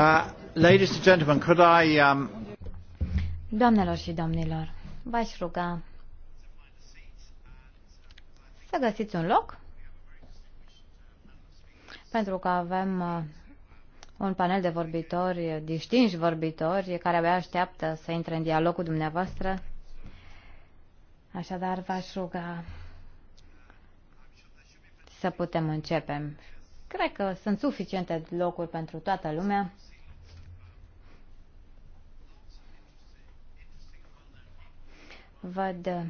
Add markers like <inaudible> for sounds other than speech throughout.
Uh, um, Doamnelor și domnilor, v-aș ruga să găsiți un loc pentru că avem uh, un panel de vorbitori, distinși vorbitori, care abia așteaptă să intre în dialog cu dumneavoastră. Așadar, v-aș ruga să putem începe. Cred că sunt suficiente locuri pentru toată lumea. Văd uh,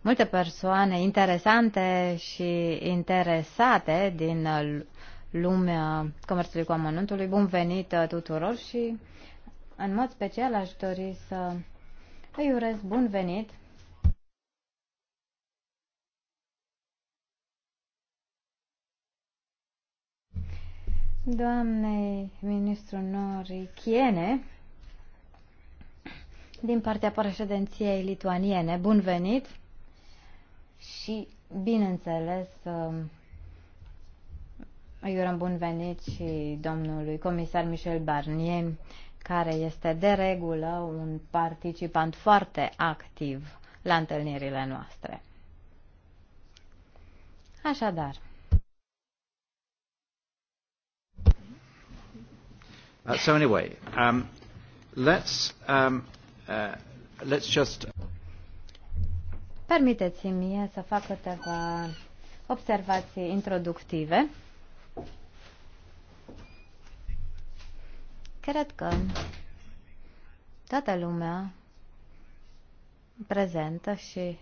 multe persoane interesante și interesate din uh, lumea comerțului cu amănuntului. Bun venit uh, tuturor și în mod special aș dori să îi urez bun venit doamnei ministru Nori Chiene, din partea președinției lituaniene. Bun venit și, bineînțeles, um, îi urăm bun venit și domnului comisar Michel Barnier, care este de regulă un participant foarte activ la întâlnirile noastre. Așadar. Uh, so anyway, um, let's um, Uh, let's just... Permiteți-mi să fac câteva observații introductive. Cred că toată lumea prezentă și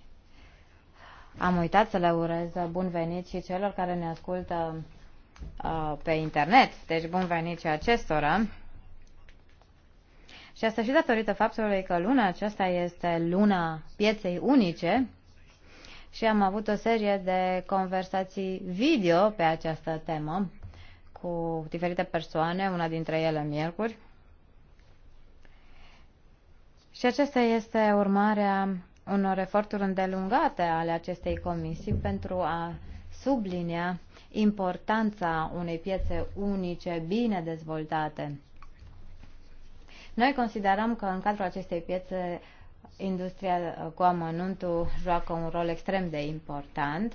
am uitat să le urez bun venit și celor care ne ascultă uh, pe internet. Deci bun venit și acestora. Și asta și datorită faptului că luna aceasta este luna pieței unice și am avut o serie de conversații video pe această temă cu diferite persoane, una dintre ele miercuri. Și aceasta este urmarea unor eforturi îndelungate ale acestei comisii pentru a sublinia importanța unei piețe unice bine dezvoltate noi considerăm că în cadrul acestei piețe industria cu amănuntul joacă un rol extrem de important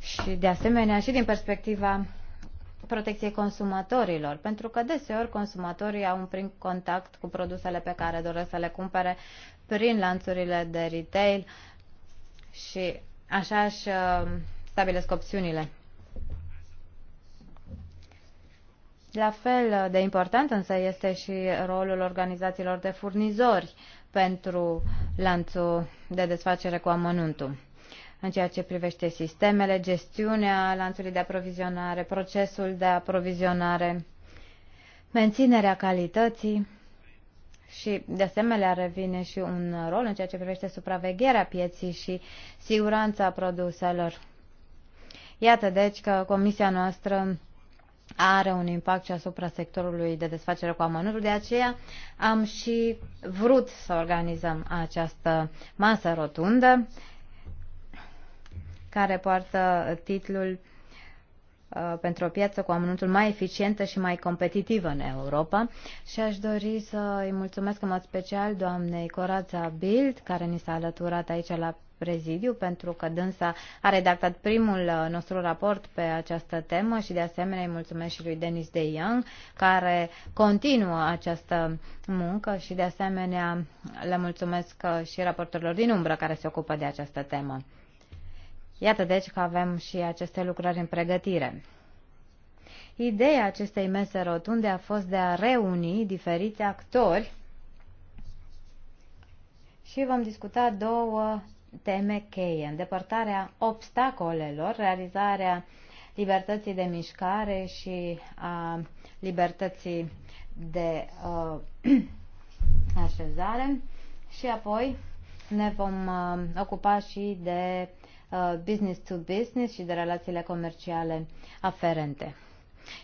și de asemenea și din perspectiva protecției consumatorilor, pentru că deseori consumatorii au un prim contact cu produsele pe care doresc să le cumpere prin lanțurile de retail și așa își uh, stabilesc opțiunile. La fel de important însă este și rolul organizațiilor de furnizori pentru lanțul de desfacere cu amănuntul în ceea ce privește sistemele, gestiunea lanțului de aprovizionare, procesul de aprovizionare, menținerea calității și, de asemenea, revine și un rol în ceea ce privește supravegherea pieții și siguranța produselor. Iată, deci, că comisia noastră are un impact și asupra sectorului de desfacere cu amănuntul. De aceea am și vrut să organizăm această masă rotundă care poartă titlul uh, pentru o piață cu amănuntul mai eficientă și mai competitivă în Europa și aș dori să îi mulțumesc în mod special doamnei Corața Bild, care ni s-a alăturat aici la prezidiu pentru că dânsa a redactat primul uh, nostru raport pe această temă și de asemenea îi mulțumesc și lui Denis de Young care continuă această muncă și de asemenea le mulțumesc uh, și raportorilor din umbră care se ocupă de această temă. Iată deci că avem și aceste lucrări în pregătire. Ideea acestei mese rotunde a fost de a reuni diferiți actori și vom discuta două teme cheie, îndepărtarea obstacolelor, realizarea libertății de mișcare și a libertății de uh, <clears throat> așezare și apoi ne vom uh, ocupa și de uh, business to business și de relațiile comerciale aferente.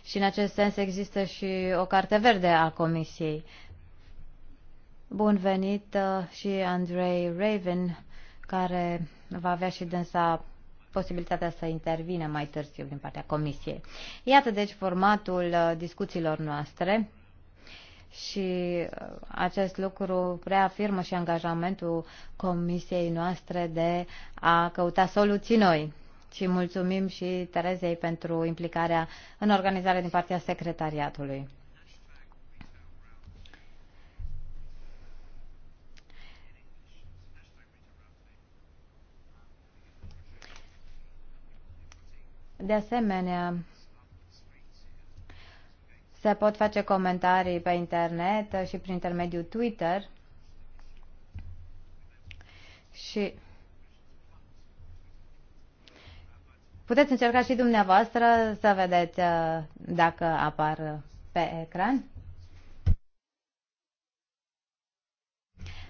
Și în acest sens există și o carte verde a Comisiei. Bun venit uh, și Andrei Raven care va avea și dânsa posibilitatea să intervine mai târziu din partea Comisiei. Iată deci formatul uh, discuțiilor noastre și uh, acest lucru reafirmă și angajamentul Comisiei noastre de a căuta soluții noi. Și mulțumim și Terezei pentru implicarea în organizare din partea secretariatului. De asemenea, se pot face comentarii pe internet și prin intermediul Twitter și puteți încerca și dumneavoastră să vedeți uh, dacă apar pe ecran.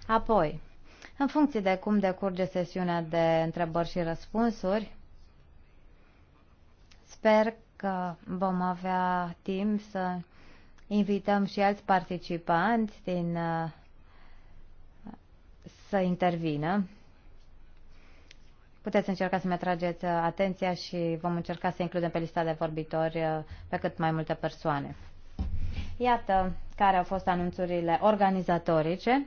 Apoi, în funcție de cum decurge sesiunea de întrebări și răspunsuri, Sper că vom avea timp să invităm și alți participanți din uh, să intervină. Puteți încerca să-mi atrageți uh, atenția și vom încerca să includem pe lista de vorbitori uh, pe cât mai multe persoane. Iată care au fost anunțurile organizatorice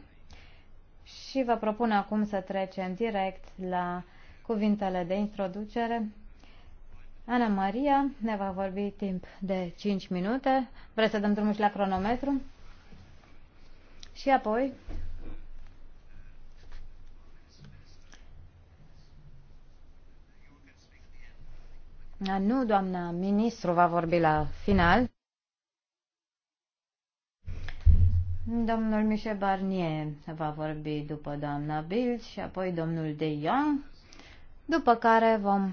și vă propun acum să trecem direct la cuvintele de introducere Ana Maria ne va vorbi timp de 5 minute. Vreți să dăm drumul și la cronometru? Și apoi A, nu, doamna ministru va vorbi la final. Domnul Michel Barnier va vorbi după doamna Bild și apoi domnul De Jong, după care vom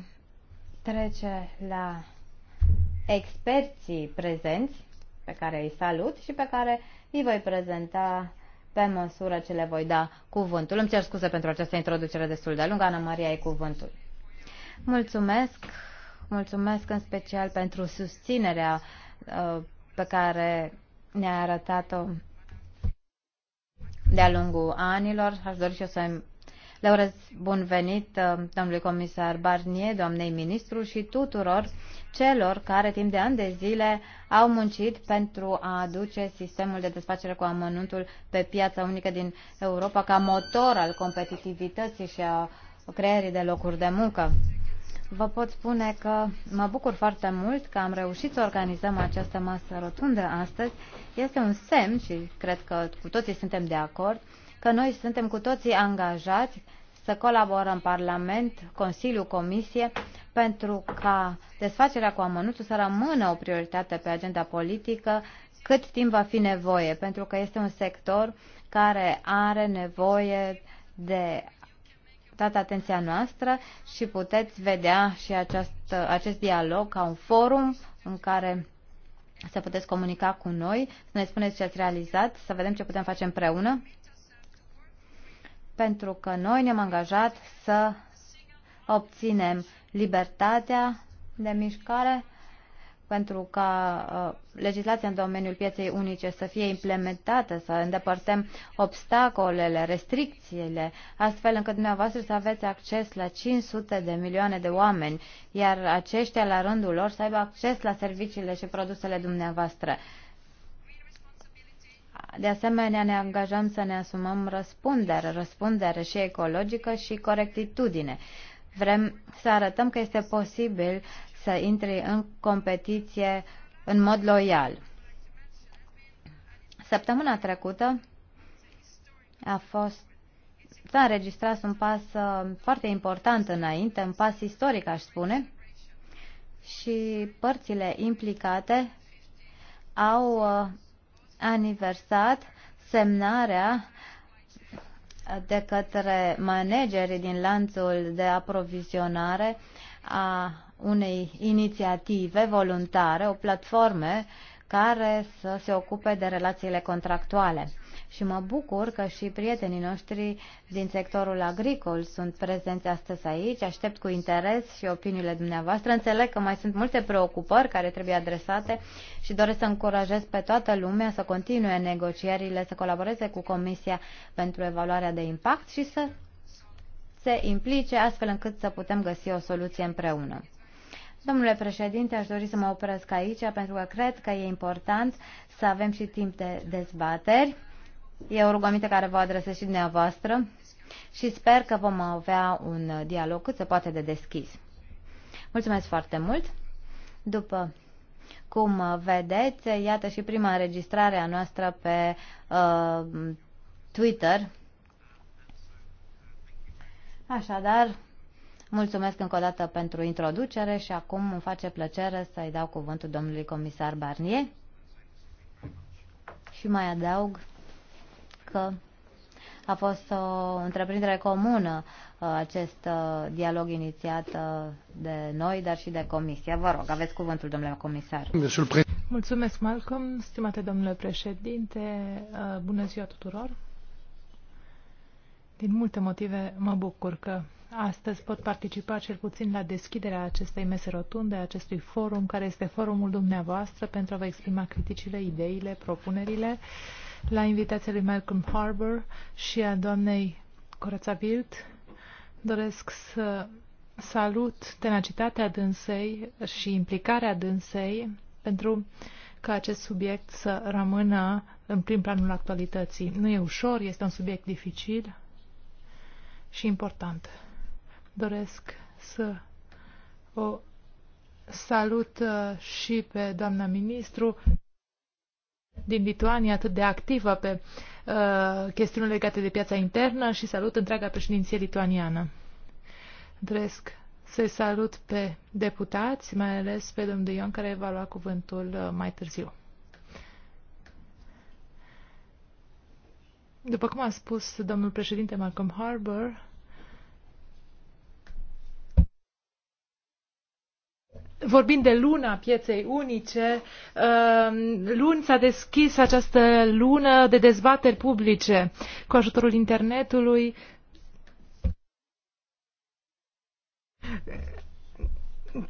trece la experții prezenți, pe care îi salut și pe care îi voi prezenta pe măsură ce le voi da cuvântul. Îmi cer scuze pentru această introducere destul de lungă. Ana Maria e cuvântul. Mulțumesc, mulțumesc în special pentru susținerea uh, pe care ne-a arătat-o de-a lungul anilor. Aș dori și eu să le urez bun venit uh, domnului comisar Barnier, doamnei ministru și tuturor celor care timp de ani de zile au muncit pentru a aduce sistemul de desfacere cu amănuntul pe piața unică din Europa ca motor al competitivității și a creierii de locuri de muncă. Vă pot spune că mă bucur foarte mult că am reușit să organizăm această masă rotundă astăzi. Este un semn și cred că cu toții suntem de acord că noi suntem cu toții angajați să colaborăm Parlament, Consiliu, Comisie pentru ca desfacerea cu amănuțul să rămână o prioritate pe agenda politică cât timp va fi nevoie, pentru că este un sector care are nevoie de toată atenția noastră și puteți vedea și acest, acest dialog ca un forum în care să puteți comunica cu noi, să ne spuneți ce ați realizat, să vedem ce putem face împreună pentru că noi ne-am angajat să obținem libertatea de mișcare pentru ca uh, legislația în domeniul pieței unice să fie implementată, să îndepărtăm obstacolele, restricțiile, astfel încât dumneavoastră să aveți acces la 500 de milioane de oameni, iar aceștia la rândul lor să aibă acces la serviciile și produsele dumneavoastră. Uh, de asemenea, ne angajăm să ne asumăm răspundere, răspundere și ecologică și corectitudine. Vrem să arătăm că este posibil să intri în competiție în mod loial. Săptămâna trecută a fost s-a înregistrat un pas uh, foarte important înainte, un pas istoric, aș spune, și părțile implicate au uh, aniversat semnarea de către managerii din lanțul de aprovizionare a unei inițiative voluntare, o platformă care să se ocupe de relațiile contractuale și mă bucur că și prietenii noștri din sectorul agricol sunt prezenți astăzi aici. Aștept cu interes și opiniile dumneavoastră. Înțeleg că mai sunt multe preocupări care trebuie adresate și doresc să încurajez pe toată lumea să continue negocierile, să colaboreze cu Comisia pentru evaluarea de impact și să se implice astfel încât să putem găsi o soluție împreună. Domnule președinte, aș dori să mă opresc aici pentru că cred că e important să avem și timp de dezbateri. E o rugăminte care vă adresez și dumneavoastră și sper că vom avea un dialog cât se poate de deschis. Mulțumesc foarte mult! După cum vedeți, iată și prima înregistrare a noastră pe uh, Twitter. Așadar, mulțumesc încă o dată pentru introducere și acum îmi face plăcere să-i dau cuvântul domnului comisar Barnier. Și mai adaug că a fost o întreprindere comună uh, acest uh, dialog inițiat uh, de noi, dar și de Comisie. Vă rog, aveți cuvântul, domnule comisar. Mulțumesc, Malcolm. Stimate domnule președinte, bună ziua tuturor. Din multe motive mă bucur că astăzi pot participa cel puțin la deschiderea acestei mese rotunde, acestui forum, care este forumul dumneavoastră pentru a vă exprima criticile, ideile, propunerile uh, la invitația lui Malcolm Harbour și a doamnei Corața Bild. Doresc să salut tenacitatea dânsei și implicarea dânsei pentru ca acest subiect să rămână în prim planul actualității. Nu e ușor, este un subiect dificil și important. Doresc să o salut uh, și pe doamna ministru din Lituania atât de activă pe uh, chestiuni legate de piața internă și salut întreaga președinție lituaniană. Doresc să-i salut pe deputați, mai ales pe domnul Ion, care va lua cuvântul uh, mai târziu. După cum a spus domnul președinte Malcolm Harbour, Vorbind de luna pieței unice, um, luni s-a deschis această lună de dezbateri publice cu ajutorul internetului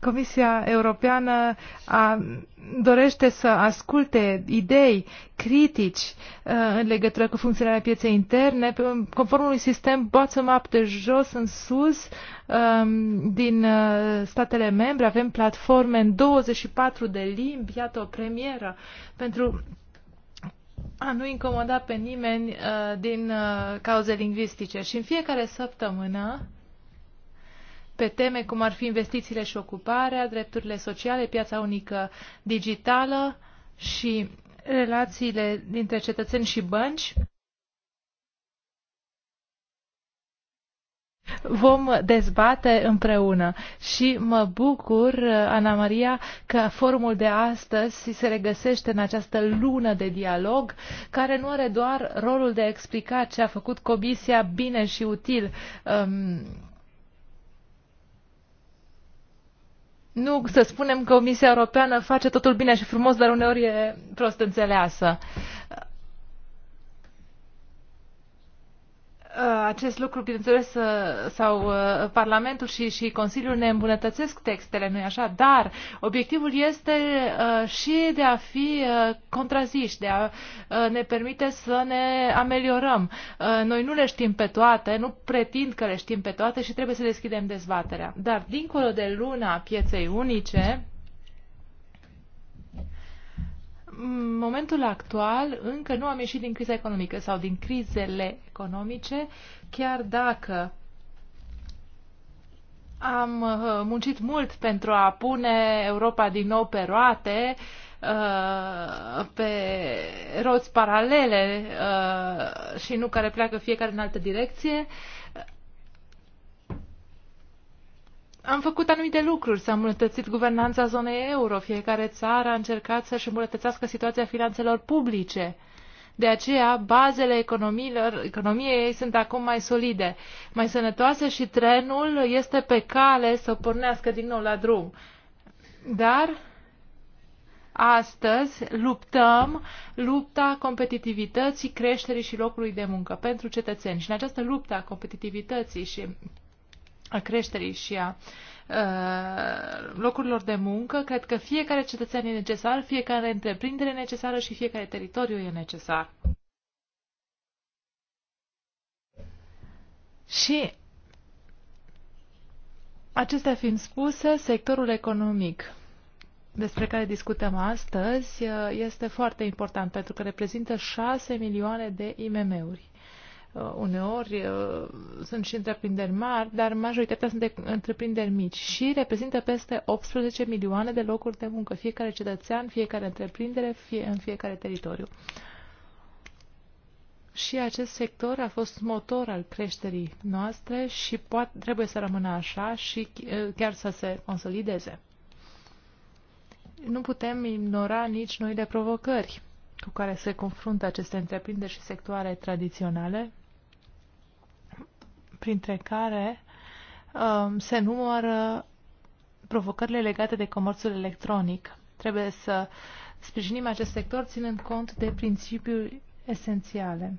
Comisia Europeană a, dorește să asculte idei, critici uh, în legătură cu funcționarea pieței interne, conform unui sistem bottom-up de jos în sus um, din uh, statele membre. Avem platforme în 24 de limbi, iată o premieră pentru a nu incomoda pe nimeni uh, din cauze lingvistice. Și în fiecare săptămână pe teme cum ar fi investițiile și ocuparea, drepturile sociale, piața unică digitală și relațiile dintre cetățeni și bănci. vom dezbate împreună și mă bucur, Ana Maria, că forumul de astăzi se regăsește în această lună de dialog, care nu are doar rolul de a explica ce a făcut Comisia bine și util um, Nu să spunem că Comisia Europeană face totul bine și frumos, dar uneori e prost înțeleasă. Uh, acest lucru, bineînțeles, uh, sau uh, Parlamentul și, și Consiliul ne îmbunătățesc textele, nu-i așa? Dar obiectivul este și de a fi contraziși, de a ne permite să ne ameliorăm. Noi nu le știm pe toate, nu pretind că le știm pe toate și trebuie să deschidem dezbaterea. Dar dincolo de luna pieței unice, în momentul actual încă nu am ieșit din criza economică sau din crizele economice, chiar dacă am uh, muncit mult pentru a pune Europa din nou pe roate, uh, pe roți paralele uh, și nu care pleacă fiecare în altă direcție. am făcut anumite lucruri, s-a îmbunătățit guvernanța zonei euro, fiecare țară a încercat să-și îmbunătățească situația finanțelor publice. De aceea, bazele economiilor, economiei sunt acum mai solide, mai sănătoase și trenul este pe cale să pornească din nou la drum. Dar astăzi luptăm lupta competitivității, creșterii și locului de muncă pentru cetățeni. Și în această luptă a competitivității și a creșterii și a ă, locurilor de muncă, cred că fiecare cetățean e necesar, fiecare întreprindere e necesară și fiecare teritoriu e necesar. Și acestea fiind spuse, sectorul economic despre care discutăm astăzi ă, este foarte important pentru că reprezintă 6 milioane de IMM-uri. Uh, uneori uh, sunt și întreprinderi mari, dar majoritatea sunt de întreprinderi mici și reprezintă peste 18 milioane de locuri de muncă, fiecare cetățean, fiecare întreprindere, fie în fiecare teritoriu. Și acest sector a fost motor al creșterii noastre și poate, trebuie să rămână așa și uh, chiar să se consolideze. Nu putem ignora nici noi de provocări cu care se confruntă aceste întreprinderi și sectoare tradiționale, printre care um, se numără provocările legate de comerțul electronic. Trebuie să sprijinim acest sector ținând cont de principiul esențiale.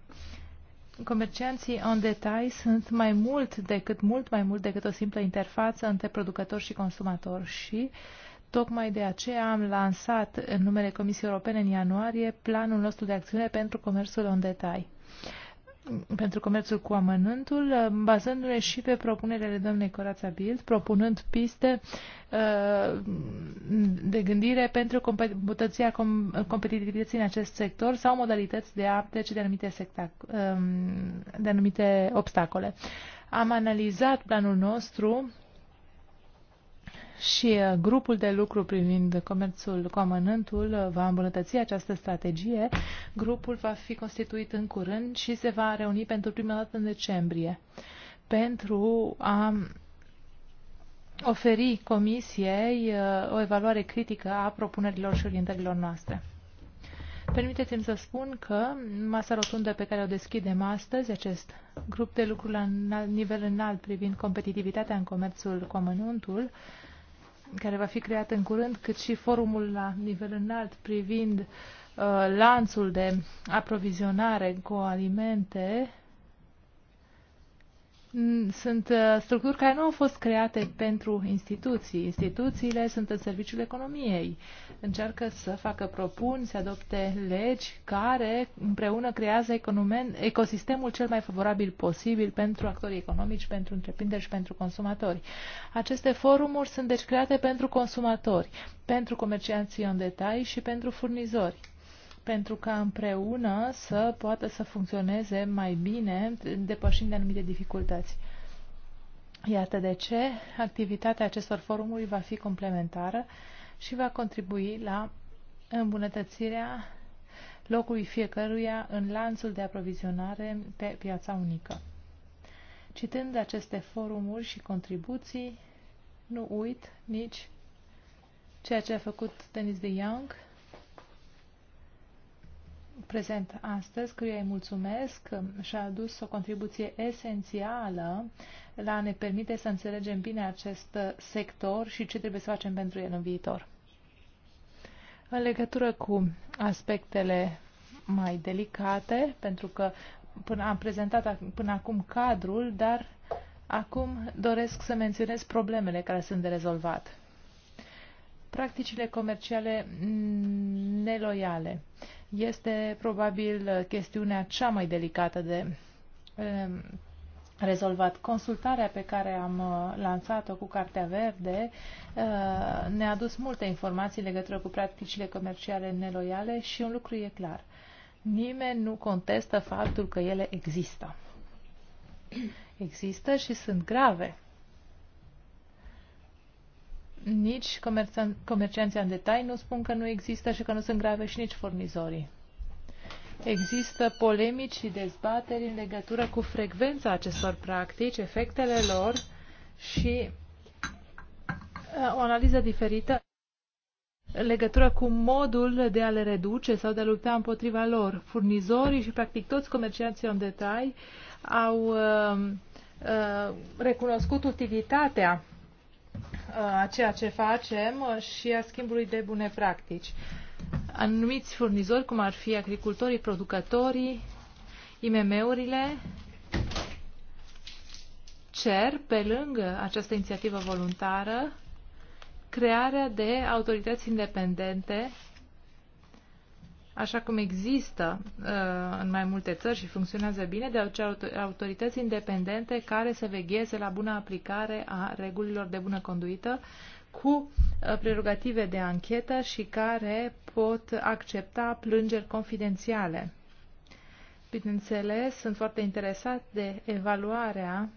Comercianții în detai sunt mai mult decât, mult mai mult decât o simplă interfață între producător și consumator și uh, Tocmai de aceea am lansat în numele Comisiei Europene în ianuarie planul nostru de acțiune pentru comerțul în detai pentru comerțul cu amănântul, bazându-ne și pe propunerele doamnei Corața Bild, propunând piste uh, de gândire pentru competiția competitivității în acest sector sau modalități de a trece de anumite, um, de anumite obstacole. Am analizat planul nostru și uh, grupul de lucru privind comerțul cu amănântul uh, va îmbunătăți această strategie. Grupul va fi constituit în curând și se va reuni pentru prima dată în decembrie pentru a oferi comisiei uh, o evaluare critică a propunerilor și orientărilor noastre. Permiteți-mi să spun că masa rotundă pe care o deschidem astăzi, acest grup de lucru la nivel înalt privind competitivitatea în comerțul cu amănuntul, care va fi creat în curând, cât și forumul la nivel înalt privind uh, lanțul de aprovizionare cu alimente sunt uh, structuri care nu au fost create pentru instituții. Instituțiile sunt în serviciul economiei. Încearcă să facă propuni, să adopte legi care împreună creează ecosistemul cel mai favorabil posibil pentru actorii economici, pentru întreprinderi și pentru consumatori. Aceste forumuri sunt deci create pentru consumatori, pentru comercianții în detalii și pentru furnizori pentru ca împreună să poată să funcționeze mai bine, depășind anumite dificultăți. Iată de ce activitatea acestor forumuri va fi complementară și va contribui la îmbunătățirea locului fiecăruia în lanțul de aprovizionare pe piața unică. Citând aceste forumuri și contribuții, nu uit nici ceea ce a făcut Denis de Young prezent astăzi, căruia îi mulțumesc și a adus o contribuție esențială la a ne permite să înțelegem bine acest sector și ce trebuie să facem pentru el în viitor. În legătură cu aspectele mai delicate, pentru că până am prezentat până acum cadrul, dar acum doresc să menționez problemele care sunt de rezolvat practicile comerciale neloiale este probabil chestiunea cea mai delicată de um, rezolvat. Consultarea pe care am uh, lansat-o cu Cartea Verde uh, ne-a dus multe informații legătură cu practicile comerciale neloiale și un lucru e clar. Nimeni nu contestă faptul că ele există. Există și sunt grave nici comercianții în detai nu spun că nu există și că nu sunt grave și nici furnizorii. Există polemici și dezbateri în legătură cu frecvența acestor practici, efectele lor și uh, o analiză diferită în legătură cu modul de a le reduce sau de a lupta împotriva lor. Furnizorii și practic toți comercianții în detai au uh, uh, recunoscut utilitatea a ceea ce facem și a schimbului de bune practici. Anumiți furnizori, cum ar fi agricultorii, producătorii, IMM-urile, cer, pe lângă această inițiativă voluntară, crearea de autorități independente așa cum există uh, în mai multe țări și funcționează bine, de aceea autorități independente care să vegheze la bună aplicare a regulilor de bună conduită cu uh, prerogative de anchetă și care pot accepta plângeri confidențiale. Bineînțeles, sunt foarte interesat de evaluarea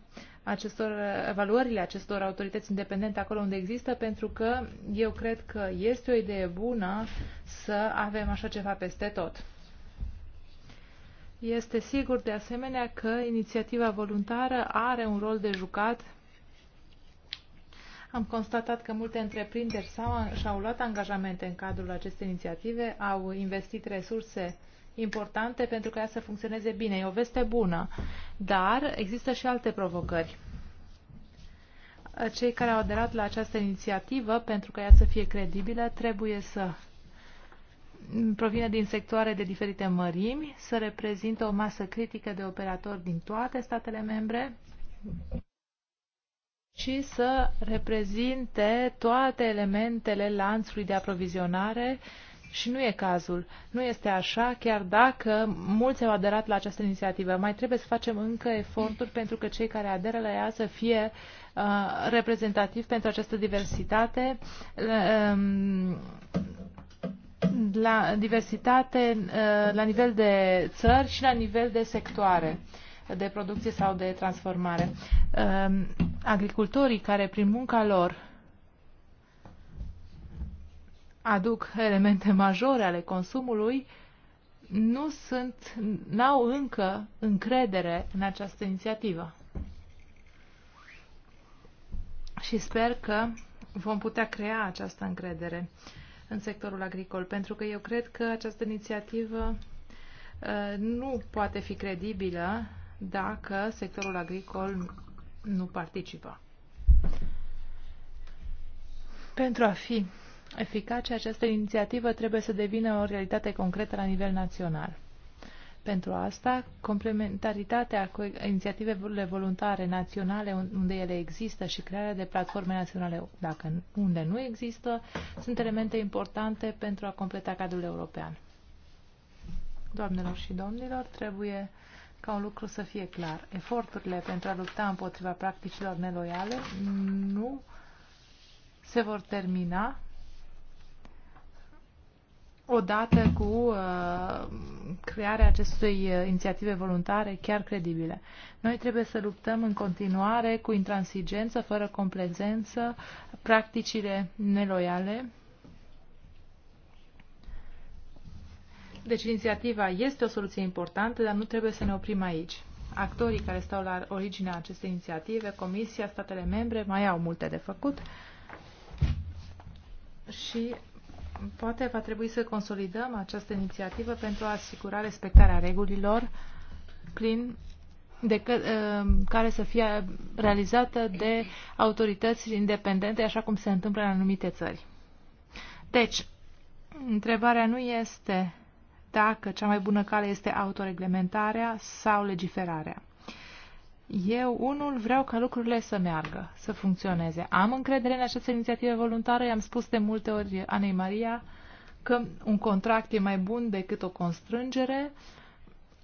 acestor evaluările acestor autorități independente acolo unde există, pentru că eu cred că este o idee bună să avem așa ceva peste tot. Este sigur de asemenea că inițiativa voluntară are un rol de jucat. Am constatat că multe întreprinderi și-au luat angajamente în cadrul acestei inițiative, au investit resurse uh, importante pentru ca ea să funcționeze bine. E o veste bună, dar există și alte provocări. Cei care au aderat la această inițiativă, pentru ca ea să fie credibilă, trebuie să provină din sectoare de diferite mărimi, să reprezintă o masă critică de operatori din toate statele membre și să reprezinte toate elementele lanțului de aprovizionare uh, și nu e cazul. Nu este așa, chiar dacă mulți au aderat la această inițiativă. Mai trebuie să facem încă eforturi pentru că cei care aderă la ea să fie uh, reprezentativi pentru această diversitate. Uh, la diversitate uh, la nivel de țări și la nivel de sectoare de producție sau de transformare. Um, agricultorii care prin munca lor aduc elemente majore ale consumului, nu sunt, n-au încă încredere în această inițiativă. Și sper că vom putea crea această încredere în sectorul agricol, pentru că eu cred că această inițiativă uh, nu poate fi credibilă dacă sectorul agricol nu participă. Pentru a fi eficace, această inițiativă trebuie să devină o realitate concretă la nivel național. Pentru asta, complementaritatea cu inițiativele voluntare naționale unde ele există și crearea de platforme naționale dacă unde nu există sunt elemente importante pentru a completa cadrul european. Doamnelor și domnilor, trebuie ca un lucru să fie clar. Eforturile pentru a lupta împotriva practicilor neloiale nu se vor termina odată cu uh, crearea acestui uh, inițiative voluntare chiar credibile. Noi trebuie să luptăm în continuare cu intransigență, fără complezență, practicile neloiale. Deci inițiativa este o soluție importantă, dar nu trebuie să ne oprim aici. Actorii care stau la originea acestei inițiative, Comisia, statele membre, mai au multe de făcut și Poate va trebui să consolidăm această inițiativă pentru a asigura respectarea regulilor prin de că, ă, care să fie realizată de autorități independente, așa cum se întâmplă în anumite țări. Deci, întrebarea nu este dacă cea mai bună cale este autoreglementarea sau legiferarea. Eu, unul, vreau ca lucrurile să meargă, să funcționeze. Am încredere în această inițiativă voluntară. I-am spus de multe ori Anei Maria că un contract e mai bun decât o constrângere,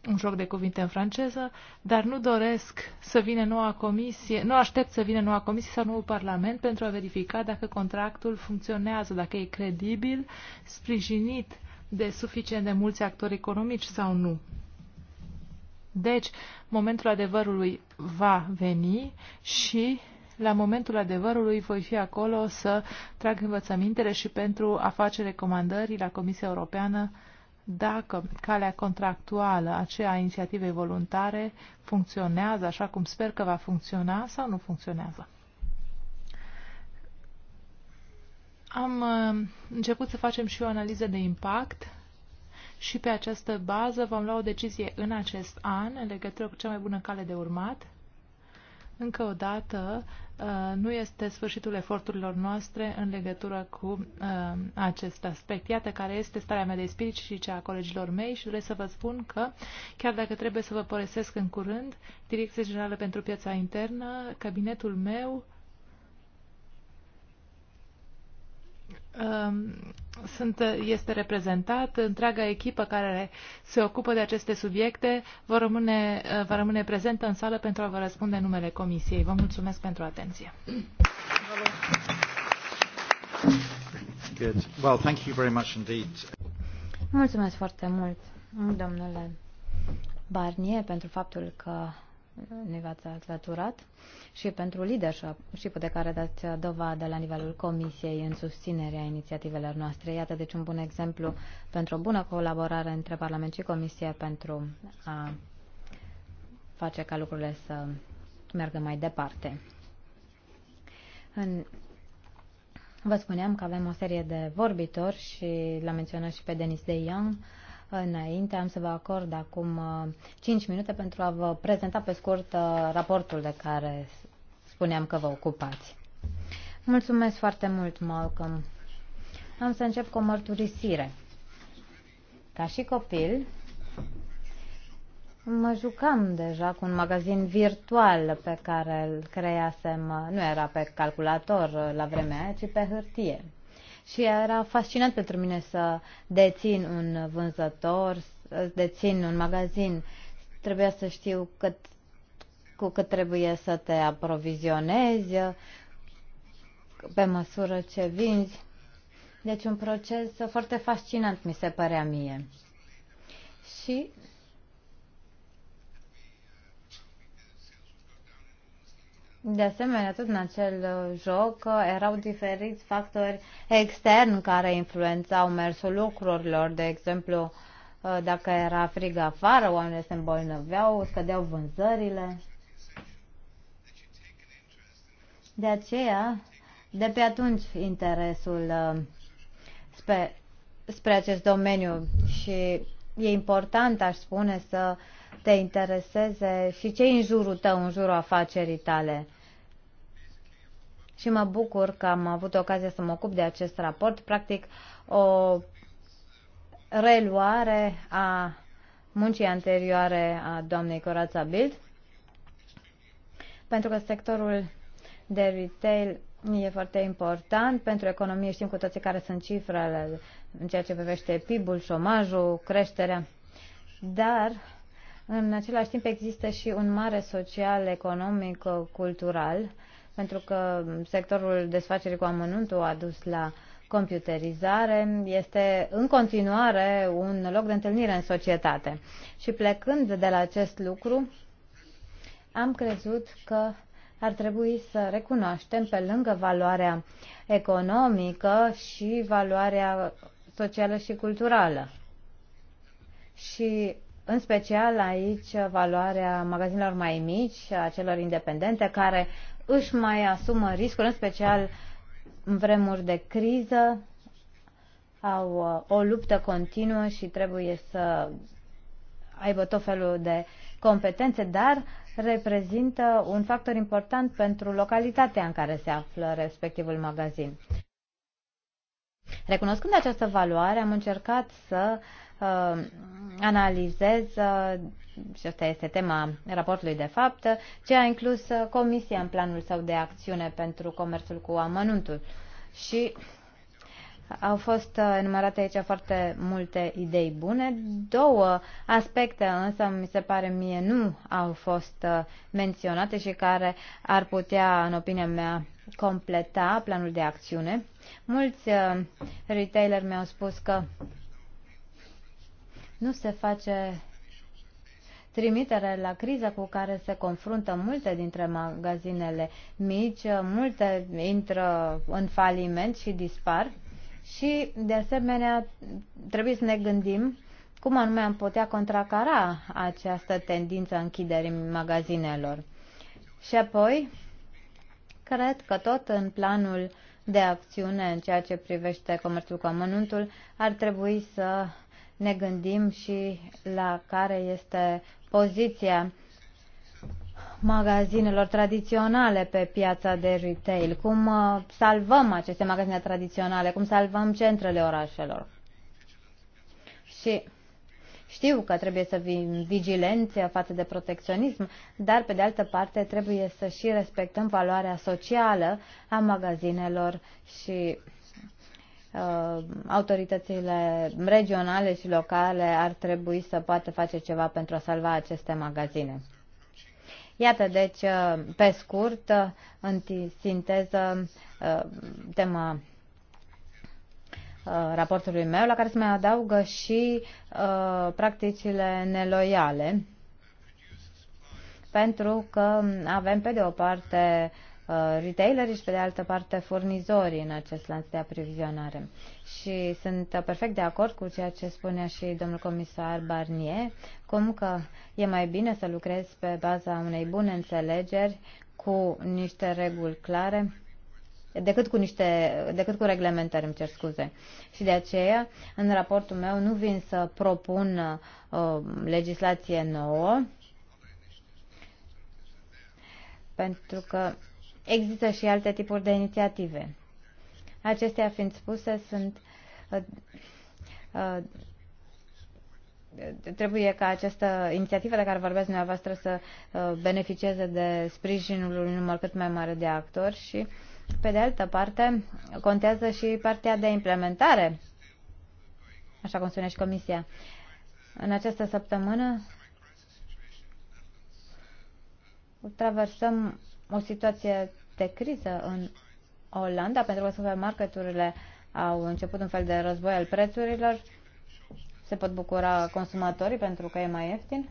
un joc de cuvinte în franceză, dar nu doresc să vină noua comisie, nu aștept să vină noua comisie sau noul parlament pentru a verifica dacă contractul funcționează, dacă e credibil, sprijinit de suficient de mulți actori economici sau nu. Deci, momentul adevărului va veni și la momentul adevărului voi fi acolo să trag învățămintele și pentru a face recomandări la Comisia Europeană dacă calea contractuală aceea a inițiativei voluntare funcționează așa cum sper că va funcționa sau nu funcționează. Am uh, început să facem și o analiză de impact și pe această bază vom lua o decizie în acest an în legătură cu cea mai bună cale de urmat. Încă o dată, uh, nu este sfârșitul eforturilor noastre în legătură cu uh, acest aspect. Iată care este starea mea de spirit și cea a colegilor mei și vreau să vă spun că, chiar dacă trebuie să vă părăsesc în curând, Direcția Generală pentru Piața Internă, cabinetul meu, Um, sunt, este reprezentat, întreaga echipă care se ocupă de aceste subiecte va rămâne, uh, va rămâne prezentă în sală pentru a vă răspunde numele Comisiei. Vă mulțumesc pentru atenție. Good. Well, thank you very much indeed. Mulțumesc foarte mult, domnule Barnier, pentru faptul că ne v-ați alăturat și pentru leadership de care dați dovadă la nivelul Comisiei în susținerea inițiativelor noastre. Iată deci un bun exemplu pentru o bună colaborare între Parlament și Comisie pentru a face ca lucrurile să meargă mai departe. În Vă spuneam că avem o serie de vorbitori și l-am menționat și pe Denis de Young, înainte. Am să vă acord acum 5 uh, minute pentru a vă prezenta pe scurt uh, raportul de care spuneam că vă ocupați. Mulțumesc foarte mult, Malcolm. Am să încep cu o mărturisire. Ca și copil, mă jucam deja cu un magazin virtual pe care îl creasem, uh, nu era pe calculator la vremea aia, ci pe hârtie și era fascinant pentru mine să dețin un vânzător, să dețin un magazin. Trebuia să știu cât, cu cât trebuie să te aprovizionezi pe măsură ce vinzi. Deci un proces foarte fascinant mi se părea mie. Și De asemenea, tot în acel uh, joc uh, erau diferiți factori externi care influențau mersul lucrurilor. De exemplu, uh, dacă era frig afară, oamenii se îmbolnăveau, scădeau vânzările. De aceea, de pe atunci, interesul spre, spre acest domeniu și e important, aș spune, să te intereseze și ce în jurul tău, în jurul afacerii tale și mă bucur că am avut ocazia să mă ocup de acest raport. Practic, o reluare a muncii anterioare a doamnei Corața Bild, pentru că sectorul de retail e foarte important pentru economie. Știm cu toții care sunt cifrele în ceea ce privește PIB-ul, șomajul, creșterea. Dar, în același timp, există și un mare social, economic, cultural pentru că sectorul desfacerii cu amănuntul a dus la computerizare este în continuare un loc de întâlnire în societate. Și plecând de la acest lucru, am crezut că ar trebui să recunoaștem pe lângă valoarea economică și valoarea socială și culturală. Și în special aici valoarea magazinelor mai mici, a celor independente, care își mai asumă riscuri, în special în vremuri de criză, au uh, o luptă continuă și trebuie să aibă tot felul de competențe, dar reprezintă un factor important pentru localitatea în care se află respectivul magazin. Recunoscând această valoare, am încercat să uh, uh, analizez, uh, și asta este tema raportului de fapt, ce a inclus uh, Comisia în planul său de acțiune pentru comerțul cu amănuntul. Și au fost uh, enumerate aici foarte multe idei bune. Două aspecte însă mi se pare mie nu au fost uh, menționate și care ar putea, în opinia mea, completa planul de acțiune. Mulți retaileri mi-au spus că nu se face trimitere la criza cu care se confruntă multe dintre magazinele mici, multe intră în faliment și dispar și, de asemenea, trebuie să ne gândim cum anume am putea contracara această tendință a închiderii magazinelor. Și apoi, cred că tot în planul de acțiune în ceea ce privește comerțul cu amănuntul, ar trebui să ne gândim și la care este poziția magazinelor tradiționale pe piața de retail, cum uh, salvăm aceste magazine tradiționale, cum salvăm centrele orașelor. Și știu că trebuie să fim vigilenți față de protecționism, dar pe de altă parte trebuie să și respectăm valoarea socială a magazinelor și Uh, autoritățile regionale și locale ar trebui să poată face ceva pentru a salva aceste magazine. Iată, deci, uh, pe scurt, uh, în sinteză, tema raportului meu, la care se mai adaugă și practicile neloiale, pentru că avem, pe de o parte, Uh, retailerii și, pe de altă parte, furnizorii în acest lanț de aprovizionare. Și sunt perfect de acord cu ceea ce spunea și domnul comisar Barnier, cum că e mai bine să lucrezi pe baza unei bune înțelegeri cu niște reguli clare decât cu niște, decât cu reglementări, îmi cer scuze. Și de aceea, în raportul meu, nu vin să propun uh, legislație nouă, pentru că Există și alte tipuri de inițiative. Acestea fiind spuse, sunt uh, uh, trebuie ca această inițiativă de care vorbeați dumneavoastră să uh, beneficieze de sprijinul unui număr cât mai mare de actori și, pe de altă parte, contează și partea de implementare, așa cum spune și Comisia. În această săptămână traversăm o situație de criză în Olanda, pentru că supermarketurile au început un fel de război al prețurilor. Se pot bucura consumatorii pentru că e mai ieftin.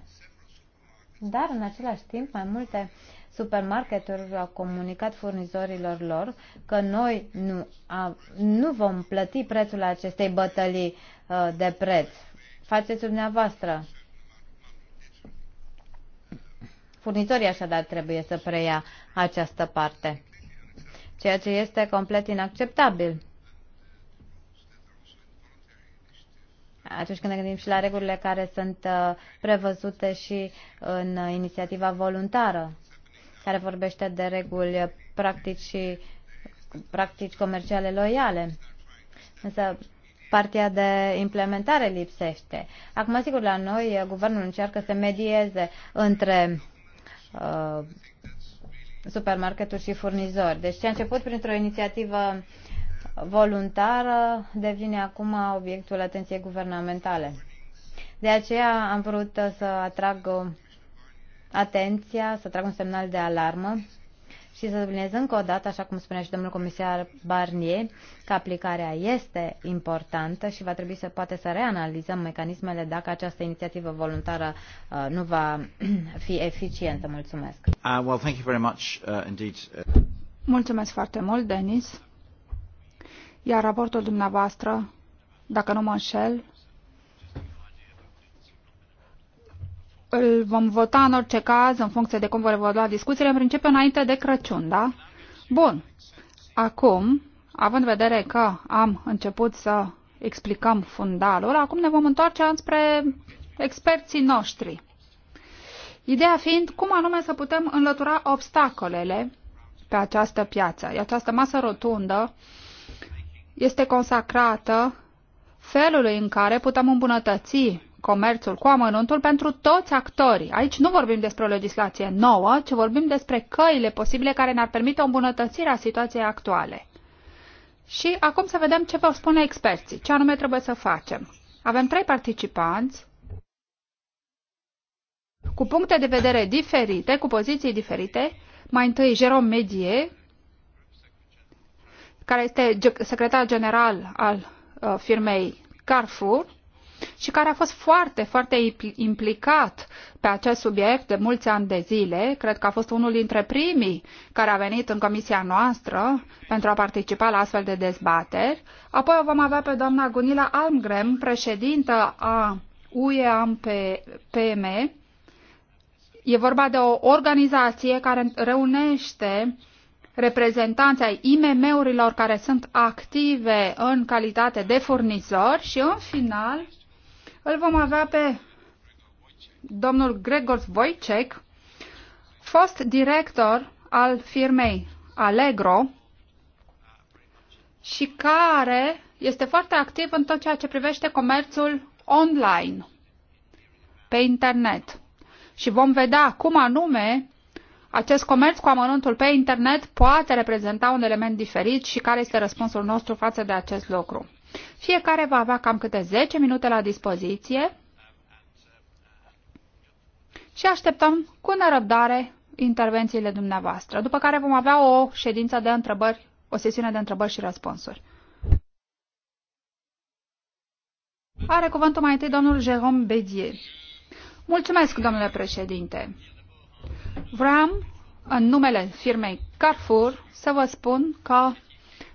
Dar, în același timp, mai multe supermarketuri au comunicat furnizorilor lor că noi nu, a, nu vom plăti prețul acestei bătălii uh, de preț. Faceți dumneavoastră Furnizorii așadar trebuie să preia această parte, ceea ce este complet inacceptabil. atunci când ne gândim și la regulile care sunt uh, prevăzute și în inițiativa voluntară, care vorbește de reguli practici și practici comerciale loiale. Însă partea de implementare lipsește. Acum, sigur, la noi, guvernul încearcă să medieze între Uh, supermarketuri și furnizori. Deci ce a început printr-o inițiativă voluntară devine acum obiectul atenției guvernamentale. De aceea am vrut să atrag atenția, să trag un semnal de alarmă și să subliniez încă o dată, așa cum spunea și domnul comisar Barnier, că aplicarea este importantă și va trebui să poate să reanalizăm mecanismele dacă această inițiativă voluntară uh, nu va <clears throat> fi eficientă. Mulțumesc. Uh, well, thank you very much, uh, indeed. Uh. Mulțumesc foarte mult, Denis. Iar raportul dumneavoastră, dacă nu mă înșel, îl vom vota în orice caz, în funcție de cum vor evolua discuțiile, în principiu înainte de Crăciun, da? Bun. Acum, având în vedere că am început să explicăm fundalul, acum ne vom întoarce înspre experții noștri. Ideea fiind cum anume să putem înlătura obstacolele pe această piață. Această masă rotundă este consacrată felului în care putem îmbunătăți comerțul cu amănuntul pentru toți actorii. Aici nu vorbim despre o legislație nouă, ci vorbim despre căile posibile care ne-ar permite o îmbunătățire a situației actuale. Și acum să vedem ce vă spune experții, ce anume trebuie să facem. Avem trei participanți cu puncte de vedere diferite, cu poziții diferite. Mai întâi Jerome Medie, care este secretar general al uh, firmei Carrefour, și care a fost foarte, foarte implicat pe acest subiect de mulți ani de zile. Cred că a fost unul dintre primii care a venit în comisia noastră pentru a participa la astfel de dezbateri. Apoi o vom avea pe doamna Gunila Almgrem, președintă a Ueampm. E vorba de o organizație care reunește reprezentanți ai IMM-urilor care sunt active în calitate de furnizori și, în final, îl vom avea pe domnul Gregor Wojciech, fost director al firmei Allegro și care este foarte activ în tot ceea ce privește comerțul online, pe internet. Și vom vedea cum anume acest comerț cu amănuntul pe internet poate reprezenta un element diferit și care este răspunsul nostru față de acest lucru. Fiecare va avea cam câte 10 minute la dispoziție și așteptăm cu nerăbdare intervențiile dumneavoastră, după care vom avea o ședință de întrebări, o sesiune de întrebări și răspunsuri. Are cuvântul mai întâi domnul Jérôme Bédier. Mulțumesc, domnule președinte. Vreau, în numele firmei Carrefour, să vă spun că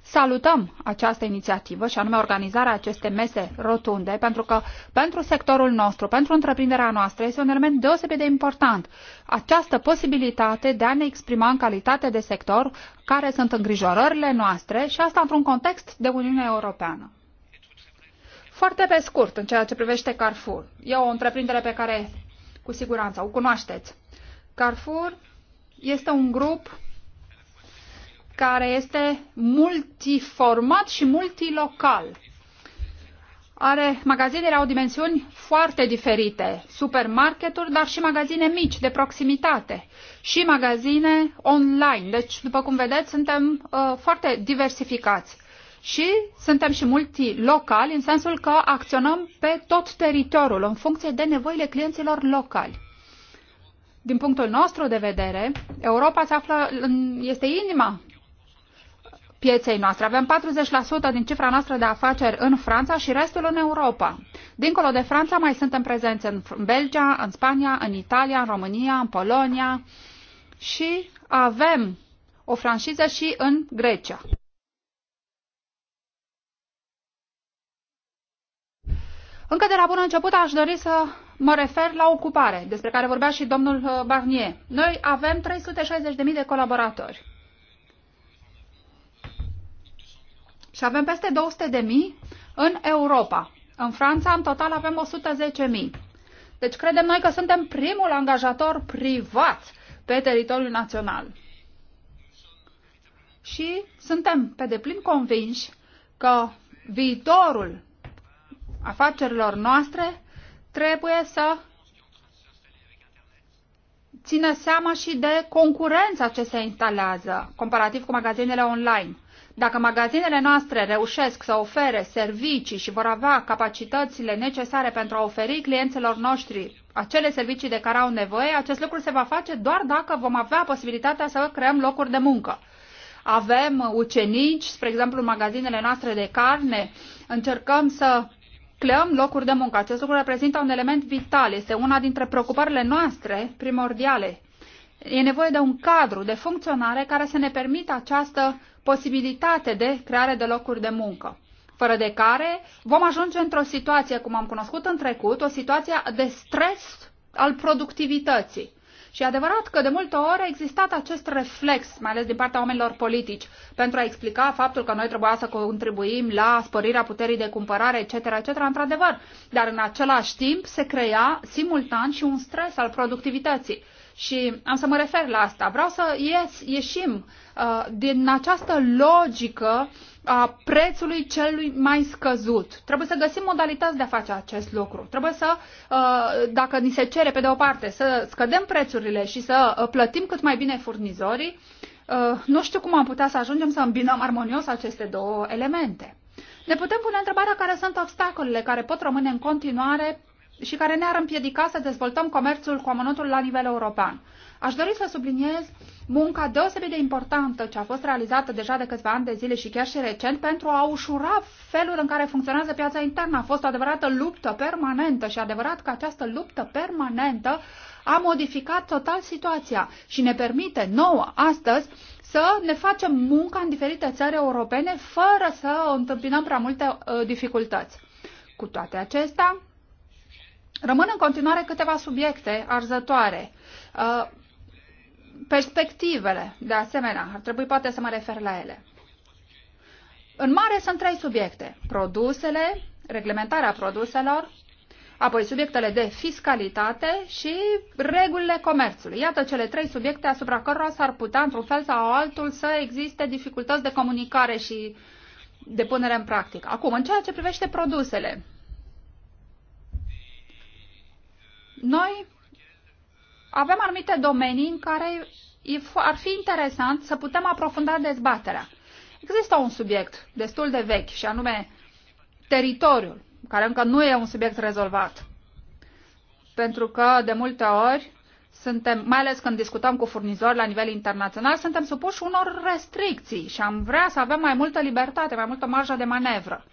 salutăm această inițiativă și anume organizarea acestei mese rotunde pentru că pentru sectorul nostru, pentru întreprinderea noastră este un element deosebit de important. Această posibilitate de a ne exprima în calitate de sector care sunt îngrijorările noastre și asta într-un context de Uniune Europeană. Foarte pe scurt, în ceea ce privește Carrefour. E o întreprindere pe care cu siguranță o cunoașteți. Carrefour este un grup care este multiformat și multilocal. Are magazinele au dimensiuni foarte diferite, supermarketuri, dar și magazine mici de proximitate și magazine online. Deci, după cum vedeți, suntem uh, foarte diversificați și suntem și multilocali în sensul că acționăm pe tot teritoriul în funcție de nevoile clienților locali. Din punctul nostru de vedere, Europa se află în, este inima pieței noastre. Avem 40% din cifra noastră de afaceri în Franța și restul în Europa. Dincolo de Franța mai suntem prezenți în Belgia, în Spania, în Italia, în România, în Polonia și avem o franciză și în Grecia. Încă de la bun început aș dori să mă refer la ocupare, despre care vorbea și domnul uh, Barnier. Noi avem 360.000 de colaboratori. Și avem peste 200 de mii în Europa. În Franța, în total, avem 110 mii. Deci credem noi că suntem primul angajator privat pe teritoriul național. Și suntem pe deplin convinși că viitorul afacerilor noastre trebuie să țină seama și de concurența ce se instalează, comparativ cu magazinele online. Dacă magazinele noastre reușesc să ofere servicii și vor avea capacitățile necesare pentru a oferi clienților noștri acele servicii de care au nevoie, acest lucru se va face doar dacă vom avea posibilitatea să creăm locuri de muncă. Avem ucenici, spre exemplu, în magazinele noastre de carne, încercăm să creăm locuri de muncă. Acest lucru reprezintă un element vital, este una dintre preocupările noastre primordiale. E nevoie de un cadru de funcționare care să ne permită această posibilitate de creare de locuri de muncă fără de care vom ajunge într-o situație, cum am cunoscut în trecut, o situație de stres al productivității. Și e adevărat că de multe ori a existat acest reflex, mai ales din partea oamenilor politici, pentru a explica faptul că noi trebuia să contribuim la spărirea puterii de cumpărare, etc., etc., într-adevăr. Dar în același timp se crea simultan și un stres al productivității. Și am să mă refer la asta. Vreau să ies, ieșim uh, din această logică a prețului celui mai scăzut. Trebuie să găsim modalități de a face acest lucru. Trebuie să, uh, dacă ni se cere pe de o parte, să scădem prețurile și să uh, plătim cât mai bine furnizorii, uh, nu știu cum am putea să ajungem să îmbinăm armonios aceste două elemente. Ne putem pune întrebarea care sunt obstacolele care pot rămâne în continuare și care ne-ar împiedica să dezvoltăm comerțul cu amănuntul la nivel european. Aș dori să subliniez munca deosebit de importantă ce a fost realizată deja de câțiva ani de zile și chiar și recent pentru a ușura felul în care funcționează piața internă. A fost o adevărată luptă permanentă și adevărat că această luptă permanentă a modificat total situația și ne permite nouă astăzi să ne facem munca în diferite țări europene fără să întâmpinăm prea multe uh, dificultăți. Cu toate acestea, Rămân în continuare câteva subiecte arzătoare. Uh, perspectivele, de asemenea, ar trebui poate să mă refer la ele. În mare sunt trei subiecte. Produsele, reglementarea produselor, apoi subiectele de fiscalitate și regulile comerțului. Iată cele trei subiecte asupra cărora s-ar putea, într-un fel sau altul, să existe dificultăți de comunicare și de punere în practică. Acum, în ceea ce privește produsele, Noi avem anumite domenii în care ar fi interesant să putem aprofunda dezbaterea. Există un subiect destul de vechi și anume teritoriul, care încă nu e un subiect rezolvat. Pentru că de multe ori suntem, mai ales când discutăm cu furnizori la nivel internațional, suntem supuși unor restricții și am vrea să avem mai multă libertate, mai multă marjă de manevră.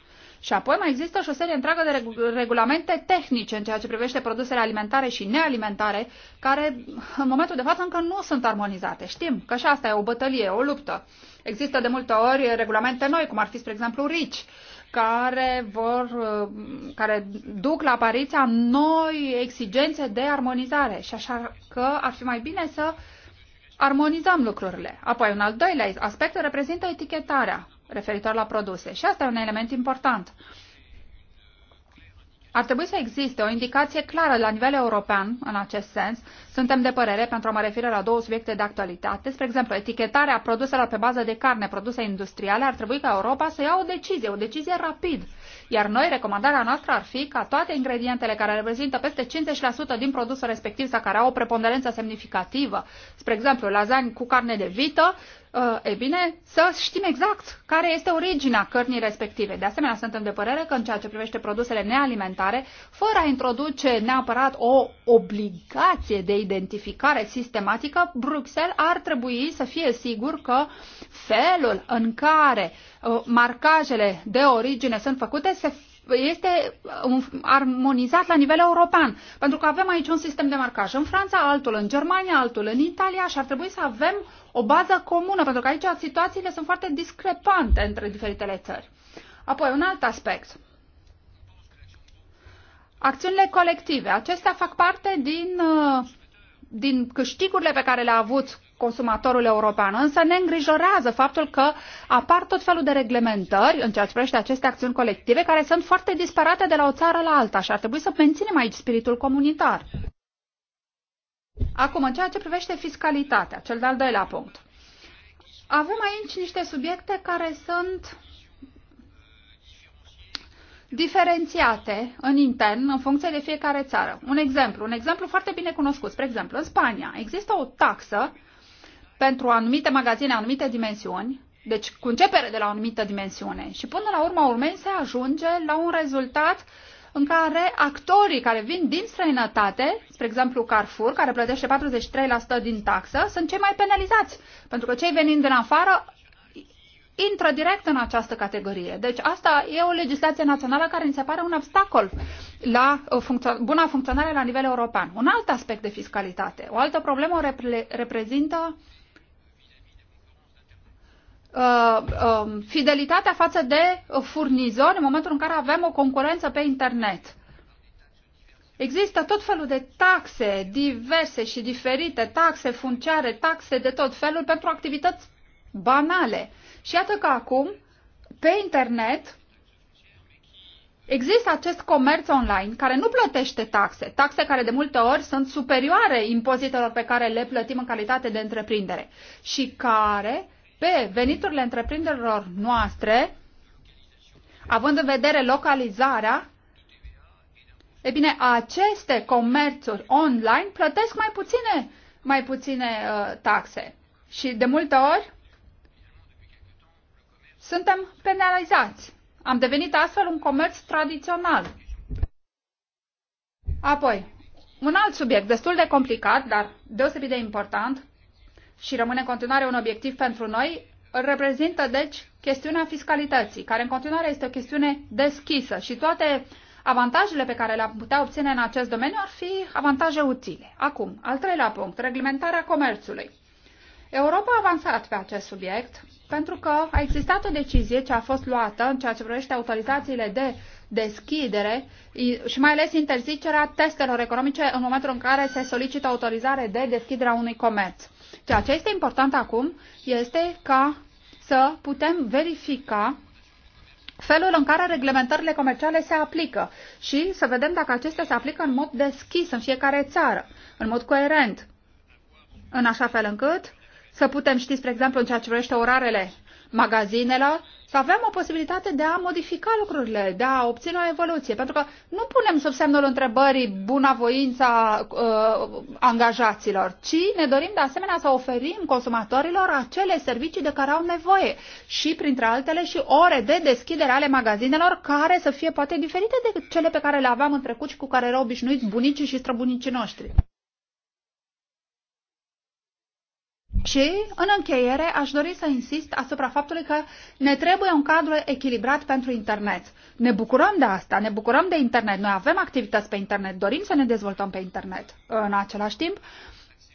Și apoi mai există și o serie întreagă de regulamente tehnice în ceea ce privește produsele alimentare și nealimentare, care în momentul de față încă nu sunt armonizate. Știm că și asta e o bătălie, o luptă. Există de multe ori regulamente noi, cum ar fi, spre exemplu, RICI, care, vor, uh, care duc la apariția noi exigențe de armonizare. Și așa că ar fi mai bine să armonizăm lucrurile. Apoi, un al doilea aspect reprezintă etichetarea referitor la produse. Și asta e un element important. Ar trebui să existe o indicație clară la nivel european în acest sens. Suntem de părere, pentru a mă referi la două subiecte de actualitate, spre exemplu, etichetarea produselor pe bază de carne, produse industriale, ar trebui ca Europa să ia o decizie, o decizie rapid. Iar noi, recomandarea noastră ar fi ca toate ingredientele care reprezintă peste 50% din produsul respectiv sau care au o preponderență semnificativă, spre exemplu, lasagne cu carne de vită, Uh, e bine, să știm exact care este originea cărnii respective. De asemenea, suntem de părere că în ceea ce privește produsele nealimentare, fără a introduce neapărat o obligație de identificare sistematică, Bruxelles ar trebui să fie sigur că felul în care uh, marcajele de origine sunt făcute se este um, armonizat la nivel european. Pentru că avem aici un sistem de marcaj în Franța, altul în Germania, altul în Italia și ar trebui să avem o bază comună, pentru că aici situațiile sunt foarte discrepante între diferitele țări. Apoi, un alt aspect. Acțiunile colective. Acestea fac parte din, uh, din câștigurile pe care le-a avut consumatorul european, însă ne îngrijorează faptul că apar tot felul de reglementări în ceea ce privește aceste acțiuni colective care sunt foarte disparate de la o țară la alta și ar trebui să menținem aici spiritul comunitar. Acum, în ceea ce privește fiscalitatea, cel de-al doilea punct. Avem aici niște subiecte care sunt diferențiate în intern în funcție de fiecare țară. Un exemplu, un exemplu foarte bine cunoscut. Spre exemplu, în Spania există o taxă pentru anumite magazine, anumite dimensiuni, deci cu începere de la o anumită dimensiune și până la urma urmei se ajunge la un rezultat în care actorii care vin din străinătate, spre exemplu Carrefour, care plătește 43% din taxă, sunt cei mai penalizați, pentru că cei venind din afară intră direct în această categorie. Deci asta e o legislație națională care îmi se pare un obstacol la uh, funcțio- buna funcționare la nivel european. Un alt aspect de fiscalitate, o altă problemă o repre- reprezintă Uh, um, fidelitatea față de furnizori în momentul în care avem o concurență pe internet. Există tot felul de taxe diverse și diferite, taxe funciare, taxe de tot felul pentru activități banale. Și iată că acum, pe internet, există acest comerț online care nu plătește taxe, taxe care de multe ori sunt superioare impozitelor pe care le plătim în calitate de întreprindere și care pe veniturile întreprinderilor noastre, având în vedere localizarea, e bine, aceste comerțuri online plătesc mai puține, mai puține uh, taxe. Și de multe ori suntem penalizați. Am devenit astfel un comerț tradițional. Apoi, un alt subiect destul de complicat, dar deosebit de important, și rămâne în continuare un obiectiv pentru noi, reprezintă deci chestiunea fiscalității, care în continuare este o chestiune deschisă și toate avantajele pe care le-am putea obține în acest domeniu ar fi avantaje utile. Acum, al treilea punct, reglementarea comerțului. Europa a avansat pe acest subiect pentru că a existat o decizie ce a fost luată în ceea ce privește autorizațiile de deschidere și mai ales interzicerea testelor economice în momentul în care se solicită autorizare de deschidere a unui comerț. Ceea ce este important acum este ca să putem verifica felul în care reglementările comerciale se aplică și să vedem dacă acestea se aplică în mod deschis în fiecare țară, în mod coerent, în așa fel încât să putem ști, spre exemplu, în ceea ce privește orarele magazinelor, să avem o posibilitate de a modifica lucrurile, de a obține o evoluție. Pentru că nu punem sub semnul întrebării bunavoința uh, angajaților, ci ne dorim de asemenea să oferim consumatorilor acele servicii de care au nevoie și, printre altele, și ore de deschidere ale magazinelor care să fie poate diferite de cele pe care le aveam în trecut și cu care erau obișnuiți bunicii și străbunicii noștri. Și, în încheiere, aș dori să insist asupra faptului că ne trebuie un cadru echilibrat pentru internet. Ne bucurăm de asta, ne bucurăm de internet, noi avem activități pe internet, dorim să ne dezvoltăm pe internet. În același timp,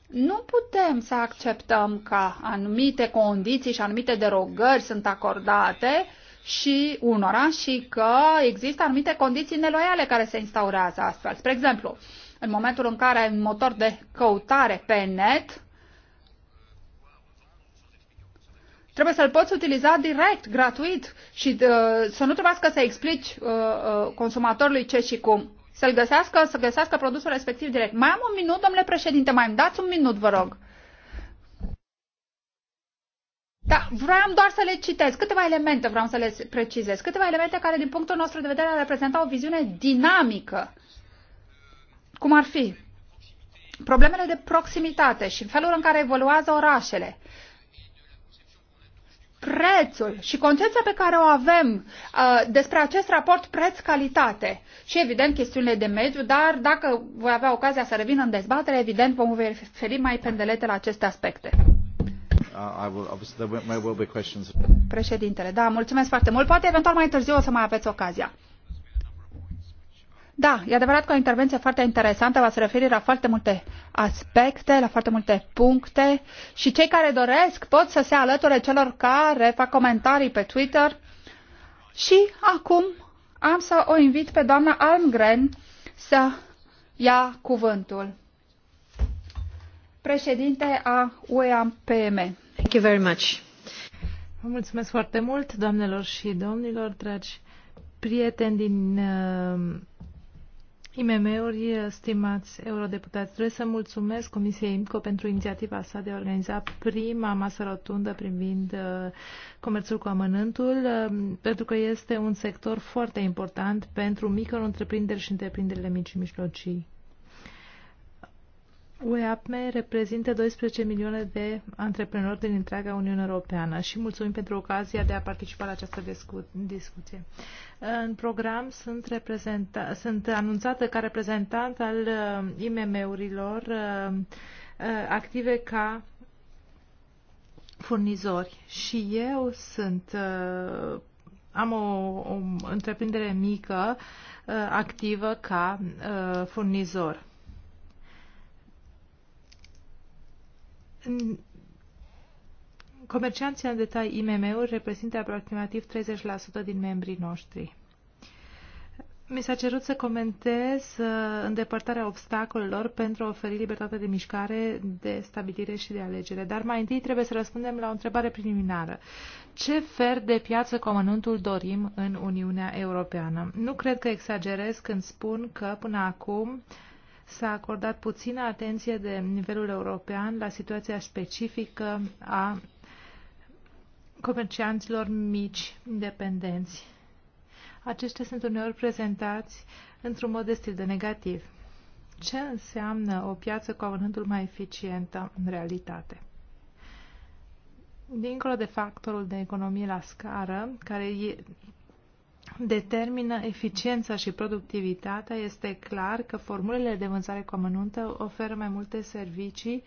nu putem să acceptăm că anumite condiții și anumite derogări sunt acordate și unora și că există anumite condiții neloiale care se instaurează astfel. Spre exemplu, în momentul în care un motor de căutare pe net Trebuie să-l poți utiliza direct, gratuit și uh, să nu trebuiască să explici uh, uh, consumatorului ce și cum. Să-l găsească, să găsească produsul respectiv direct. Mai am un minut, domnule președinte, mai îmi dați un minut, vă rog. Da, vreau doar să le citesc. Câteva elemente vreau să le precizez. Câteva elemente care, din punctul nostru de vedere, reprezentau o viziune dinamică. Cum ar fi? Problemele de proximitate și felul în care evoluează orașele prețul și concepția pe care o avem uh, despre acest raport preț-calitate și, evident, chestiunile de mediu, dar dacă voi avea ocazia să revin în dezbatere, evident, vom referi mai pendelete la aceste aspecte. Uh, I will, there will be questions. Președintele, da, mulțumesc foarte mult. Poate eventual mai târziu o să mai aveți ocazia. Da, e adevărat că o intervenție foarte interesantă, v-ați referit la foarte multe aspecte, la foarte multe puncte și cei care doresc pot să se alăture celor care fac comentarii pe Twitter. Și acum am să o invit pe doamna Almgren să ia cuvântul. Președinte a UEAPM. Thank you very much. Vă mulțumesc foarte mult, doamnelor și domnilor, dragi prieteni din uh, IMM-uri, stimați eurodeputați, trebuie să mulțumesc Comisiei IMCO pentru inițiativa sa de a organiza prima masă rotundă privind uh, comerțul cu amănântul, uh, pentru că este un sector foarte important pentru micro-întreprinderi și întreprinderile mici și mijlocii. UEAPME reprezintă 12 milioane de antreprenori din întreaga Uniune Europeană și mulțumim pentru ocazia de a participa la această discu discuție. În program sunt, sunt anunțată ca reprezentant al uh, IMM-urilor uh, uh, active ca furnizori și eu sunt am o, o întreprindere mică activă ca furnizor. Comercianții în detai IMM-uri reprezintă aproximativ 30% din membrii noștri. Mi s-a cerut să comentez uh, îndepărtarea obstacolelor pentru a oferi libertate de mișcare, de stabilire și de alegere. Dar mai întâi trebuie să răspundem la o întrebare preliminară. Ce fel de piață cu dorim în Uniunea Europeană? Nu cred că exagerez când spun că până acum s-a acordat puțină atenție de nivelul european la situația specifică a comercianților mici, independenți. Aceștia sunt uneori prezentați într-un mod destul de negativ. Ce înseamnă o piață cu avânândul mai eficientă în realitate? Dincolo de factorul de economie la scară, care determină eficiența și productivitatea, este clar că formulele de vânzare cu amănuntă oferă mai multe servicii,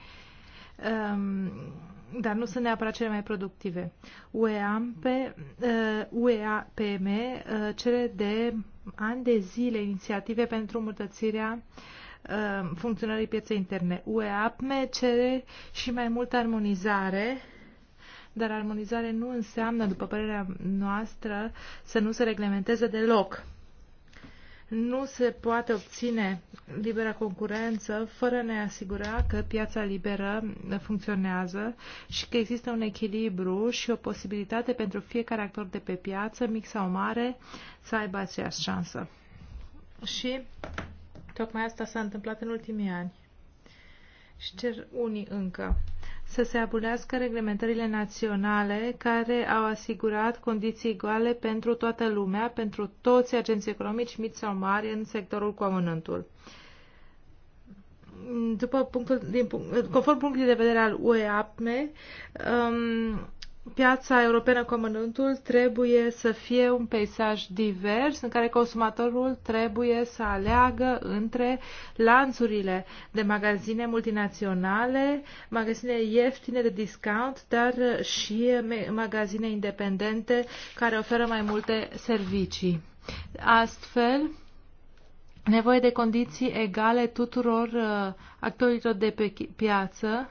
um, dar nu sunt neapărat cele mai productive. UEAMPE, UEAPM uh, uh, cere de ani de zile inițiative pentru îmbunătățirea uh, funcționării pieței interne. UEAPME cere și mai multă armonizare dar armonizare nu înseamnă, după părerea noastră, să nu se reglementeze deloc. Nu se poate obține libera concurență fără a ne asigura că piața liberă funcționează și că există un echilibru și o posibilitate pentru fiecare actor de pe piață, mic sau mare, să aibă aceeași șansă. Și tocmai asta s-a întâmplat în ultimii ani. Și cer unii încă să se abulească reglementările naționale care au asigurat condiții egale pentru toată lumea, pentru toți agenții economici, mici sau mari, în sectorul cu După punctul, din punct, conform punctului de vedere al UEAPME, um, piața europeană comunântul trebuie să fie un peisaj divers în care consumatorul trebuie să aleagă între lanțurile de magazine multinaționale, magazine ieftine de discount, dar și magazine independente care oferă mai multe servicii. Astfel, nevoie de condiții egale tuturor uh, actorilor de pe piață,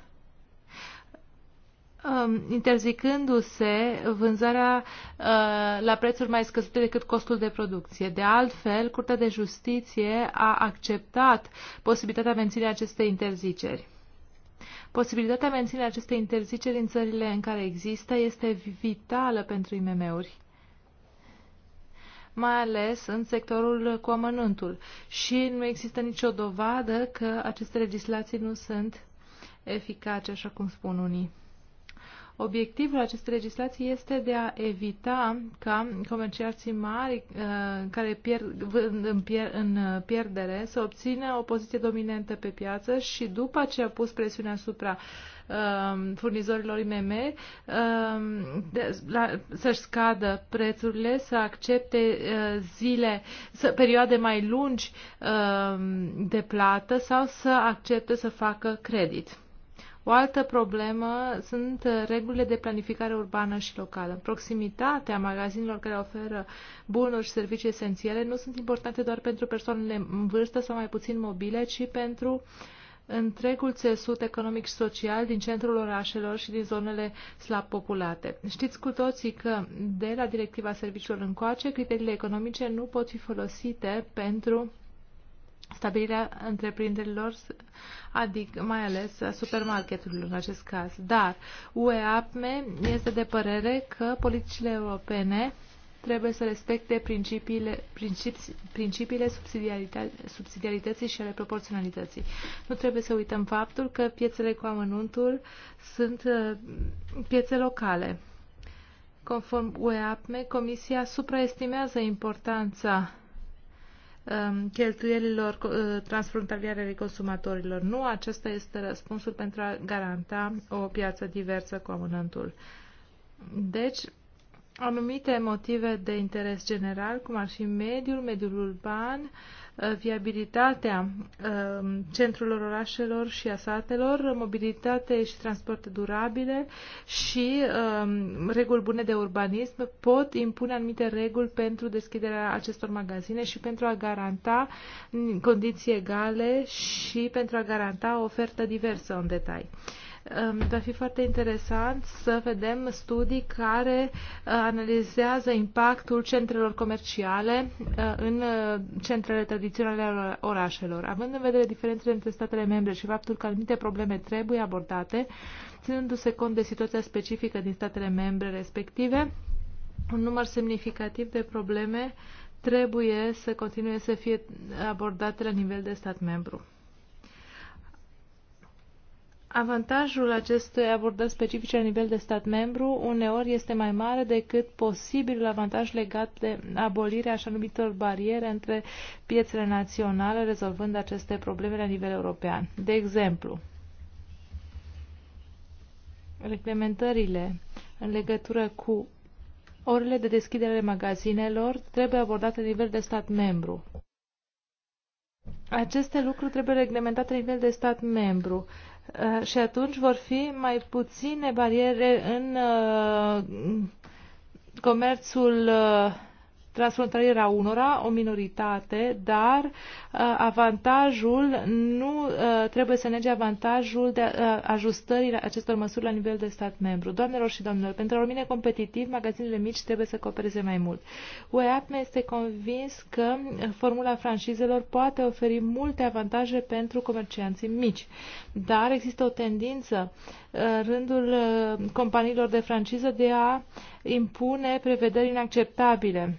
Um, interzicându-se vânzarea uh, la prețuri mai scăzute decât costul de producție. De altfel, Curtea de Justiție a acceptat posibilitatea menținerii acestei interziceri. Posibilitatea menținerii acestei interziceri în țările în care există este vitală pentru IMM-uri mai ales în sectorul cu amănântul. Și nu există nicio dovadă că aceste legislații nu sunt eficace, așa cum spun unii. Obiectivul acestei legislații este de a evita ca comerciații mari uh, care pierd, vând în, pier, în uh, pierdere să obțină o poziție dominantă pe piață și după ce a pus presiunea asupra um, furnizorilor IMM um, să-și scadă prețurile, să accepte uh, zile, să, perioade mai lungi um, de plată sau să accepte să facă credit. O altă problemă sunt regulile de planificare urbană și locală. Proximitatea magazinelor care oferă bunuri și servicii esențiale nu sunt importante doar pentru persoanele în vârstă sau mai puțin mobile, ci pentru întregul țesut economic și social din centrul orașelor și din zonele slab populate. Știți cu toții că de la directiva serviciilor încoace, criteriile economice nu pot fi folosite pentru stabilirea întreprinderilor, adică mai ales a supermarketurilor în acest caz. Dar UEAPME este de părere că politicile europene trebuie să respecte principiile, principi, principiile subsidiarită, subsidiarității și ale proporționalității. Nu trebuie să uităm faptul că piețele cu amănuntul sunt uh, piețe locale. Conform UEAPME, Comisia supraestimează importanța Um, cheltuielilor uh, transfrontaliere ale consumatorilor. Nu, acesta este răspunsul pentru a garanta o piață diversă cu amănântul. Deci, anumite motive de interes general, cum ar fi mediul, mediul urban, uh, Uh, viabilitatea uh, centrelor orașelor și a satelor, mobilitate și transport durabile și uh, reguli bune de urbanism pot impune anumite reguli pentru deschiderea acestor magazine și pentru a garanta condiții egale și pentru a garanta o ofertă diversă în detalii. Va fi foarte interesant să vedem studii care uh, analizează impactul centrelor comerciale uh, în uh, centrele tradiționale ale orașelor. Având în vedere diferențele între statele membre și faptul că anumite probleme trebuie abordate, ținându-se cont de situația specifică din statele membre respective, un număr semnificativ de probleme trebuie să continue să fie abordate la nivel de stat membru. Avantajul acestei abordări specifice la nivel de stat membru uneori este mai mare decât posibilul avantaj legat de abolirea așa numitor bariere între piețele naționale, rezolvând aceste probleme la nivel european. De exemplu, reglementările în legătură cu orele de deschidere ale magazinelor trebuie abordate la nivel de stat membru. Aceste lucruri trebuie reglementate la nivel de stat membru. Uh, și atunci vor fi mai puține bariere în uh, comerțul uh, transfrontalieră unora, o minoritate, dar uh, avantajul nu uh, trebuie să nege avantajul de uh, ajustării acestor măsuri la nivel de stat membru. Doamnelor și domnilor, pentru a rămâne competitiv, magazinele mici trebuie să coopereze mai mult. UEAPME este convins că formula francizelor poate oferi multe avantaje pentru comercianții mici, dar există o tendință rândul companiilor de franciză de a impune prevederi inacceptabile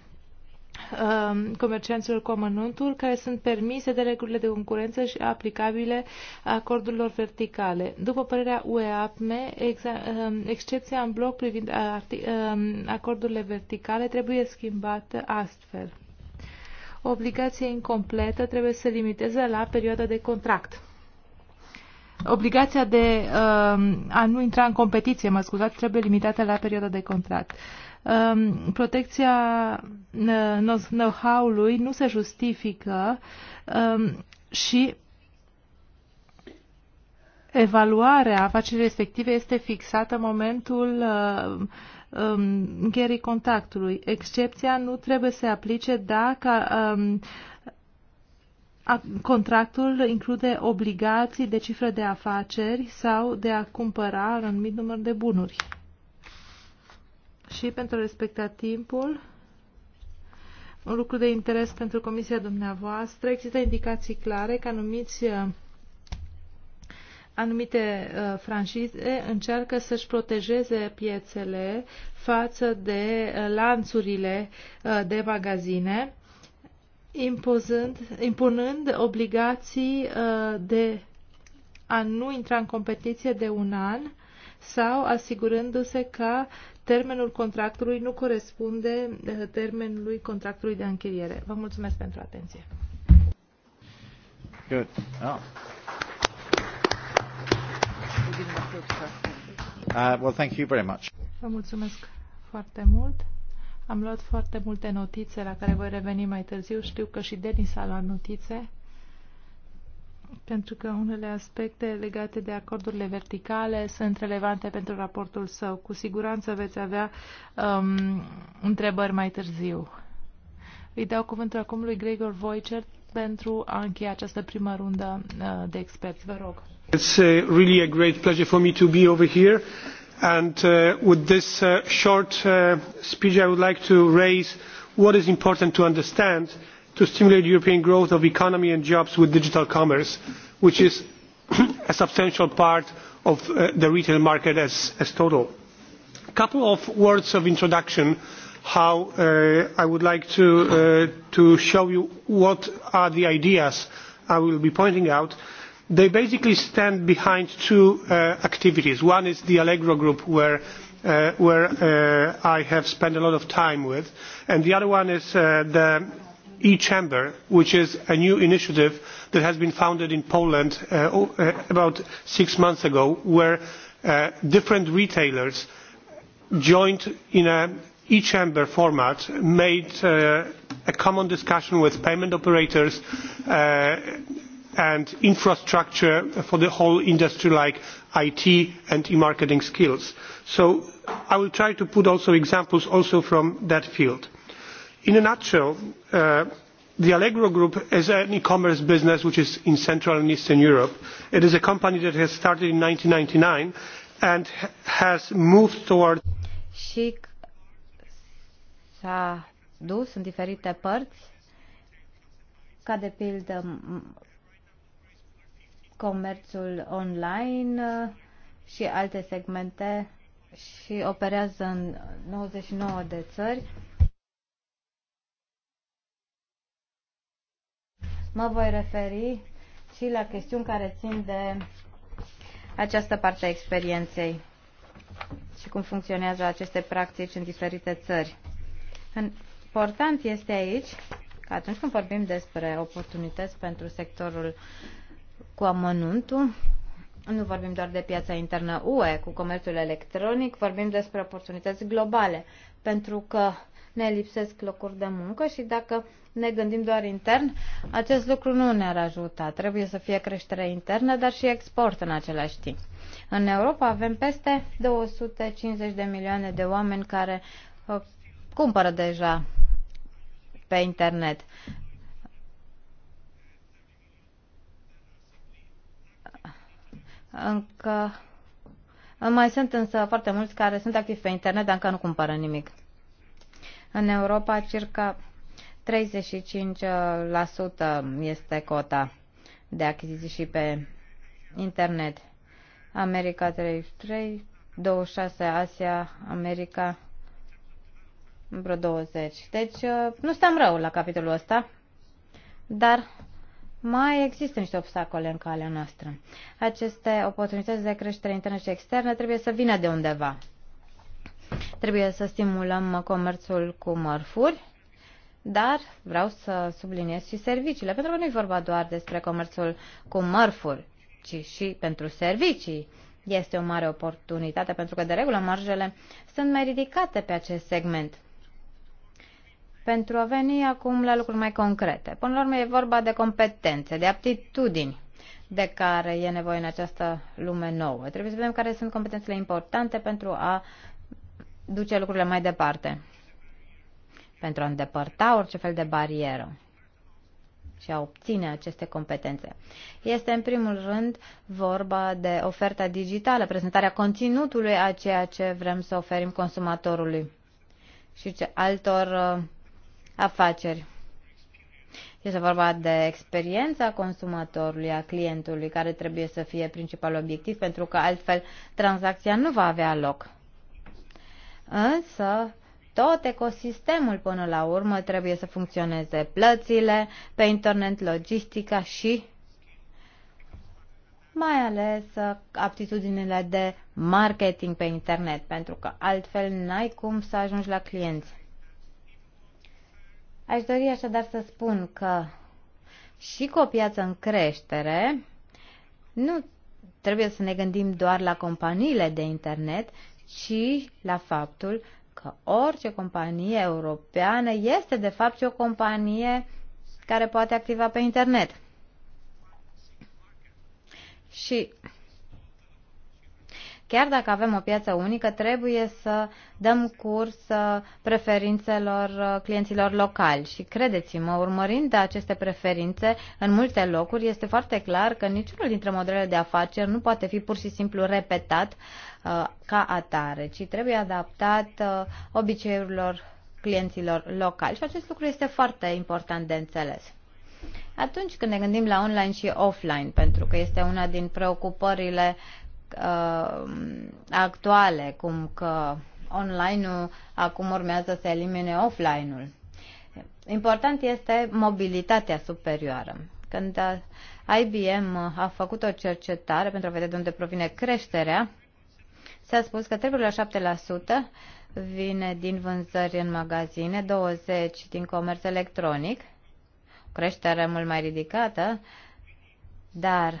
Um, comercianților cu amănuntul care sunt permise de regulile de concurență și aplicabile acordurilor verticale. După părerea UEAPME, um, excepția în bloc privind um, acordurile verticale trebuie schimbată astfel. O obligație incompletă trebuie să se limiteze la perioada de contract. Obligația de uh, a nu intra în competiție, mă scuzați, trebuie limitată la perioada de contract. Uh, Um, protecția uh, know-how-ului nu se justifică um, și evaluarea afacerii respective este fixată în momentul uh, um, încheierii contactului. Excepția nu trebuie să se aplice dacă contractul include obligații de cifră de afaceri sau de a cumpăra un anumit număr de bunuri și pentru a respecta timpul. Un lucru de interes pentru comisia dumneavoastră. Există indicații clare că anumiți uh, anumite uh, franșize încearcă să-și protejeze piețele față de uh, lanțurile uh, de magazine, impozând, impunând obligații uh, de a nu intra în competiție de un an sau asigurându-se ca termenul contractului nu corespunde eh, termenului contractului de închiriere. Vă mulțumesc pentru atenție. Good. Oh. Uh, well, thank you very much. Vă mulțumesc foarte mult. Am luat foarte multe notițe la care voi reveni mai târziu. Știu că și Denis a luat notițe pentru că unele aspecte legate de acordurile verticale sunt relevante pentru raportul său. Cu siguranță veți avea um, întrebări mai târziu. Îi dau cuvântul acum lui Gregor Voicer pentru a încheia această primă rundă uh, de experți. Vă rog. It's uh, really a great pleasure for me to be over here and uh, with this uh, short uh, speech I would like to raise what is important to understand to stimulate European growth of economy and jobs with digital commerce, which is <clears throat> a substantial part of uh, the retail market as, a total. A couple of words of introduction how uh, I would like uh, to, show you what are the ideas I will be pointing out. They basically stand behind two activities. One is the Allegro group where, I have spent a lot of time with, and the other one is the e-chamber which is a new initiative that has been founded in Poland uh, uh, about six months ago where uh, different retailers joined in an e-chamber format made a common discussion with payment operators and infrastructure for the whole industry like IT and e-marketing skills. So I will try to put also examples also from that field in a nutshell uh, the allegro group is an e commerce business which is in central and eastern europe. it is a company that has started in one thousand nine hundred and ninety nine and has moved towards și s-a dus în diferite părți, ca de pildă comerțul online uh, și alte segmente și operează în 99 de țări. Mă voi referi și la chestiuni care țin de această parte a experienței și cum funcționează aceste practici în diferite țări. Important este aici că atunci când vorbim despre oportunități pentru sectorul cu amănuntul, nu vorbim doar de piața internă UE cu comerțul electronic, vorbim despre oportunități globale, pentru că ne lipsesc locuri de muncă și dacă ne gândim doar intern, acest lucru nu ne-ar ajuta. Trebuie să fie creștere internă, dar și export în același timp. În Europa avem peste 250 de milioane de oameni care uh, cumpără deja pe internet. Încă mai sunt însă foarte mulți care sunt activi pe internet, dar încă nu cumpără nimic. În Europa, circa 35% este cota de achiziții și pe internet. America 33, 26 Asia, America vreo 20. Deci uh, nu stăm rău la capitolul ăsta, dar mai există niște obstacole în calea noastră. Aceste oportunități de creștere internă și externă trebuie să vină de undeva. Trebuie să stimulăm comerțul cu mărfuri, dar vreau să subliniez și serviciile, pentru că nu e vorba doar despre comerțul cu mărfuri, ci și pentru servicii. Este o mare oportunitate, pentru că de regulă marjele sunt mai ridicate pe acest segment. Pentru a veni acum la lucruri mai concrete. Până la urmă e vorba de competențe, de aptitudini de care e nevoie în această lume nouă. Trebuie să vedem care sunt competențele importante pentru a duce lucrurile mai departe pentru a îndepărta orice fel de barieră și a obține aceste competențe. Este în primul rând vorba de oferta digitală, prezentarea conținutului a ceea ce vrem să oferim consumatorului și ce altor uh, afaceri. Este vorba de experiența consumatorului, a clientului, care trebuie să fie principalul obiectiv, pentru că altfel tranzacția nu va avea loc. Însă, tot ecosistemul până la urmă trebuie să funcționeze plățile pe internet, logistica și mai ales uh, aptitudinile de marketing pe internet, pentru că altfel n-ai cum să ajungi la clienți. Aș dori așadar să spun că și cu o piață în creștere, nu trebuie să ne gândim doar la companiile de internet, ci la faptul că orice companie europeană este de fapt o companie care poate activa pe internet. Și Chiar dacă avem o piață unică, trebuie să dăm curs uh, preferințelor uh, clienților locali. Și credeți-mă, urmărind aceste preferințe în multe locuri, este foarte clar că niciunul dintre modelele de afaceri nu poate fi pur și simplu repetat uh, ca atare, ci trebuie adaptat uh, obiceiurilor clienților locali. Și acest lucru este foarte important de înțeles. Atunci când ne gândim la online și offline, pentru că este una din preocupările uh, actuale, cum că online-ul acum urmează să elimine offline-ul. Important este mobilitatea superioară. Când IBM a făcut o cercetare pentru a vedea de unde provine creșterea, s-a spus că 3,7% vine din vânzări în magazine, 20% din comerț electronic, creștere mult mai ridicată, dar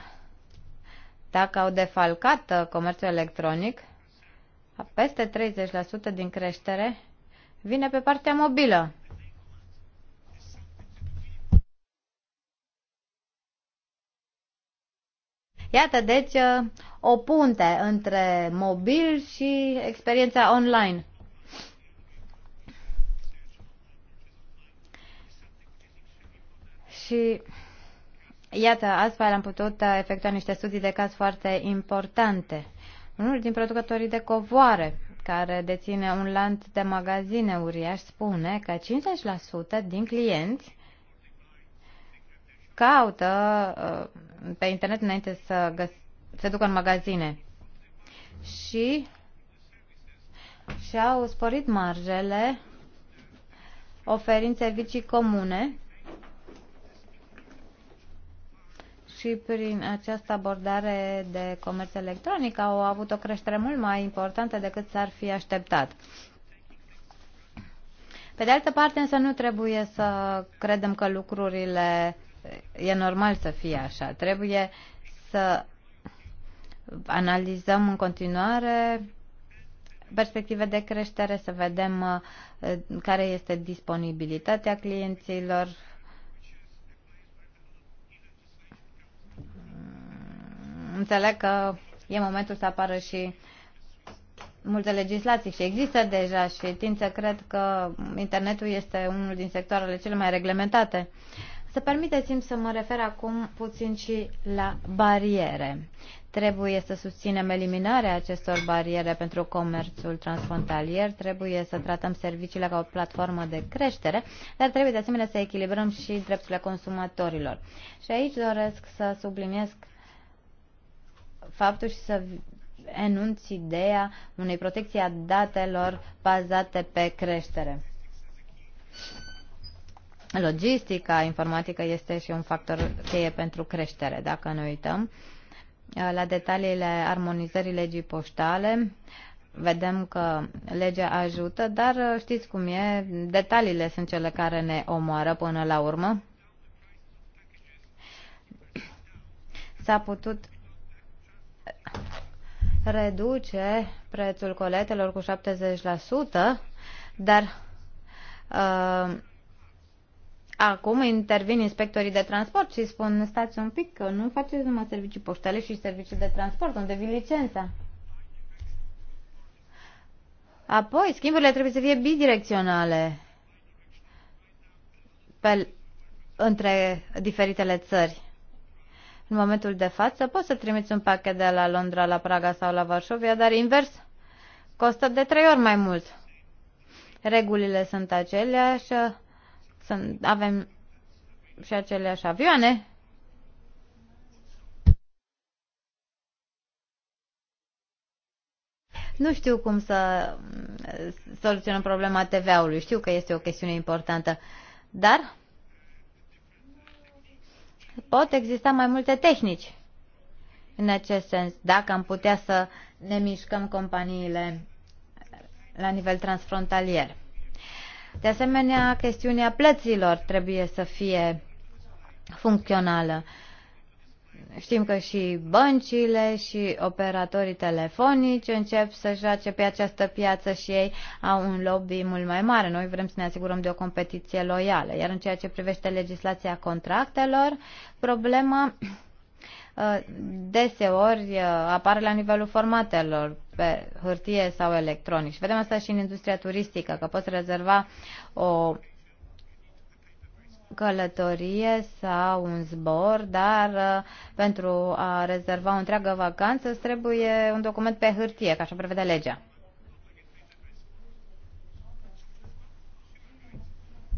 dacă au defalcat uh, comerțul electronic, peste 30% din creștere vine pe partea mobilă. Iată, deci, uh, o punte între mobil și experiența online. Și Iată, astfel am putut uh, efectua niște studii de caz foarte importante. Unul din producătorii de covoare, care deține un lanț de magazine uriaș, spune că 50% din clienți caută uh, pe internet înainte să găs- se ducă în magazine și și-au sporit marjele oferind servicii comune și prin această abordare de comerț electronic au avut o creștere mult mai importantă decât s-ar fi așteptat. Pe de altă parte, însă nu trebuie să credem că lucrurile e normal să fie așa. Trebuie să analizăm în continuare perspective de creștere, să vedem uh, care este disponibilitatea clienților, înțeleg că e momentul să apară și multe legislații și există deja și tind să cred că internetul este unul din sectoarele cele mai reglementate. Să permiteți-mi să mă refer acum puțin și la bariere. Trebuie să susținem eliminarea acestor bariere pentru comerțul transfrontalier, trebuie să tratăm serviciile ca o platformă de creștere, dar trebuie de asemenea să echilibrăm și drepturile consumatorilor. Și aici doresc să subliniez faptul și să enunți ideea unei protecții a datelor bazate pe creștere. Logistica informatică este și un factor cheie pentru creștere, dacă ne uităm. La detaliile armonizării legii poștale, vedem că legea ajută, dar știți cum e, detaliile sunt cele care ne omoară până la urmă. S-a putut reduce prețul coletelor cu 70%, dar uh, acum intervin inspectorii de transport și spun stați un pic că nu faceți numai servicii poștale și servicii de transport, unde vin licența. Apoi, schimburile trebuie să fie bidirecționale pe, între diferitele țări în momentul de față poți să trimiți un pachet de la Londra la Praga sau la Varșovia, dar invers costă de trei ori mai mult. Regulile sunt aceleași, sunt, avem și aceleași avioane. Nu știu cum să mm, soluționăm problema TVA-ului. Știu că este o chestiune importantă, dar pot exista mai multe tehnici în acest sens, dacă am putea să ne mișcăm companiile la nivel transfrontalier. De asemenea, chestiunea plăților trebuie să fie funcțională știm că și băncile și operatorii telefonici încep să joace pe această piață și ei au un lobby mult mai mare. Noi vrem să ne asigurăm de o competiție loială. Iar în ceea ce privește legislația contractelor, problema <clears throat> uh, deseori uh, apare la nivelul formatelor pe hârtie sau electronic. Și vedem asta și în industria turistică, că poți rezerva o călătorie sau un zbor, dar uh, pentru a rezerva o întreagă vacanță îți trebuie un document pe hârtie, ca așa prevede legea.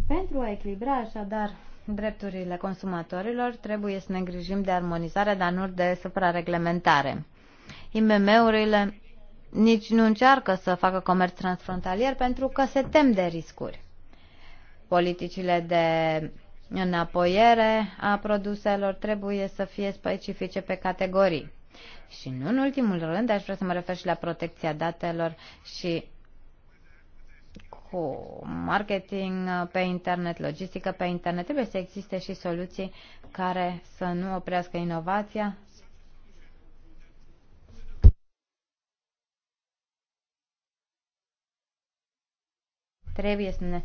Pentru a echilibra așadar drepturile consumatorilor, trebuie să ne îngrijim de armonizare, dar nu de suprareglementare. IMM-urile nici nu încearcă să facă comerț transfrontalier pentru că se tem de riscuri. Politicile de înapoiere a produselor trebuie să fie specifice pe categorii. Și nu în ultimul rând, aș vrea să mă refer și la protecția datelor și cu marketing pe internet, logistică pe internet, trebuie să existe și soluții care să nu oprească inovația. Trebuie să ne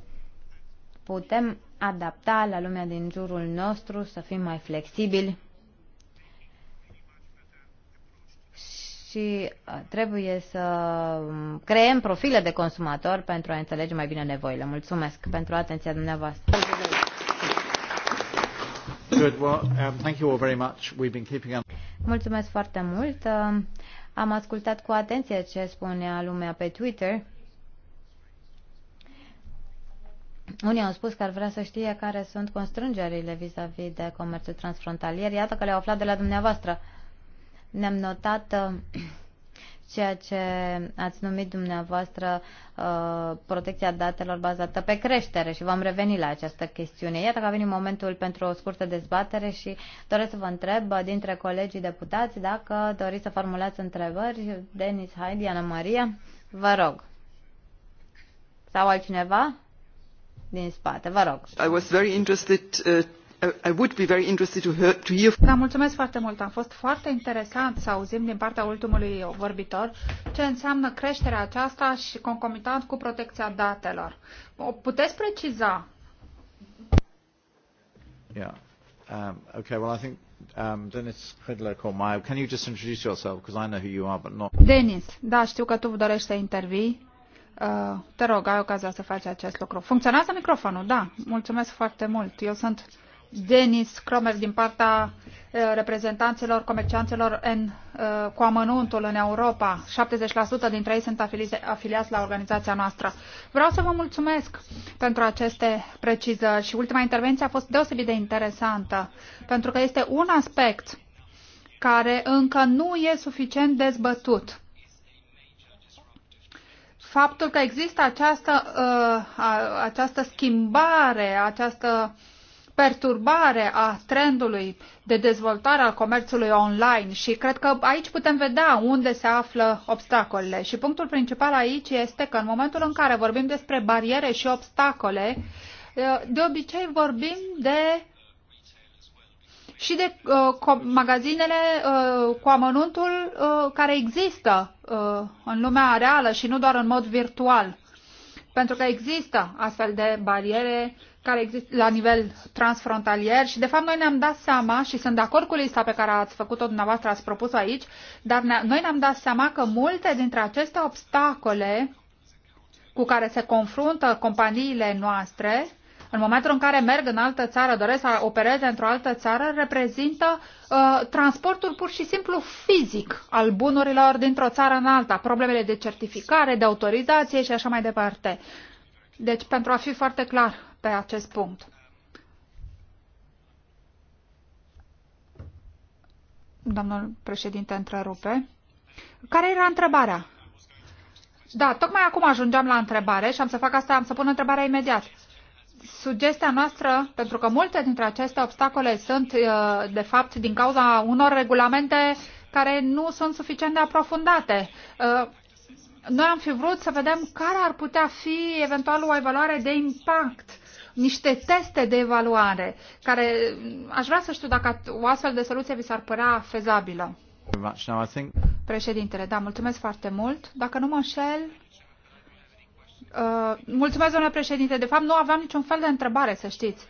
putem adapta la lumea din jurul nostru, să fim mai flexibili și uh, trebuie să um, creăm profile de consumator pentru a înțelege mai bine nevoile. Mulțumesc pentru atenția dumneavoastră. Good. Well, um, thank you all very much. We've been keeping on. Mulțumesc foarte mult. Um, am ascultat cu atenție ce spunea lumea pe Twitter. Unii au spus că ar vrea să știe care sunt constrângerile vis-a-vis -vis de comerțul transfrontalier. Iată că le-au aflat de la dumneavoastră. Ne-am notat uh, <clears throat> ceea ce ați numit dumneavoastră uh, protecția datelor bazată pe creștere și vom reveni la această chestiune. Iată că a venit momentul pentru o scurtă dezbatere și doresc să vă întreb uh, dintre colegii deputați dacă doriți să formulați întrebări. Denis, Heidi, Ana Maria, vă rog. Sau altcineva? din spate. Vă rog. I was very interested uh, I would be very interested to hear, to hear. Da, mulțumesc foarte mult. Am fost foarte interesant să auzim din partea ultimului vorbitor ce înseamnă creșterea aceasta și concomitant cu protecția datelor. O puteți preciza? Yeah. Um, okay, well I think um, Denis credlow can you just introduce yourself because I know who you are but not Denis, da, știu că tu dorești să intervii. Uh, te rog, ai ocazia să faci acest lucru. Funcționează microfonul, da. Mulțumesc foarte mult. Eu sunt Denis Cromer din partea uh, reprezentanților comercianților în, uh, cu amănuntul în Europa. 70% dintre ei sunt afiliați la organizația noastră. Vreau să vă mulțumesc pentru aceste precizări și ultima intervenție a fost deosebit de interesantă, pentru că este un aspect care încă nu e suficient dezbătut faptul că există această, uh, această schimbare, această perturbare a trendului de dezvoltare al comerțului online și cred că aici putem vedea unde se află obstacolele. Și punctul principal aici este că în momentul în care vorbim despre bariere și obstacole, uh, de obicei vorbim de și de uh, magazinele uh, cu amănuntul uh, care există uh, în lumea reală și nu doar în mod virtual. Pentru că există astfel de bariere care există la nivel transfrontalier și de fapt noi ne-am dat seama și sunt de acord cu lista pe care ați făcut-o dumneavoastră, ați propus o aici, dar ne noi ne-am dat seama că multe dintre aceste obstacole cu care se confruntă companiile noastre în momentul în care merg în altă țară, doresc să opereze într-o altă țară, reprezintă uh, transportul pur și simplu fizic al bunurilor dintr-o țară în alta, problemele de certificare, de autorizație și așa mai departe. Deci, pentru a fi foarte clar pe acest punct. Domnul președinte întrerupe. Care era întrebarea? Da, tocmai acum ajungeam la întrebare și am să fac asta, am să pun întrebarea imediat sugestia noastră, pentru că multe dintre aceste obstacole sunt, uh, de fapt, din cauza unor regulamente care nu sunt suficient de aprofundate. Uh, noi am fi vrut să vedem care ar putea fi eventual o evaluare de impact, niște teste de evaluare, care mm, aș vrea să știu dacă o astfel de soluție vi s-ar părea fezabilă. Președintele, da, mulțumesc foarte mult. Dacă nu mă înșel, Uh, mulțumesc, domnule președinte. De fapt, nu aveam niciun fel de întrebare, să știți.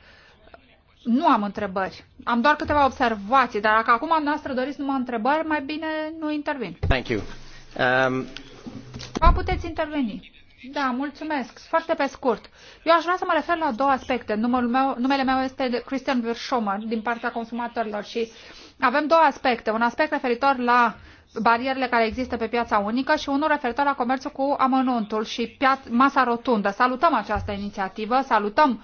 Nu am întrebări. Am doar câteva observații, dar dacă acum noastră doriți numai întrebări, mai bine nu intervin. Thank you. Um... puteți interveni. Da, mulțumesc. Foarte pe scurt. Eu aș vrea să mă refer la două aspecte. Numele meu, numele meu este Christian Virschomer din partea consumatorilor și avem două aspecte. Un aspect referitor la uh, barierele care există pe piața unică și unul referitor la comerțul cu amănuntul și masa rotundă. Salutăm această inițiativă, salutăm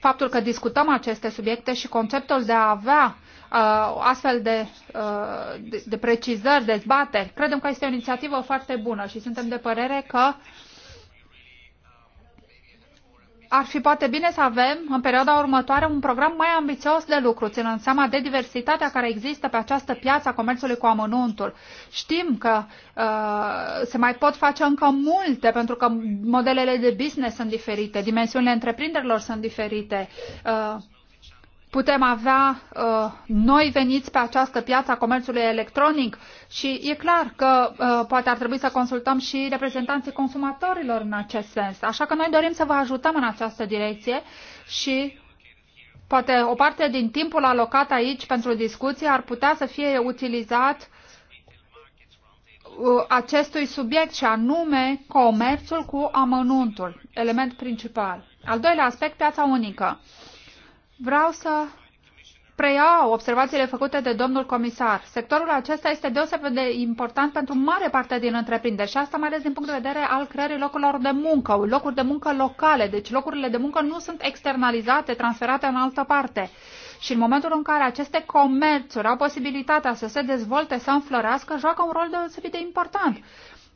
faptul că discutăm aceste subiecte și conceptul de a avea uh, astfel de, uh, de, de precizări, dezbateri, credem că este o inițiativă foarte bună și suntem de părere că uh, ar fi poate bine să avem în perioada următoare un program mai ambițios de lucru, ținând seama de diversitatea care există pe această piață a comerțului cu amănuntul. Știm că uh, se mai pot face încă multe, pentru că modelele de business sunt diferite, dimensiunile întreprinderilor sunt diferite. Uh, putem avea uh, noi veniți pe această piață a comerțului electronic și e clar că uh, poate ar trebui să consultăm și reprezentanții consumatorilor în acest sens. Așa că noi dorim să vă ajutăm în această direcție și poate o parte din timpul alocat aici pentru discuții ar putea să fie utilizat uh, acestui subiect și anume comerțul cu amănuntul, element principal. Al doilea aspect, piața unică vreau să preiau observațiile făcute de domnul comisar. Sectorul acesta este deosebit de important pentru mare parte din întreprinderi și asta mai ales din punct de vedere al creării locurilor de muncă, locuri de muncă locale, deci locurile de muncă nu sunt externalizate, transferate în altă parte. Și în momentul în care aceste comerțuri au posibilitatea să se dezvolte, să înflorească, joacă un rol deosebit de important.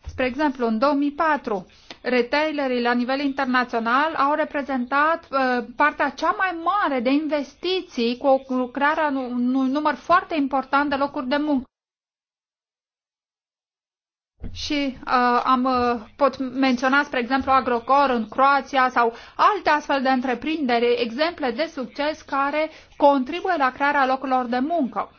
Spre exemplu, în 2004, retailerii la nivel internațional au reprezentat uh, partea cea mai mare de investiții cu o lucrare a unui număr foarte important de locuri de muncă. Și uh, am uh, pot menționa, spre exemplu, Agrocor în Croația sau alte astfel de întreprinderi, exemple de succes care contribuie la crearea locurilor de muncă.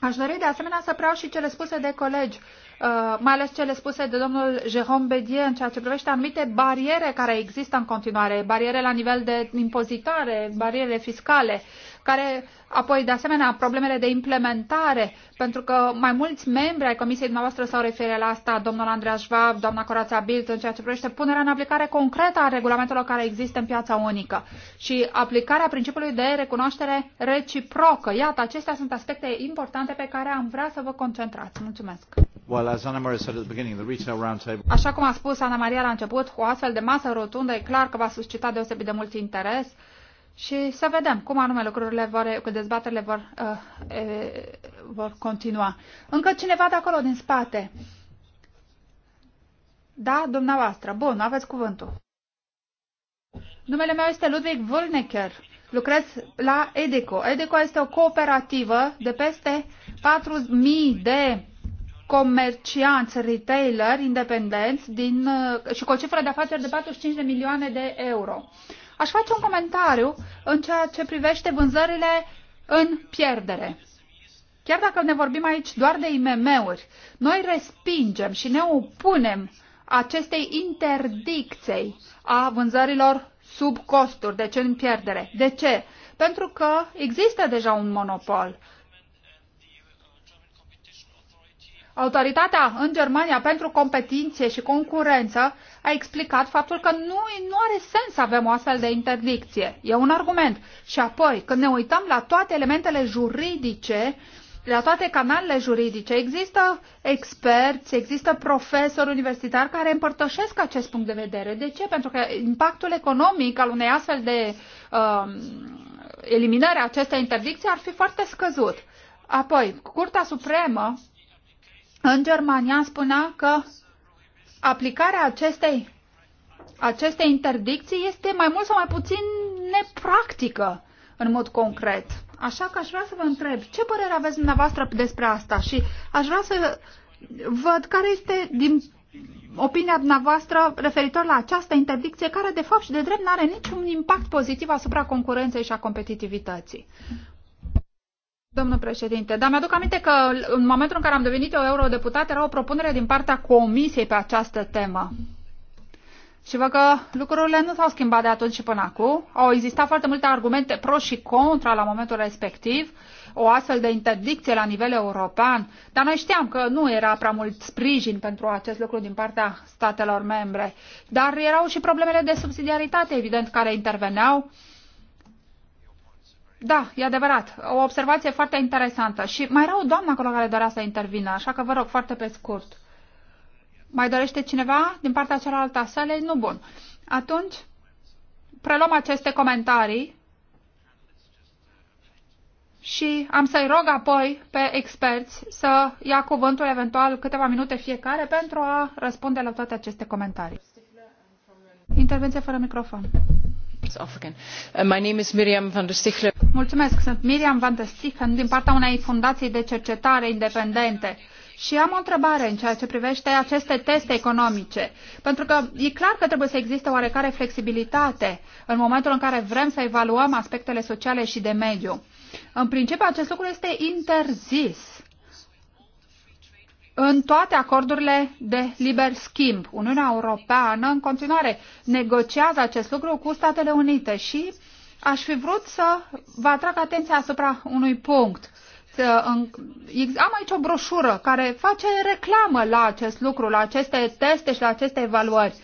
Aș dori de asemenea să preau și cele spuse de colegi. Uh, Uh, mai ales cele spuse de domnul Jérôme Bédier în ceea ce privește anumite bariere care există în continuare, bariere la nivel de impozitare, barierele fiscale, care apoi, de asemenea, problemele de implementare, pentru că mai mulți membri ai comisiei dumneavoastră s-au referit la asta, domnul Andreea Schwab, doamna Corața Bilt, în ceea ce privește punerea în aplicare concretă a regulamentelor care există în piața unică și aplicarea principiului de recunoaștere reciprocă. Iată, acestea sunt aspecte importante pe care am vrea să vă concentrați. Mulțumesc! Well, Așa cum a spus Ana Maria la început, o astfel de masă rotundă e clar că va suscita deosebit de mult interes și să vedem cum anume lucrurile vor, cu dezbaterile vor, uh, e, vor continua. Încă cineva de acolo, din spate. Da, dumneavoastră. Bun, aveți cuvântul. Numele meu este Ludwig Vulnecker. Lucrez la EDECO. EDECO este o cooperativă de peste 4.000 de comercianți, retailer independenți din, uh, și cu o cifră de afaceri de 45 de milioane de euro. Aș face un comentariu în ceea ce privește vânzările în pierdere. Chiar dacă ne vorbim aici doar de IMM-uri, noi respingem și ne opunem acestei interdicții a vânzărilor sub costuri, deci în pierdere. De ce? Pentru că există deja un monopol. Autoritatea în Germania pentru competiție și concurență a explicat faptul că nu, nu are sens să avem o astfel de interdicție. E un argument. Și apoi, când ne uităm la toate elementele juridice, la toate canalele juridice, există experți, există profesori universitari care împărtășesc acest punct de vedere. De ce? Pentru că impactul economic al unei astfel de uh, um, eliminare a acestei interdicții ar fi foarte scăzut. Apoi, Curtea Supremă în Germania spunea că aplicarea acestei, acestei interdicții este mai mult sau mai puțin nepractică în mod concret. Așa că aș vrea să vă întreb, ce părere aveți dumneavoastră despre asta? Și aș vrea să văd care este, din opinia dumneavoastră, referitor la această interdicție, care de fapt și de drept nu are niciun impact pozitiv asupra concurenței și a competitivității. Domnul președinte, dar mi-aduc aminte că în momentul în care am devenit eu eurodeputat era o propunere din partea Comisiei pe această temă. Și văd că lucrurile nu s-au schimbat de atunci și până acum. Au existat foarte multe argumente pro și contra la momentul respectiv, o astfel de interdicție la nivel european, dar noi știam că nu era prea mult sprijin pentru acest lucru din partea statelor membre. Dar erau și problemele de subsidiaritate, evident, care interveneau da, e adevărat. O observație foarte interesantă. Și mai era o doamnă acolo care dorea să intervină, așa că vă rog, foarte pe scurt. Mai dorește cineva din partea cealaltă a salei? Nu bun. Atunci, preluăm aceste comentarii și am să-i rog apoi pe experți să ia cuvântul eventual câteva minute fiecare pentru a răspunde la toate aceste comentarii. Intervenție fără microfon. Uh, sunt Miriam van der Stichler din partea unei fundații de cercetare independente. Și am o întrebare în ceea ce privește aceste teste economice. Pentru că e clar că trebuie să existe oarecare flexibilitate în momentul în care vrem să evaluăm aspectele sociale și de mediu. În principiu, acest lucru este interzis în toate acordurile de liber schimb. Uniunea Europeană în continuare negociază acest lucru cu Statele Unite și aș fi vrut să vă atrag atenția asupra unui punct. Am aici o broșură care face reclamă la acest lucru, la aceste teste și la aceste evaluări.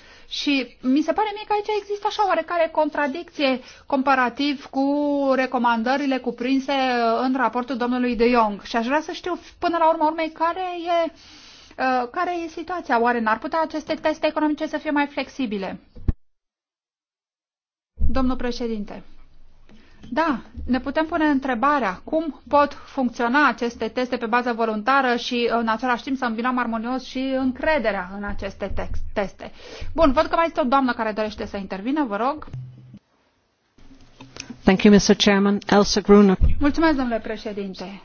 Și mi se pare mie că aici există așa oarecare contradicție comparativ cu recomandările cuprinse în raportul domnului De Jong. Și aș vrea să știu până la urmă urmei care e, uh, care e situația. Oare n-ar putea aceste teste economice să fie mai flexibile? Domnul președinte. Da, ne putem pune întrebarea cum pot funcționa aceste teste pe bază voluntară și în același timp să îmbinăm armonios și încrederea în aceste text, teste. Bun, văd că mai este o doamnă care dorește să intervină, vă rog. Thank you, Mr. Chairman. Elsa Gruner. Mulțumesc, domnule președinte.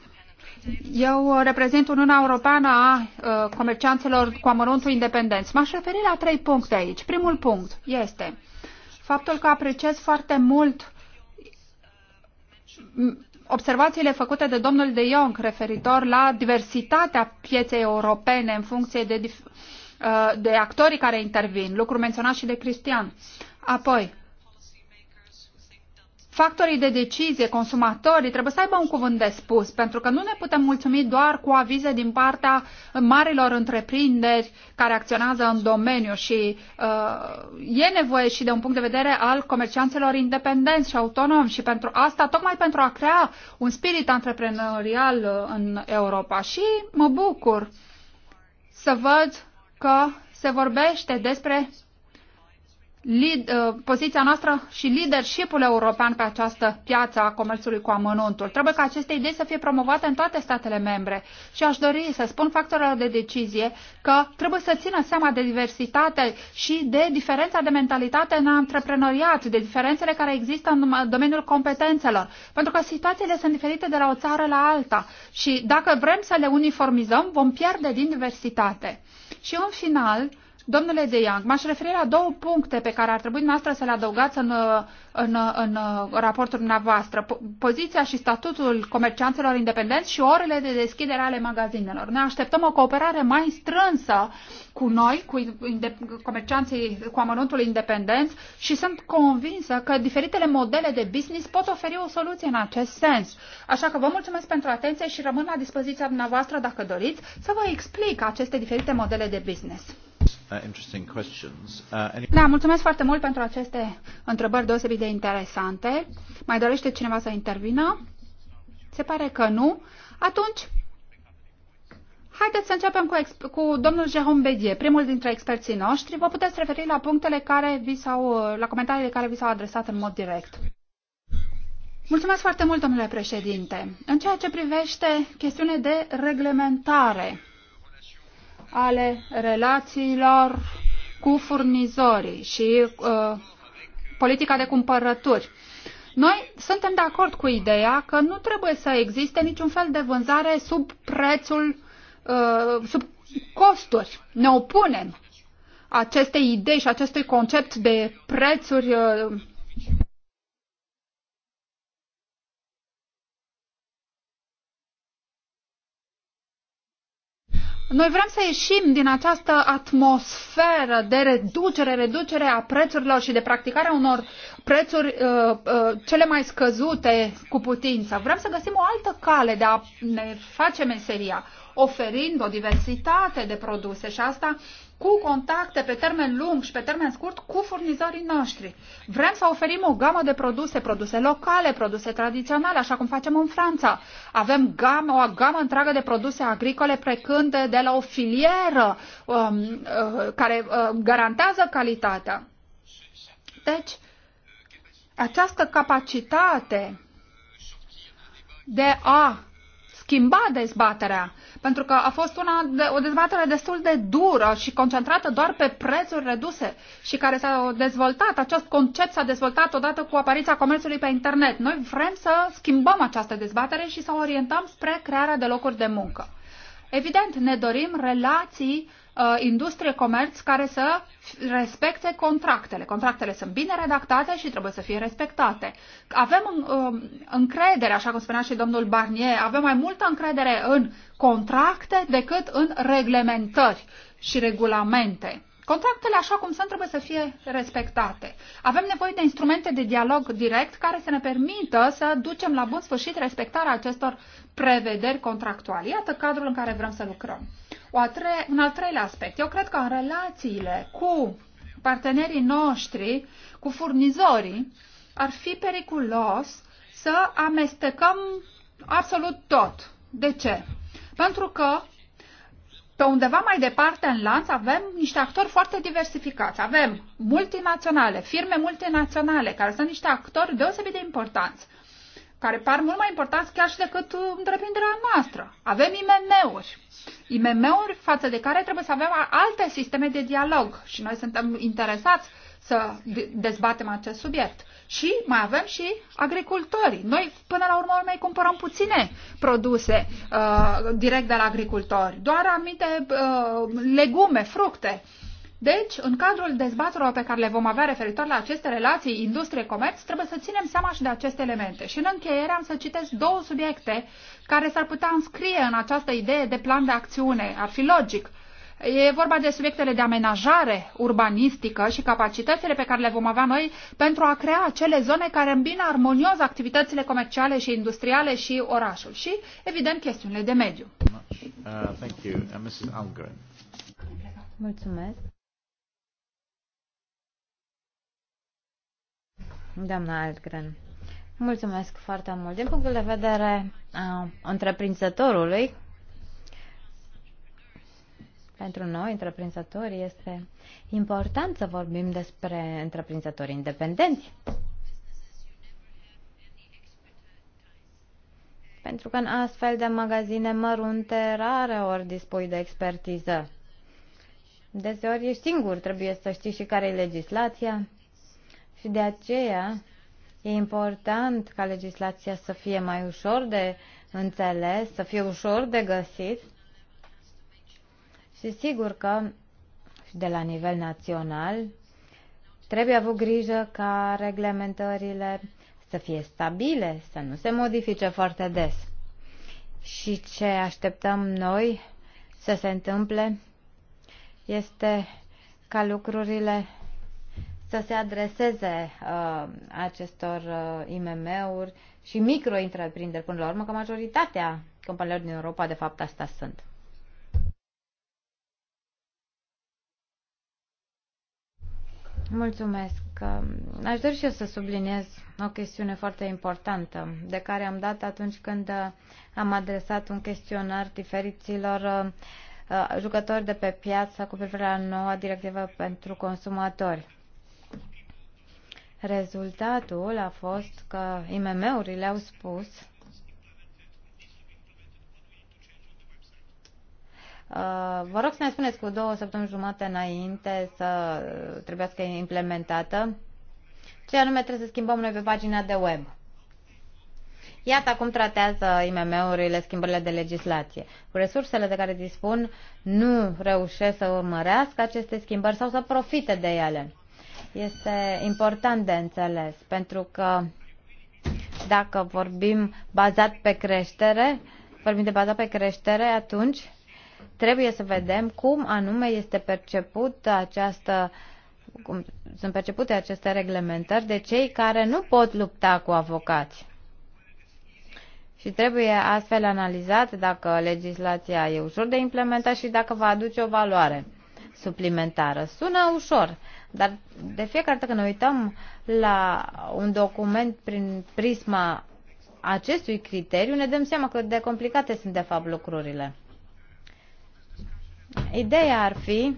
Eu reprezint Uniunea Europeană a uh, comercianților cu amănuntul independenți. M-aș referi la trei puncte aici. Primul punct este faptul că apreciez foarte mult observațiile făcute de domnul De Jong referitor la diversitatea pieței europene în funcție de, uh, de actorii care intervin, lucru menționat și de Cristian. Apoi, factorii de decizie, consumatorii, trebuie să aibă un cuvânt de spus, pentru că nu ne putem mulțumi doar cu avize din partea marilor întreprinderi care acționează în domeniu și uh, e nevoie și de un punct de vedere al comercianților independenți și autonomi și pentru asta, tocmai pentru a crea un spirit antreprenorial uh, în Europa. Și mă bucur să văd că se vorbește despre lead, uh, poziția noastră și leadershipul european pe această piață a comerțului cu amănuntul. Trebuie ca aceste idei să fie promovate în toate statele membre și aș dori să spun factorilor de decizie că trebuie să țină seama de diversitate și de diferența de mentalitate în antreprenoriat, de diferențele care există în domeniul competențelor, pentru că situațiile sunt diferite de la o țară la alta și dacă vrem să le uniformizăm, vom pierde din diversitate. Și în final, Domnule De Young, m-aș referi la două puncte pe care ar trebui noastră să le adăugați în, în, în raportul dumneavoastră. Poziția și statutul comercianților independenți și orele de deschidere ale magazinelor. Ne așteptăm o cooperare mai strânsă cu noi, cu comercianții cu amănuntul independenți și sunt convinsă că diferitele modele de business pot oferi o soluție în acest sens. Așa că vă mulțumesc pentru atenție și rămân la dispoziția dumneavoastră dacă doriți să vă explic aceste diferite modele de business. Uh, uh, da, mulțumesc foarte mult pentru aceste întrebări deosebit de interesante. Mai dorește cineva să intervină? Se pare că nu. Atunci, haideți să începem cu, cu domnul Jérôme Bedie, primul dintre experții noștri. Vă puteți referi la punctele care vi s-au, la comentariile care vi s-au adresat în mod direct. Mulțumesc foarte mult, domnule președinte. În ceea ce privește chestiunea de reglementare, ale relațiilor cu furnizorii și uh, politica de cumpărături. Noi suntem de acord cu ideea că nu trebuie să existe niciun fel de vânzare sub prețul, uh, sub costuri. Ne opunem acestei idei și acestui concept de prețuri uh, Noi vrem să ieșim din această atmosferă de reducere, reducere a prețurilor și de practicarea unor prețuri uh, uh, cele mai scăzute cu putință. Vrem să găsim o altă cale de a ne face meseria oferind o diversitate de produse și asta cu contacte pe termen lung și pe termen scurt cu furnizorii noștri. Vrem să oferim o gamă de produse, produse locale, produse tradiționale, așa cum facem în Franța. Avem gamă, o gamă întreagă de produse agricole precând de, de la o filieră um, uh, care uh, garantează calitatea. Deci, această capacitate de a schimba dezbaterea, pentru că a fost una de, o dezbatere destul de dură și concentrată doar pe prețuri reduse și care s-a dezvoltat, acest concept s-a dezvoltat odată cu apariția comerțului pe internet. Noi vrem să schimbăm această dezbatere și să o orientăm spre crearea de locuri de muncă. Evident, ne dorim relații Uh, industrie, comerț care să respecte contractele. Contractele sunt bine redactate și trebuie să fie respectate. Avem um, um, încredere, așa cum spunea și domnul Barnier, avem mai multă încredere în contracte decât în reglementări și regulamente. Contractele, așa cum sunt, trebuie să fie respectate. Avem nevoie de instrumente de dialog direct care să ne permită să ducem la bun sfârșit respectarea acestor prevederi contractuale. Iată cadrul în care vrem să lucrăm. O tre- un al treilea aspect. Eu cred că în relațiile cu partenerii noștri, cu furnizorii, ar fi periculos să amestecăm absolut tot. De ce? Pentru că pe undeva mai departe în lanț avem niște actori foarte diversificați. Avem multinaționale, firme multinaționale, care sunt niște actori deosebit de importanți care par mult mai importanți chiar și decât întreprinderea noastră. Avem IMM-uri. IMM-uri față de care trebuie să avem alte sisteme de dialog și noi suntem interesați să dezbatem acest subiect. Și mai avem și agricultorii. Noi, până la urmă, mai cumpărăm puține produse uh, direct de la agricultori, doar anumite uh, legume, fructe. Uh, deci, în cadrul dezbaterilor pe care le vom avea referitor la aceste relații industrie-comerț, trebuie să ținem seama și de aceste elemente. Și în încheiere am să citesc două subiecte care s-ar putea înscrie în această idee de plan de acțiune. Ar fi logic. E vorba de subiectele de amenajare urbanistică și capacitățile pe care le vom avea noi pentru a crea acele zone care îmbină armonios activitățile comerciale și industriale și orașul și, evident, chestiunile de mediu. Uh, uh, Mulțumesc. doamna Altgren. Mulțumesc foarte mult. Din punctul de vedere a întreprinzătorului, pentru noi, întreprinzători, este important să vorbim despre întreprinzători independenți. Pentru că în astfel de magazine mărunte rare ori dispui de expertiză. Deseori ești singur, trebuie să știi și care e legislația, și de aceea e important ca legislația să fie mai ușor de înțeles, să fie ușor de găsit și sigur că de la nivel național trebuie avut grijă ca reglementările să fie stabile, să nu se modifice foarte des. Și ce așteptăm noi să se întâmple este ca lucrurile să se adreseze uh, acestor uh, IMM-uri și micro întreprinderi până la urmă, că majoritatea companiilor din Europa de fapt asta sunt. Mulțumesc. Um, aș dori și eu să subliniez o chestiune foarte importantă de care am dat atunci când uh, am adresat un chestionar diferiților uh, uh, jucători de pe piață cu privire la noua directivă pentru consumatori. Rezultatul a fost că IMM-urile au spus Uh, vă rog să ne spuneți cu două săptămâni jumate înainte să trebuiască implementată ce anume trebuie să schimbăm noi pe pagina de web. Iată cum tratează IMM-urile schimbările de legislație. Cu resursele de care dispun, nu reușesc să urmărească aceste schimbări sau să profite de ele este important de înțeles, pentru că dacă vorbim bazat pe creștere, vorbim de bazat pe creștere, atunci trebuie să vedem cum anume este percepută această cum sunt percepute aceste reglementări de cei care nu pot lupta cu avocați. Și trebuie astfel analizat dacă legislația e ușor de implementat și dacă va aduce o valoare suplimentară. Sună ușor, dar de fiecare dată când ne uităm la un document prin prisma acestui criteriu, ne dăm seama cât de complicate sunt de fapt lucrurile. Ideea ar fi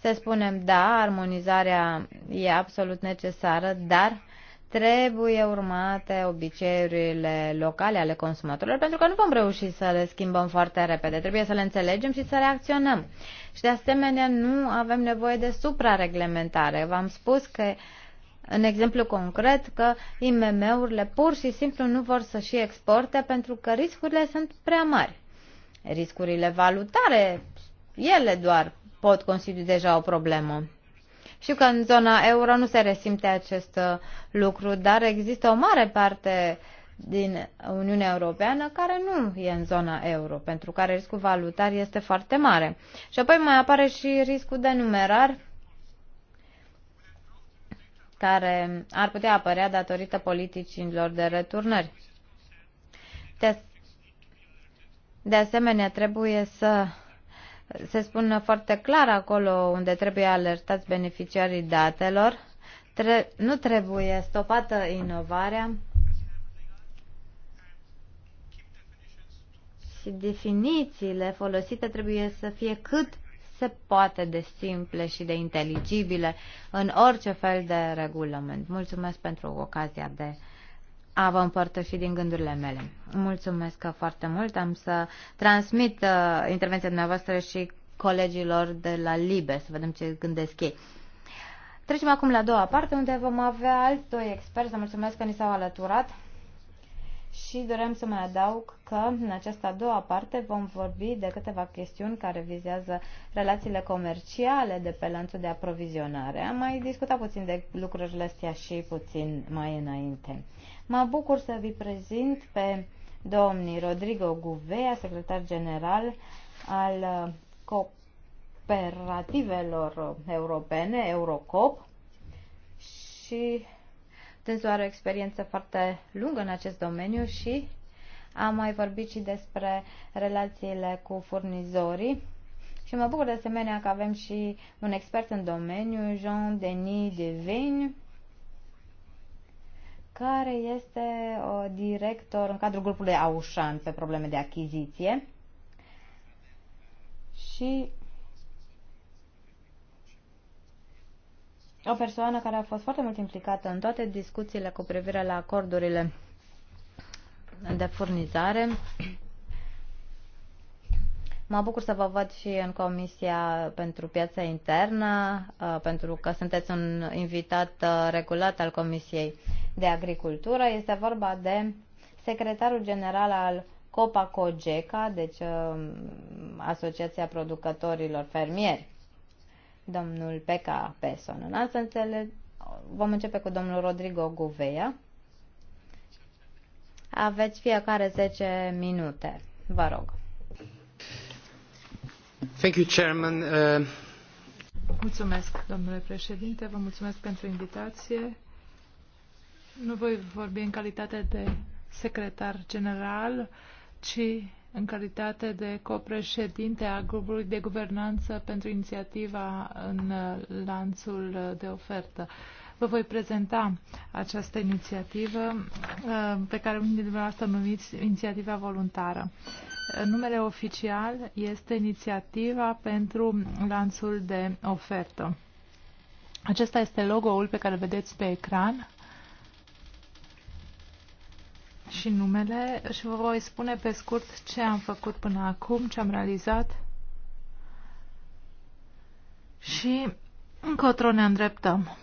să spunem, da, armonizarea e absolut necesară, dar trebuie urmate obiceiurile locale ale consumatorilor, pentru că nu vom reuși să le schimbăm foarte repede. Trebuie să le înțelegem și să reacționăm. Și de asemenea, nu avem nevoie de suprareglementare. V-am spus că în exemplu concret că IMM-urile pur și simplu nu vor să și exporte pentru că riscurile sunt prea mari. Riscurile valutare, ele doar pot constitui deja o problemă. Știu că în zona euro nu se resimte acest uh, lucru, dar există o mare parte din Uniunea Europeană care nu e în zona euro, pentru care riscul valutar este foarte mare. Și apoi mai apare și riscul de numerar care ar putea apărea datorită politicilor de returnări. De, asemenea, trebuie să se spune foarte clar acolo unde trebuie alertați beneficiarii datelor. Tre- nu trebuie stopată inovarea și definițiile folosite trebuie să fie cât se poate de simple și de inteligibile în orice fel de regulament. Mulțumesc pentru ocazia de a vă împărtăși din gândurile mele. Mulțumesc foarte mult. Am să transmit uh, intervenția dumneavoastră și colegilor de la LIBE, să vedem ce gândesc ei. Trecem acum la a doua parte, unde vom avea alți doi experți. Să mulțumesc că ni s-au alăturat. Și dorem să mai adaug că în această a doua parte vom vorbi de câteva chestiuni care vizează relațiile comerciale de pe lanțul de aprovizionare. Am mai discutat puțin de lucrurile astea și puțin mai înainte. Mă bucur să vi prezint pe domnii Rodrigo Guvea, secretar general al uh, cooperativelor europene, Eurocop, și dânsul are o experiență foarte lungă în acest domeniu și am mai vorbit și despre relațiile cu furnizorii. Și mă bucur de asemenea că avem și un expert în domeniu, Jean-Denis Devin, care este uh, director în cadrul grupului Aușan pe probleme de achiziție și o persoană care a fost foarte mult implicată în toate discuțiile cu privire la acordurile de furnizare Mă bucur să vă văd și în Comisia pentru Piața Internă, uh, pentru că sunteți un invitat uh, regulat al Comisiei de Agricultură. Este vorba de secretarul general al Copa Cogeca, deci uh, Asociația Producătorilor Fermieri, domnul Peca Peson. În altă înțeleg, vom începe cu domnul Rodrigo Guveia. Aveți fiecare 10 minute. Vă rog. Uh, mulțumesc, domnule președinte, vă mulțumesc pentru invitație. Nu voi vorbi în calitate de secretar general, ci în calitate de copreședinte a grupului de guvernanță pentru inițiativa în uh, lanțul de ofertă. Vă voi prezenta această inițiativă uh, pe care unii dintre dumneavoastră numiți inițiativa voluntară. Uh, numele oficial este Inițiativa pentru lanțul de ofertă. Acesta este logo-ul pe care îl vedeți pe ecran și numele și vă voi spune pe scurt ce am făcut până acum, ce am realizat și încotro ne îndreptăm.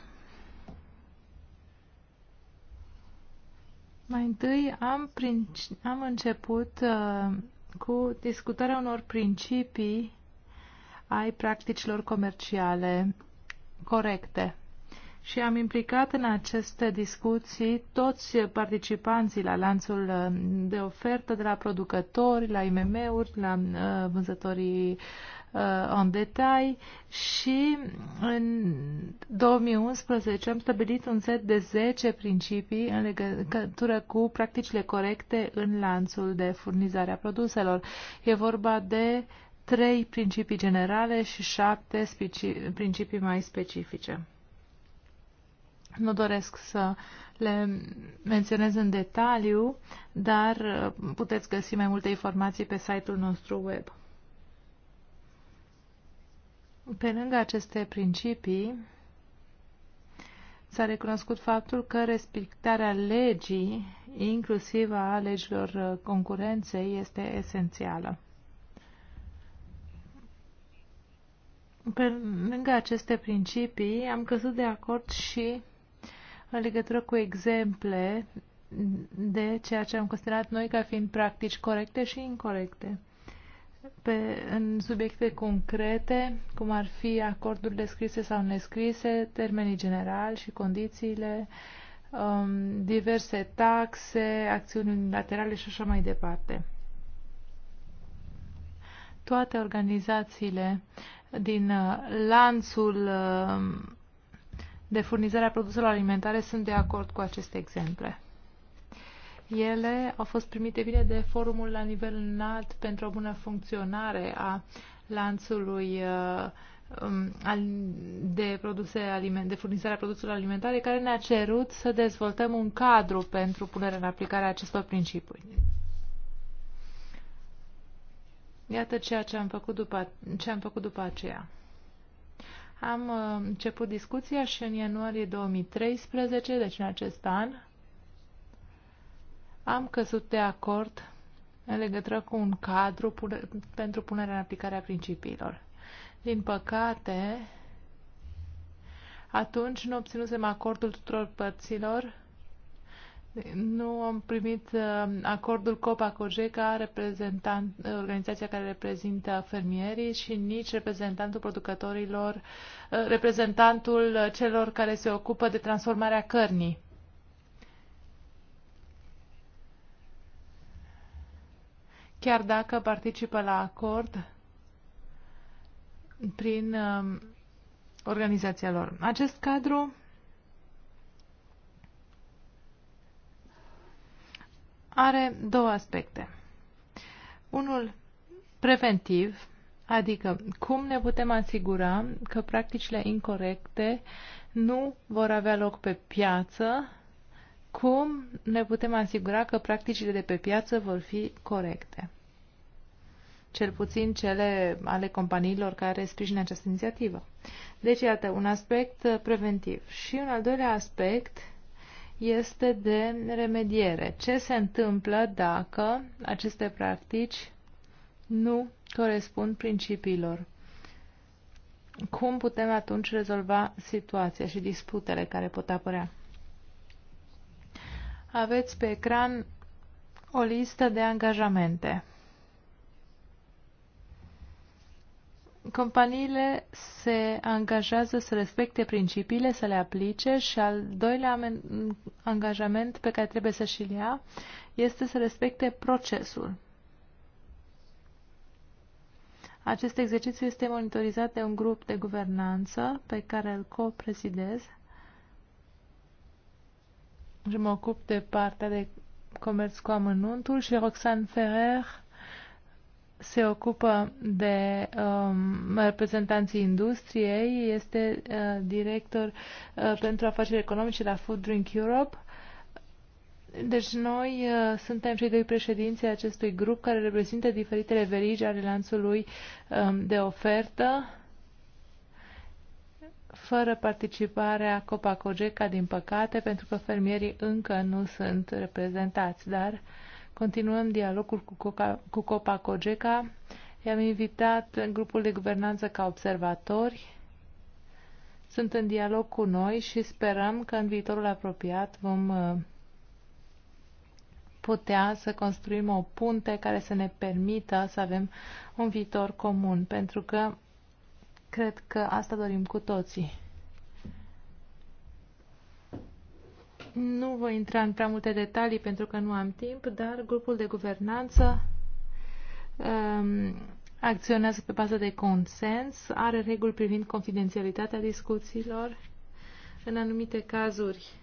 Mai întâi am, am început uh, cu discutarea unor principii ai practicilor comerciale corecte. Și am implicat în aceste discuții toți participanții la lanțul uh, de ofertă, de la producători, la IMM-uri, la uh, vânzătorii Uh, în detai și în 2011 am stabilit un set de 10 principii în legătură cu practicile corecte în lanțul de furnizare a produselor. E vorba de trei principii generale și șapte principii mai specifice. Nu doresc să le menționez în detaliu, dar puteți găsi mai multe informații pe site-ul nostru web. Pe lângă aceste principii, s-a recunoscut faptul că respectarea legii, inclusiv a legilor uh, concurenței, este esențială. Pe lângă aceste principii, am căzut de acord și în legătură cu exemple de ceea ce am considerat noi ca fiind practici corecte și incorrecte pe, în subiecte concrete, cum ar fi acordurile scrise sau nescrise, termenii generali și condițiile, um, diverse taxe, acțiuni unilaterale și așa mai departe. Toate organizațiile din uh, lanțul uh, de furnizare a produselor alimentare sunt de acord cu aceste exemple. Ele au fost primite bine de forumul la nivel înalt pentru o bună funcționare a lanțului uh, um, de, produse aliment, de furnizarea produselor alimentare, care ne-a cerut să dezvoltăm un cadru pentru punerea în aplicare a acestor principii. Iată ceea ce am făcut după, ce am făcut după aceea. Am uh, început discuția și în ianuarie 2013, deci în acest an, am căzut de acord în legătură cu un cadru pentru punerea în aplicare a principiilor. Din păcate, atunci nu obținusem acordul tuturor părților. Nu am primit uh, acordul Copa-Cogeca, reprezentant, organizația care reprezintă fermierii și nici reprezentantul producătorilor, uh, reprezentantul celor care se ocupă de transformarea cărnii. chiar dacă participă la acord prin um, organizația lor. Acest cadru are două aspecte. Unul preventiv, adică cum ne putem asigura că practicile incorrecte nu vor avea loc pe piață cum ne putem asigura că practicile de pe piață vor fi corecte? Cel puțin cele ale companiilor care sprijină această inițiativă. Deci, iată, un aspect uh, preventiv. Și un al doilea aspect este de remediere. Ce se întâmplă dacă aceste practici nu corespund principiilor? Cum putem atunci rezolva situația și disputele care pot apărea? Aveți pe ecran o listă de angajamente. Companiile se angajează să respecte principiile, să le aplice și al doilea angajament pe care trebuie să și-l ia este să respecte procesul. Acest exercițiu este monitorizat de un grup de guvernanță pe care îl coprezidez Je mă ocup de partea de comerț cu amănuntul și Roxane Ferrer se ocupă de um, reprezentanții industriei, este uh, director uh, pentru afaceri economice la Food Drink Europe. Deci noi uh, suntem cei doi președinți acestui grup care reprezintă diferitele verigi ale lanțului um, de ofertă fără participarea Copacogeca, din păcate, pentru că fermierii încă nu sunt reprezentați, dar continuăm dialogul cu, cu Copacogeca. I-am invitat grupul de guvernanță ca observatori. Sunt în dialog cu noi și sperăm că în viitorul apropiat vom uh, putea să construim o punte care să ne permită să avem un viitor comun, pentru că Cred că asta dorim cu toții. Nu voi intra în prea multe detalii pentru că nu am timp, dar grupul de guvernanță um, acționează pe bază de consens, are reguli privind confidențialitatea discuțiilor. În anumite cazuri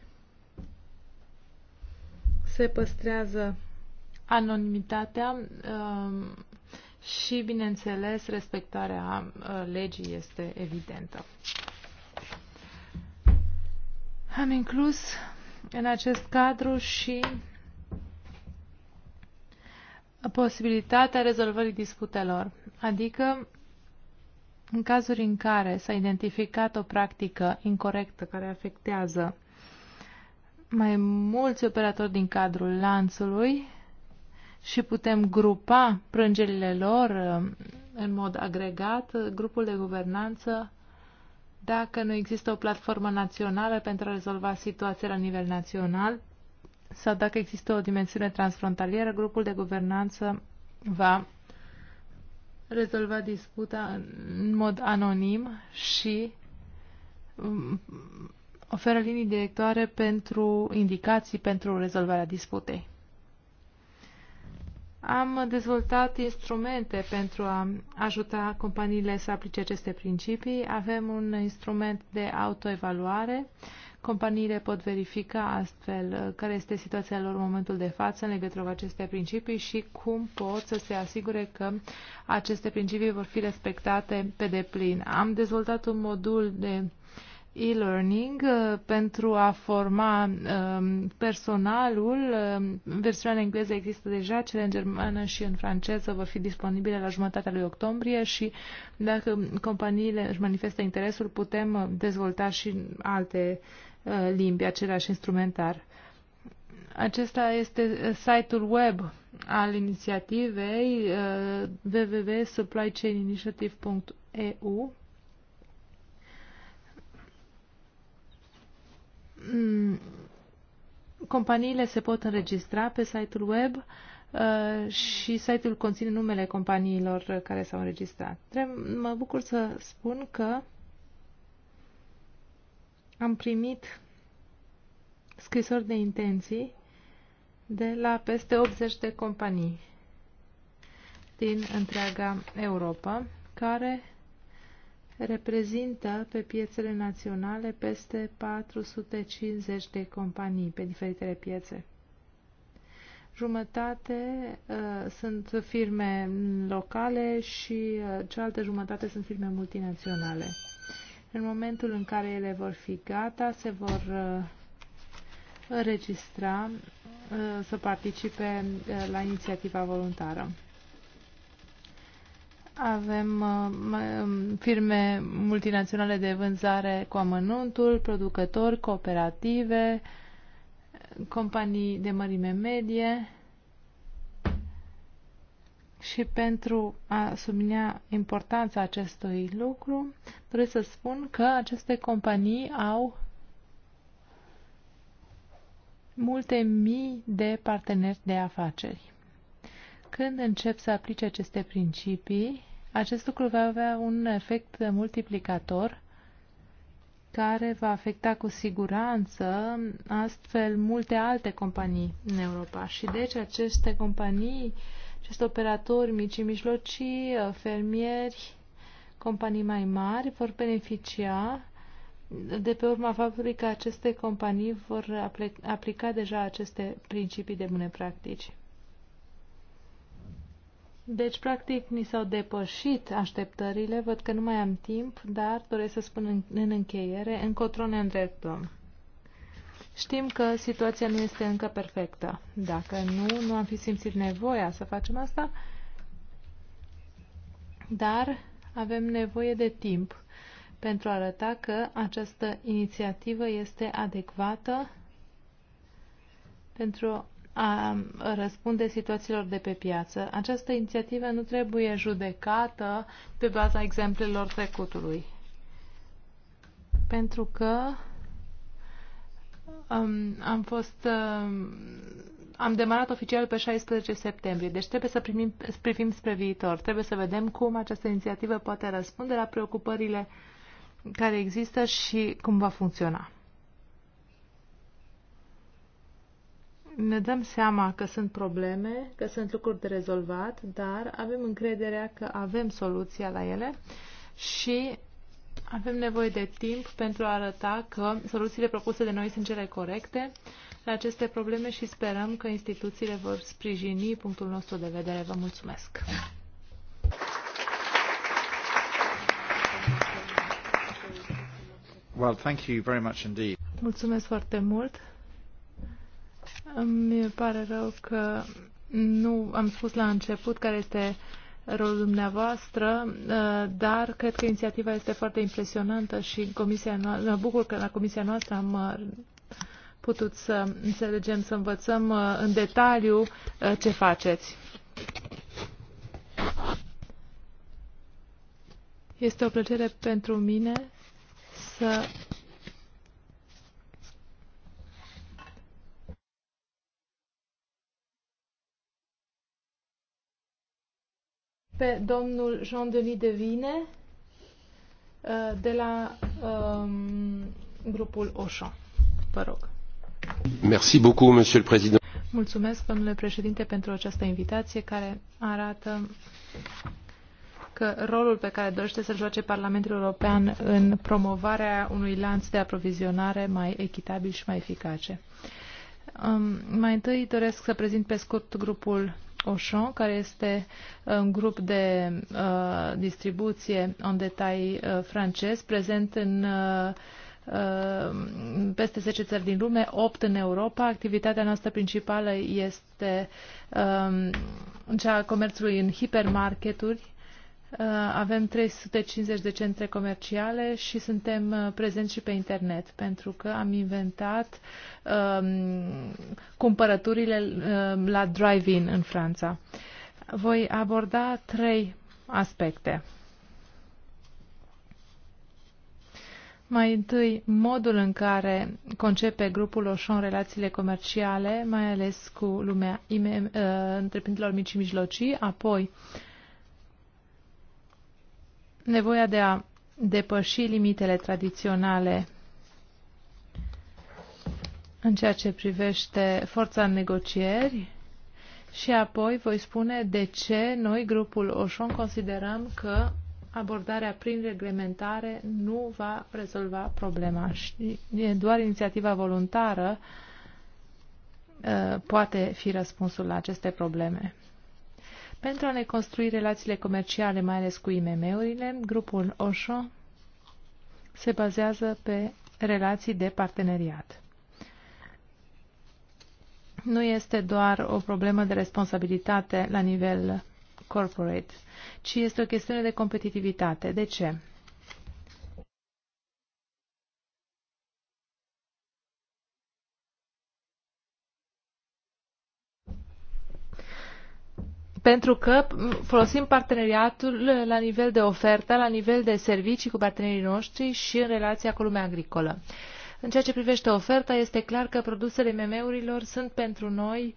se păstrează anonimitatea um, și, bineînțeles, respectarea uh, legii este evidentă. Am inclus în acest cadru și posibilitatea rezolvării disputelor, adică în cazuri în care s-a identificat o practică incorrectă care afectează mai mulți operatori din cadrul lanțului, și putem grupa prângerile lor uh, în mod agregat, uh, grupul de guvernanță, dacă nu există o platformă națională pentru a rezolva situația la nivel național sau dacă există o dimensiune transfrontalieră, grupul de guvernanță va rezolva disputa în mod anonim și um, oferă linii directoare pentru indicații pentru rezolvarea disputei. Am dezvoltat instrumente pentru a ajuta companiile să aplice aceste principii. Avem un instrument de autoevaluare. Companiile pot verifica astfel uh, care este situația lor în momentul de față în legătură cu aceste principii și cum pot să se asigure că aceste principii vor fi respectate pe deplin. Am dezvoltat un modul de e-learning uh, pentru a forma um, personalul. Um, versiunea în engleză există deja, cele în germană și în franceză vor fi disponibile la jumătatea lui octombrie și dacă companiile își manifestă interesul, putem uh, dezvolta și alte uh, limbi, același instrumentar. Acesta este site-ul web al inițiativei www.supplychaininitiative.eu Mm, companiile se pot înregistra pe site-ul web uh, și site-ul conține numele companiilor care s-au înregistrat. Mă bucur să spun că am primit scrisori de intenții de la peste 80 de companii din întreaga Europa care reprezintă pe piețele naționale peste 450 de companii pe diferitele piețe. Jumătate uh, sunt firme locale și uh, cealaltă jumătate sunt firme multinaționale. În momentul în care ele vor fi gata, se vor uh, înregistra uh, să participe uh, la inițiativa voluntară. Avem uh, um, firme multinaționale de vânzare cu amănuntul, producători, cooperative, companii de mărime medie. Și pentru a sublinia importanța acestui lucru, trebuie să spun că aceste companii au multe mii de parteneri de afaceri. Când încep să aplice aceste principii, acest lucru va avea un efect multiplicator care va afecta cu siguranță astfel multe alte companii în Europa. Și deci aceste companii, acești operatori mici și mijlocii, fermieri, companii mai mari vor beneficia de pe urma faptului că aceste companii vor aplica deja aceste principii de bune practici. Deci, practic, ni s-au depășit așteptările. Văd că nu mai am timp, dar doresc să spun în, în încheiere, încotro ne îndreptăm. Știm că situația nu este încă perfectă. Dacă nu, nu am fi simțit nevoia să facem asta, dar avem nevoie de timp pentru a arăta că această inițiativă este adecvată pentru a răspunde situațiilor de pe piață. Această inițiativă nu trebuie judecată pe baza exemplelor trecutului, pentru că um, am fost um, am demarat oficial pe 16 septembrie, deci trebuie să primim, privim spre viitor. Trebuie să vedem cum această inițiativă poate răspunde la preocupările care există și cum va funcționa. ne dăm seama că sunt probleme, că sunt lucruri de rezolvat, dar avem încrederea că avem soluția la ele și avem nevoie de timp pentru a arăta că soluțiile propuse de noi sunt cele corecte la aceste probleme și sperăm că instituțiile vor sprijini punctul nostru de vedere. Vă mulțumesc! Well, thank you very much indeed. Mulțumesc foarte mult! Îmi pare rău că nu am spus la început care este rolul dumneavoastră, uh, dar cred că inițiativa este foarte impresionantă și comisia noastră, mă bucur că la comisia noastră am uh, putut să înțelegem, să învățăm uh, în detaliu ce faceți. Este o plăcere pentru mine să pe domnul Jean-Denis Devine uh, de la um, grupul Auchan. Vă rog. Merci beaucoup, monsieur le président. Mulțumesc, domnule președinte, pentru această invitație care arată că rolul pe care dorește să-l joace Parlamentul European în promovarea unui lanț de aprovizionare mai echitabil și mai eficace. Um, mai întâi doresc să prezint pe scurt grupul Auchan, care este uh, un grup de uh, distribuție în detai uh, francez, prezent în uh, uh peste 10 țări din lume, 8 în Europa. Activitatea noastră principală este um, cea a comerțului în hipermarketuri Uh, avem 350 de centre comerciale și suntem uh, prezenți și pe internet, pentru că am inventat um, cumpărăturile um, la drive-in în Franța. Voi aborda trei aspecte. Mai întâi, modul în care concepe grupul Oșon relațiile comerciale, mai ales cu lumea uh, întreprinderilor mici și mijlocii, apoi nevoia de a depăși limitele tradiționale în ceea ce privește forța în negocieri și apoi voi spune de ce noi, grupul Oșon, considerăm că abordarea prin reglementare nu va rezolva problema. Și doar inițiativa voluntară uh, poate fi răspunsul la aceste probleme. Pentru a ne construi relațiile comerciale, mai ales cu IMM-urile, grupul OSHO se bazează pe relații de parteneriat. Nu este doar o problemă de responsabilitate la nivel corporate, ci este o chestiune de competitivitate. De ce? pentru că folosim parteneriatul la nivel de ofertă, la nivel de servicii cu partenerii noștri și în relația cu lumea agricolă. În ceea ce privește oferta, este clar că produsele MM-urilor sunt pentru noi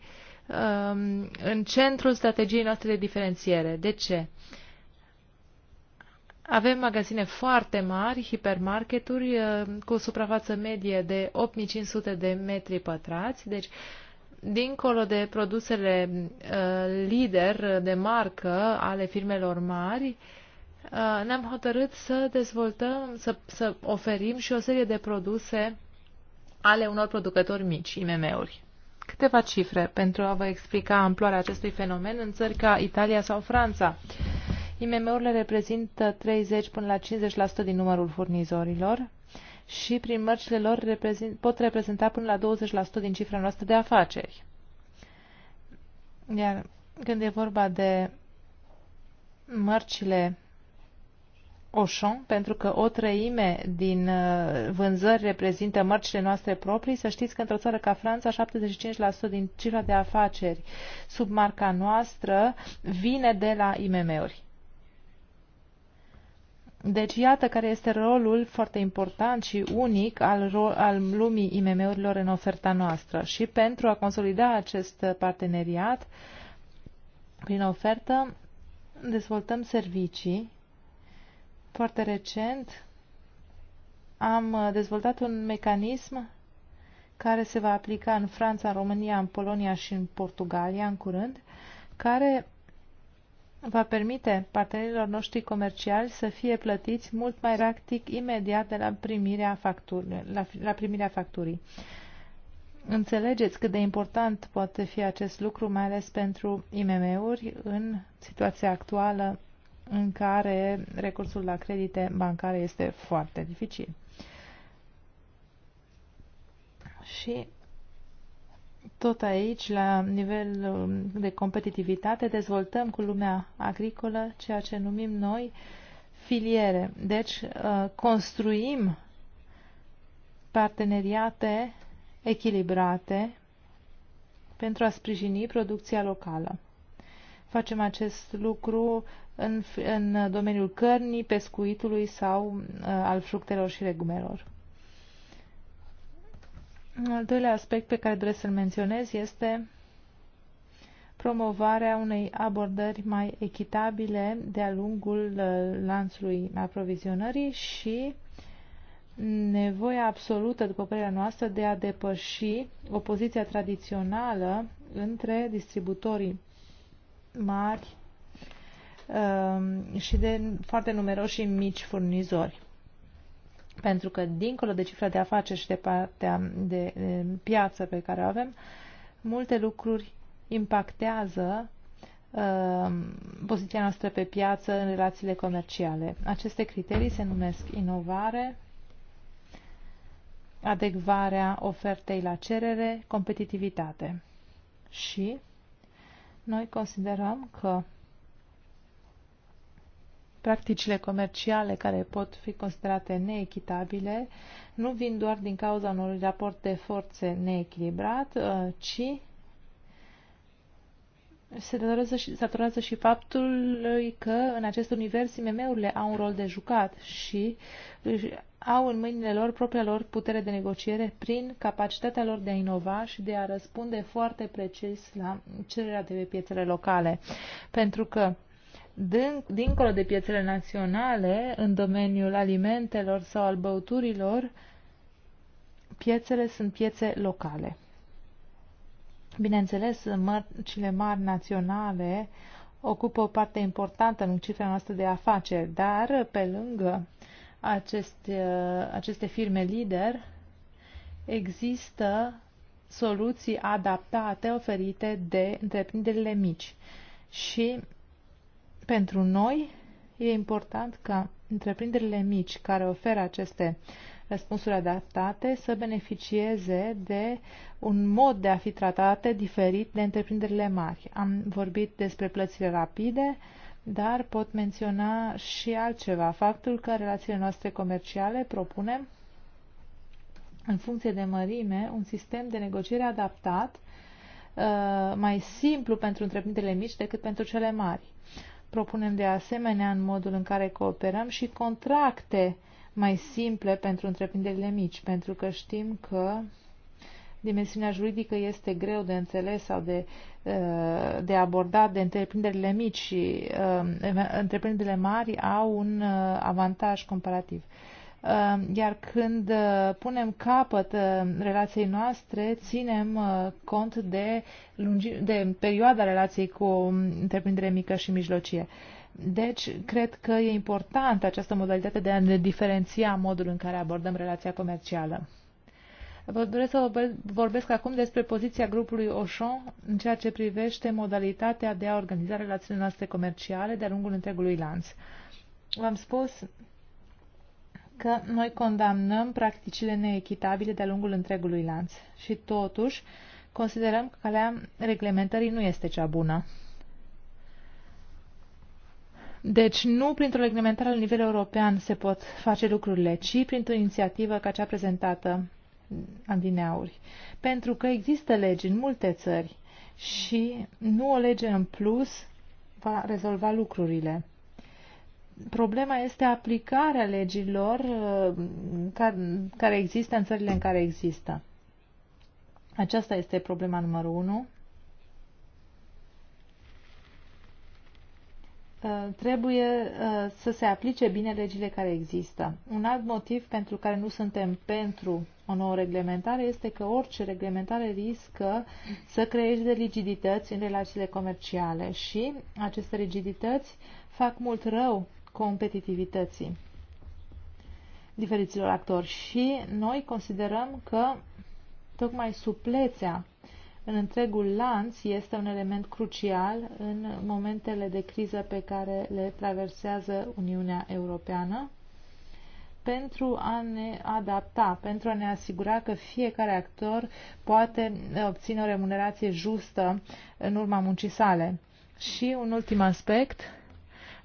um, în centrul strategiei noastre de diferențiere. De ce? Avem magazine foarte mari, hipermarketuri, uh, cu suprafață medie de 8500 de metri pătrați, deci uh, dincolo de produsele uh, lider de marcă ale firmelor mari, uh, ne-am hotărât să dezvoltăm, să, să oferim și o serie de produse ale unor producători mici, IMM-uri. Câteva cifre pentru a vă explica amploarea acestui fenomen în țări ca Italia sau Franța. Uh, IMM-urile reprezintă 30 până la 50% din numărul furnizorilor și prin mărcile lor reprezint, pot reprezenta până la 20% din cifra noastră de afaceri. Iar când e vorba de mărcile Auchan, pentru că o treime din uh, vânzări reprezintă mărcile noastre proprii. Să știți că într-o țară ca Franța, 75% din cifra de afaceri sub marca noastră vine de la IMM-uri. Deci iată care este rolul foarte important și unic al, al lumii IMM-urilor în oferta noastră. Și pentru a consolida acest parteneriat, prin ofertă, dezvoltăm servicii. Foarte recent am dezvoltat un mecanism care se va aplica în Franța, în România, în Polonia și în Portugalia în curând, care va permite partenerilor noștri comerciali să fie plătiți mult mai practic imediat de la primirea, factur, la, la primirea facturii. Înțelegeți cât de important poate fi acest lucru, mai ales pentru IMM-uri în situația actuală în care recursul la credite bancare este foarte dificil. Și tot aici, la nivel um, de competitivitate, dezvoltăm cu lumea agricolă ceea ce numim noi filiere. Deci, uh, construim parteneriate echilibrate pentru a sprijini producția locală. Facem acest lucru în, în domeniul cărnii, pescuitului sau uh, al fructelor și legumelor. Un al doilea aspect pe care doresc să-l menționez este promovarea unei abordări mai echitabile de-a lungul uh, lanțului aprovizionării și nevoia absolută, după părerea noastră, de a depăși opoziția tradițională între distributorii mari um, și de foarte numeroși mici furnizori. Pentru că, dincolo de cifra de afaceri și de partea de piață pe care o avem, multe lucruri impactează uh, poziția noastră pe piață în relațiile comerciale. Aceste criterii se numesc inovare, adecvarea ofertei la cerere, competitivitate. Și noi considerăm că practicile comerciale care pot fi considerate neechitabile nu vin doar din cauza unui raport de forțe neechilibrat, uh, ci se datorează și, datorează și faptului că în acest univers IMM-urile au un rol de jucat și au în mâinile lor propria lor putere de negociere prin capacitatea lor de a inova și de a răspunde foarte precis la cererea de pe piețele locale. Pentru că dincolo de piețele naționale, în domeniul alimentelor sau al băuturilor, piețele sunt piețe locale. Bineînțeles, mărcile mari naționale ocupă o parte importantă în cifra noastră de afaceri, dar pe lângă aceste, aceste firme lider există soluții adaptate oferite de întreprinderile mici. Și pentru noi e important ca întreprinderile mici care oferă aceste răspunsuri adaptate să beneficieze de un mod de a fi tratate diferit de întreprinderile mari. Am vorbit despre plățile rapide, dar pot menționa și altceva, faptul că relațiile noastre comerciale propunem, în funcție de mărime, un sistem de negociere adaptat, uh, mai simplu pentru întreprinderile mici decât pentru cele mari. Propunem de asemenea în modul în care cooperăm și contracte mai simple pentru întreprinderile mici, pentru că știm că dimensiunea juridică este greu de înțeles sau de, uh, de abordat de întreprinderile mici și uh, întreprinderile mari au un uh, avantaj comparativ. Ehm, iar când eh, punem capăt eh, relației noastre, ținem eh, cont de, lungi, de perioada relației cu mm, întreprindere mică și mijlocie. Deci, cred că e importantă această modalitate de a ne diferenția modul în care abordăm relația comercială. Vă doresc să vorbesc acum despre poziția grupului Oșon în ceea ce privește modalitatea de a organiza relațiile noastre comerciale de-a lungul întregului lanț. V-am spus că noi condamnăm practicile neechitabile de-a lungul întregului lanț și totuși considerăm că calea reglementării nu este cea bună. Deci nu printr-o reglementare la nivel european se pot face lucrurile, ci printr-o inițiativă ca cea prezentată adineauri. Pentru că există legi în multe țări și nu o lege în plus va rezolva lucrurile problema este aplicarea legilor uh, care există în țările în care există. Aceasta este problema numărul unu. Uh, trebuie uh, să se aplice bine legile care există. Un alt motiv pentru care nu suntem pentru o nouă reglementare este că orice reglementare riscă să creeze rigidități în relațiile comerciale și aceste rigidități fac mult rău competitivității diferiților actori și noi considerăm că tocmai suplețea în întregul lanț este un element crucial în momentele de criză pe care le traversează Uniunea Europeană pentru a ne adapta, pentru a ne asigura că fiecare actor poate eh, obține o remunerație justă în urma muncii sale. Și un ultim aspect,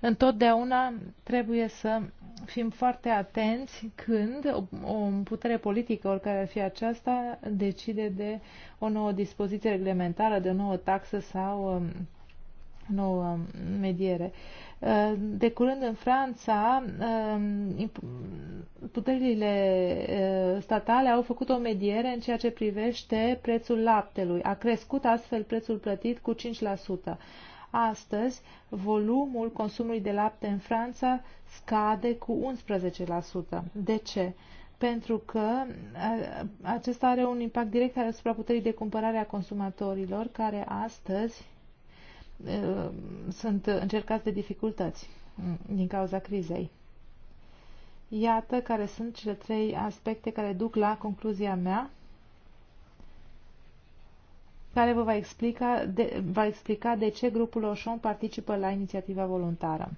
Întotdeauna trebuie să fim foarte atenți când o, putere politică, oricare ar fi aceasta, decide de o nouă dispoziție reglementară, de o nouă taxă sau um, nouă mediere. Uh, de curând în Franța, um, puterile uh, statale au făcut o mediere în ceea ce privește prețul laptelui. A crescut astfel prețul plătit cu 5%. Astăzi, volumul consumului de lapte în Franța scade cu 11%. De ce? Pentru că acesta are un impact direct asupra puterii de cumpărare a consumatorilor, care astăzi sunt încercați de dificultăți mm, din cauza crizei. Iată care sunt cele trei aspecte care duc la concluzia mea care vă va explica de, va explica de ce grupul Oșon participă la inițiativa voluntară.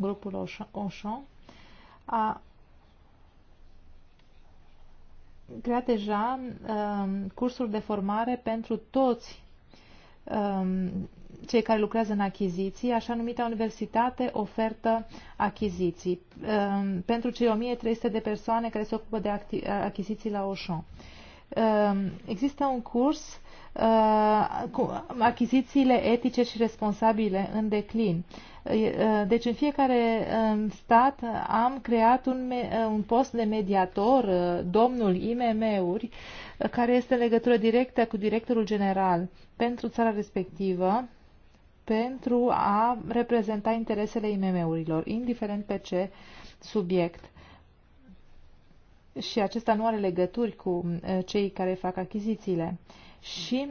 Grupul Oșon a creat deja um, cursuri de formare pentru toți um, cei care lucrează în achiziții, așa numită universitate ofertă achiziții um, pentru cei 1300 de persoane care se ocupă de achiziții la Auchan. Um, există un curs Uh, cu achizițiile etice și responsabile în declin. Uh, uh, deci în fiecare um, stat am creat un, un post de mediator, domnul IMM-uri, care este legătură directă cu directorul general pentru țara respectivă, pentru a reprezenta interesele IMM-urilor, indiferent pe ce subiect. Și acesta nu are legături cu cei care fac achizițiile. Și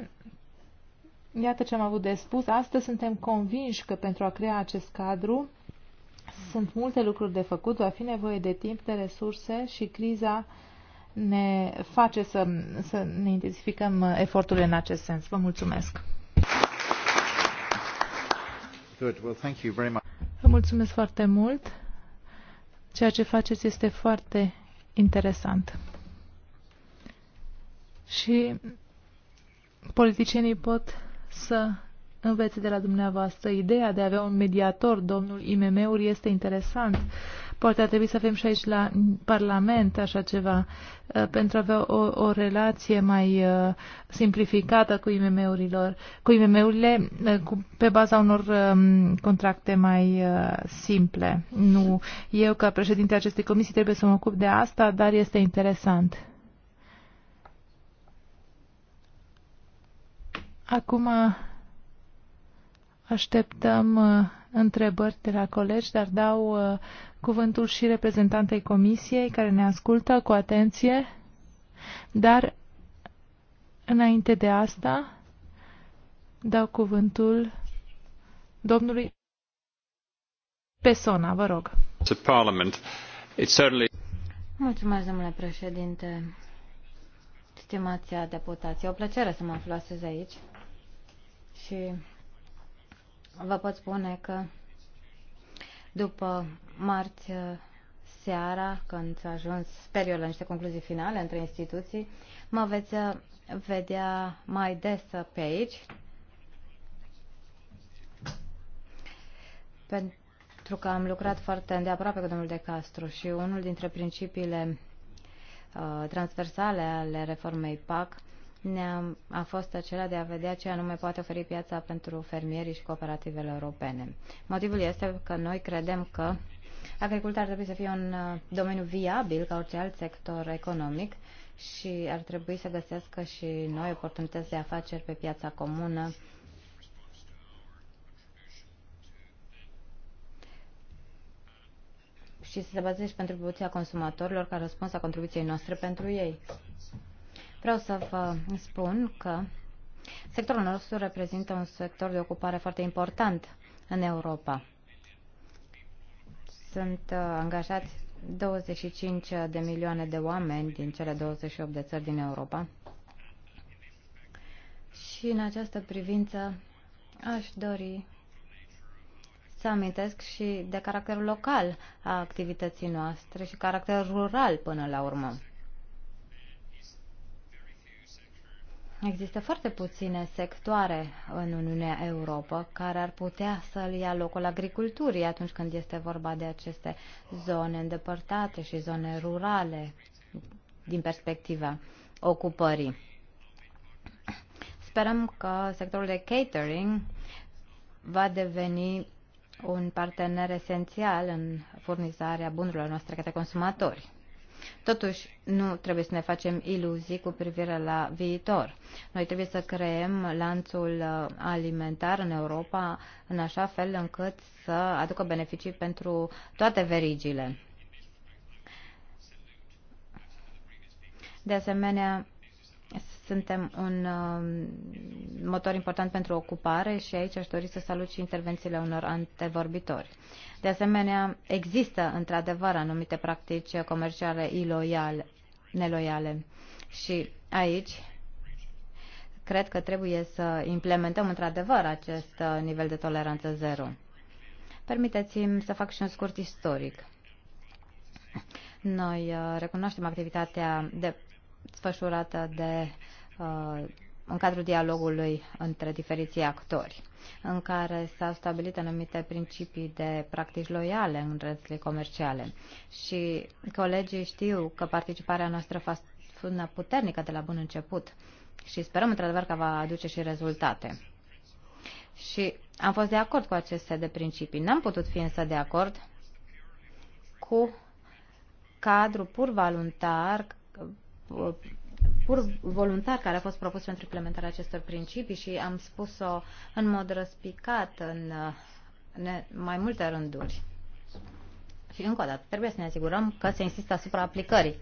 iată ce am avut de spus. Astăzi suntem convinși că pentru a crea acest cadru sunt multe lucruri de făcut, va fi nevoie de timp, de resurse și criza ne face să, să ne intensificăm eforturile în acest sens. Vă mulțumesc! Good. Well, thank you very much. Vă mulțumesc foarte mult! Ceea ce faceți este foarte interesant. Și politicienii pot să învețe de la dumneavoastră. Ideea de a avea un mediator, domnul IMM-uri, este interesant. Poate ar trebui să avem și aici la Parlament așa ceva, uh, pentru a avea o, o relație mai uh, simplificată cu IMM-urilor, cu IMM-urile uh, cu, pe baza unor um, contracte mai simple. Nu eu, ca președinte acestei comisii, trebuie să mă ocup de asta, dar este interesant. Acum uh, așteptăm uh, întrebări de la colegi, dar dau uh, cuvântul și reprezentantei comisiei care ne ascultă cu atenție. Dar înainte de asta dau cuvântul domnului Pesona, vă rog. Mulțumesc, domnule președinte. Stimația deputație, o plăcere să mă aflu astăzi aici și vă pot spune că după marți uh, seara, când s-a ajuns, sper eu, la niște concluzii finale între instituții, mă veți uh, vedea mai des uh, pe aici. Pentru că am lucrat foarte îndeaproape cu domnul De Castro și unul dintre principiile uh, transversale ale reformei PAC ne-a, fost acela de a vedea ce anume poate oferi piața pentru fermierii și cooperativele europene. Motivul este că noi credem că agricultura ar trebui să fie un uh, domeniu viabil ca orice alt sector economic și ar trebui să găsească și noi oportunități de afaceri pe piața comună. și să se bazeze și pentru contribuția consumatorilor ca răspuns a contribuției noastre pentru ei. Vreau să vă spun că sectorul nostru reprezintă un sector de ocupare foarte important în Europa. Sunt uh, angajați 25 de milioane de oameni din cele 28 de țări din Europa. Și în această privință aș dori să amintesc și de caracterul local a activității noastre și caracterul rural până la urmă. Există foarte puține sectoare în Uniunea Europa care ar putea să-l ia locul agriculturii atunci când este vorba de aceste zone îndepărtate și zone rurale din perspectiva ocupării. Sperăm că sectorul de catering va deveni un partener esențial în furnizarea bunurilor noastre către consumatori. Totuși, nu trebuie să ne facem iluzii cu privire la viitor. Noi trebuie să creăm lanțul uh, alimentar în Europa în așa fel încât să aducă beneficii pentru toate verigile. De asemenea, suntem un um, motor important pentru ocupare și aici aș dori să salut și intervențiile unor antevorbitori. De asemenea, există într-adevăr anumite practici comerciale iloiale, neloiale și aici cred că trebuie să implementăm într-adevăr acest uh, nivel de toleranță zero. Permiteți-mi să fac și un scurt istoric. Noi uh, recunoaștem activitatea de desfășurată de Uh, în cadrul dialogului între diferiții actori, în care s-au stabilit anumite principii de practici loiale în rețele comerciale. Și colegii știu că participarea noastră a fost una puternică de la bun început și sperăm într-adevăr că va aduce și rezultate. Și am fost de acord cu aceste de principii. N-am putut fi însă de acord cu cadrul pur voluntar pur voluntar care a fost propus pentru implementarea acestor principii și am spus-o în mod răspicat în, în mai multe rânduri. Și încă o dată, trebuie să ne asigurăm că se insistă asupra aplicării.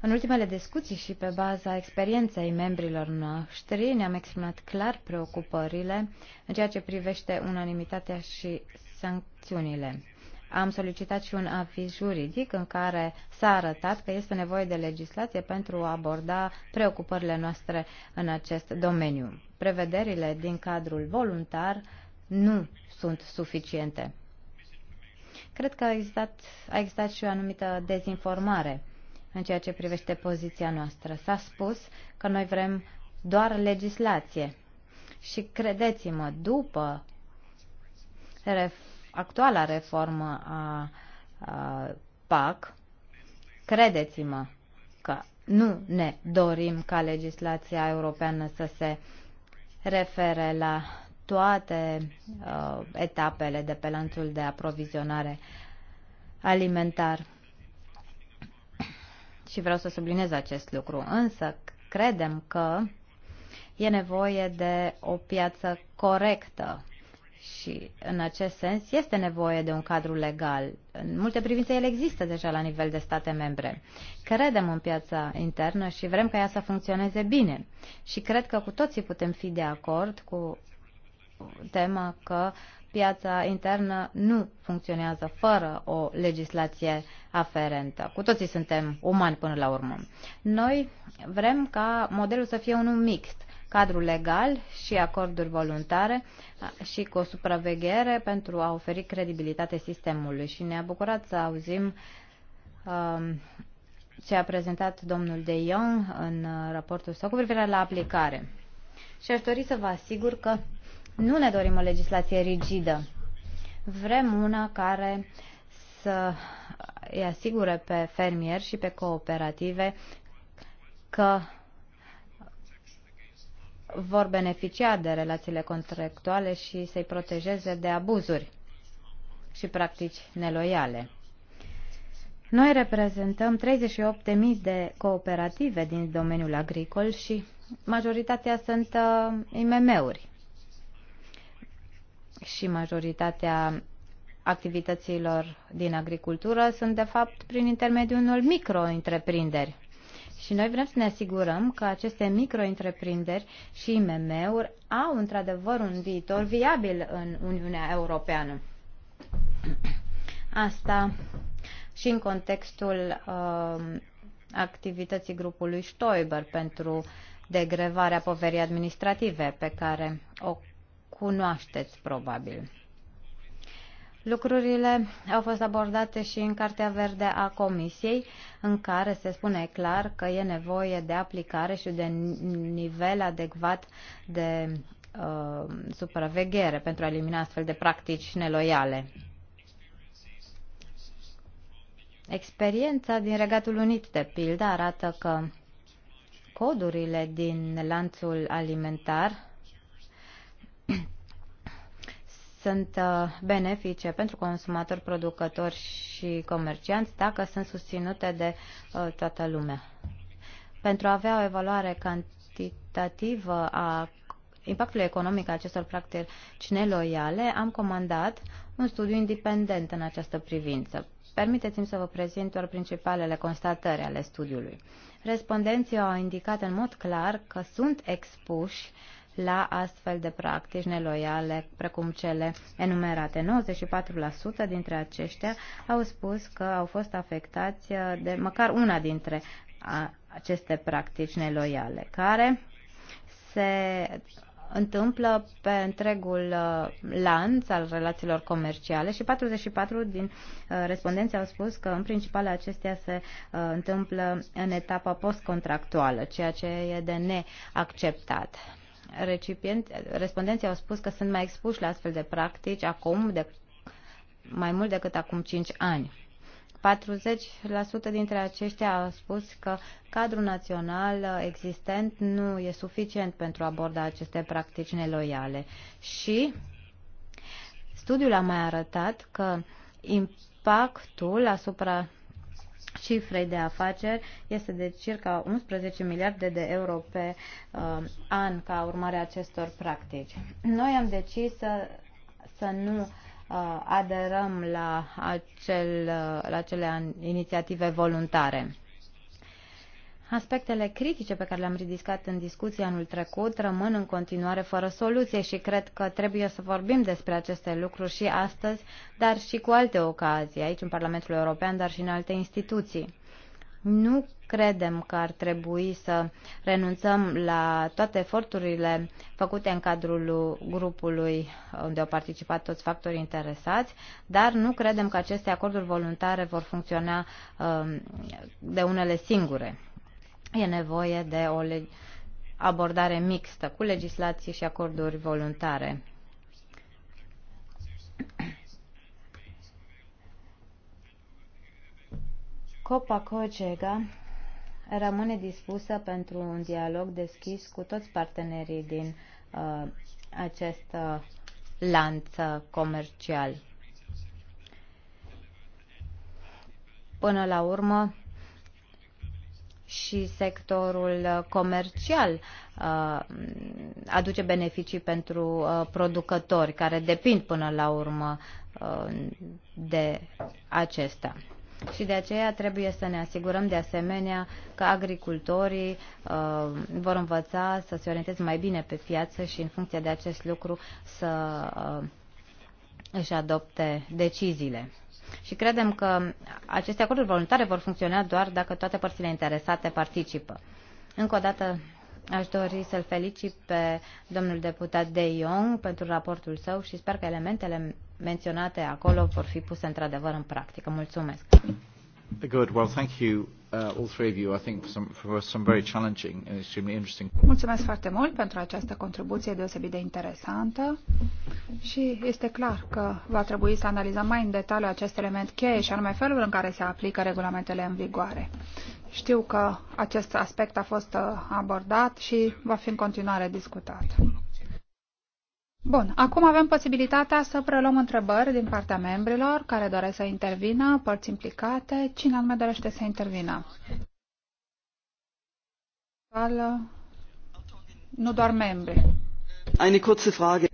În ultimele discuții și pe baza experienței membrilor noștri ne-am exprimat clar preocupările în ceea ce privește unanimitatea și sancțiunile am solicitat și un aviz juridic în care s-a arătat că este nevoie de legislație pentru a aborda preocupările noastre în acest domeniu. Prevederile din cadrul voluntar nu sunt suficiente. Cred că a existat, a existat și o anumită dezinformare în ceea ce privește poziția noastră. S-a spus că noi vrem doar legislație. Și credeți-mă, după actuala reformă a, a PAC, credeți-mă că nu ne dorim ca legislația europeană să se refere la toate uh, etapele de pe lanțul de aprovizionare alimentar. Și vreau să subliniez acest lucru. Însă credem că e nevoie de o piață corectă și în acest sens este nevoie de un cadru legal. În multe privințe el există deja la nivel de state membre. Credem în piața internă și vrem ca ea să funcționeze bine. Și cred că cu toții putem fi de acord cu tema că piața internă nu funcționează fără o legislație aferentă. Cu toții suntem umani până la urmă. Noi vrem ca modelul să fie unul mixt cadru legal și acorduri voluntare și cu o supraveghere pentru a oferi credibilitate sistemului. Și ne-a bucurat să auzim um, ce a prezentat domnul De Jong în uh, raportul său cu privire la aplicare. Și aș dori să vă asigur că nu ne dorim o legislație rigidă. Vrem una care să îi asigure pe fermieri și pe cooperative că vor beneficia de relațiile contractuale și să-i protejeze de abuzuri și practici neloiale. Noi reprezentăm 38.000 de cooperative din domeniul agricol și majoritatea sunt uh, IMM-uri și majoritatea activităților din agricultură sunt de fapt prin intermediul unor micro-întreprinderi. Și noi vrem să ne asigurăm că aceste micro-întreprinderi și IMM-uri au într-adevăr un viitor viabil în Uniunea Europeană. Asta și în contextul uh, activității grupului Stoiber pentru degrevarea poverii administrative pe care o cunoașteți probabil. Lucrurile au fost abordate și în Cartea Verde a Comisiei, în care se spune clar că e nevoie de aplicare și de nivel adecvat de uh, supraveghere pentru a elimina astfel de practici neloiale. Experiența din Regatul Unit, de pildă, arată că codurile din lanțul alimentar sunt uh, benefice pentru consumatori, producători și comercianți dacă sunt susținute de uh, toată lumea. Pentru a avea o evaluare cantitativă a impactului economic a acestor practici neloiale, am comandat un studiu independent în această privință. Permiteți-mi să vă prezint doar principalele constatări ale studiului. Respondenții au indicat în mod clar că sunt expuși uh, la astfel de practici neloiale, precum cele enumerate. 94% dintre aceștia au spus că au fost afectați uh, de măcar una dintre aceste practici neloiale, care se întâmplă pe întregul uh, lanț al relațiilor comerciale și 44 din uh, respondenți au spus că în principal acestea se întâmplă în etapa postcontractuală, ceea ce e de neacceptat respondenții au spus că sunt mai expuși la astfel de practici acum, de, mai mult decât acum 5 ani. 40% dintre aceștia au spus că cadrul național existent nu e suficient pentru a aborda aceste practici neloiale. Și studiul a mai arătat că impactul asupra cifrei de afaceri este de circa 11 miliarde de euro pe uh, an ca urmare a acestor practici. Noi am decis să, să nu uh, aderăm la, acel, uh, la acele inițiative voluntare. Aspectele critice pe care le-am ridicat în discuția anul trecut rămân în continuare fără soluție și cred că trebuie să vorbim despre aceste lucruri și astăzi, dar și cu alte ocazii, aici în Parlamentul European, dar și în alte instituții. Nu credem că ar trebui să renunțăm la toate eforturile făcute în cadrul grupului unde au participat toți factorii interesați, dar nu credem că aceste acorduri voluntare vor funcționa um, de unele singure e nevoie de o abordare mixtă cu legislație și acorduri voluntare. Copa Cocega rămâne dispusă pentru un dialog deschis cu toți partenerii din uh, acest uh, lanț comercial. Până la urmă, și sectorul uh, comercial uh, aduce beneficii pentru uh, producători care depind până la urmă de acesta. Și de aceea trebuie să ne asigurăm de asemenea că agricultorii uh, vor învăța să se orienteze mai bine pe piață și în funcție de acest lucru să uh, își adopte deciziile. Și credem că aceste acorduri voluntare vor funcționa doar dacă toate părțile interesate participă. Încă o dată aș dori să-l felicit pe domnul deputat De Jong pentru raportul său și sper că elementele menționate acolo vor fi puse într-adevăr în practică. Mulțumesc! Good. Well, thank you. Uh, all three of you, I think, for some, for some very challenging and extremely interesting. Mulțumesc foarte mult pentru această contribuție deosebit de interesantă și este clar că va trebui să analizăm mai în detaliu acest element cheie și anume felul în care se aplică regulamentele în vigoare. Știu că acest aspect a fost uh, abordat și va fi în continuare discutat. Bun, acum avem posibilitatea să preluăm întrebări din partea membrilor care doresc să intervină, părți implicate. Cine anume dorește să intervină? Nu doar membri. Eine kurze Frage.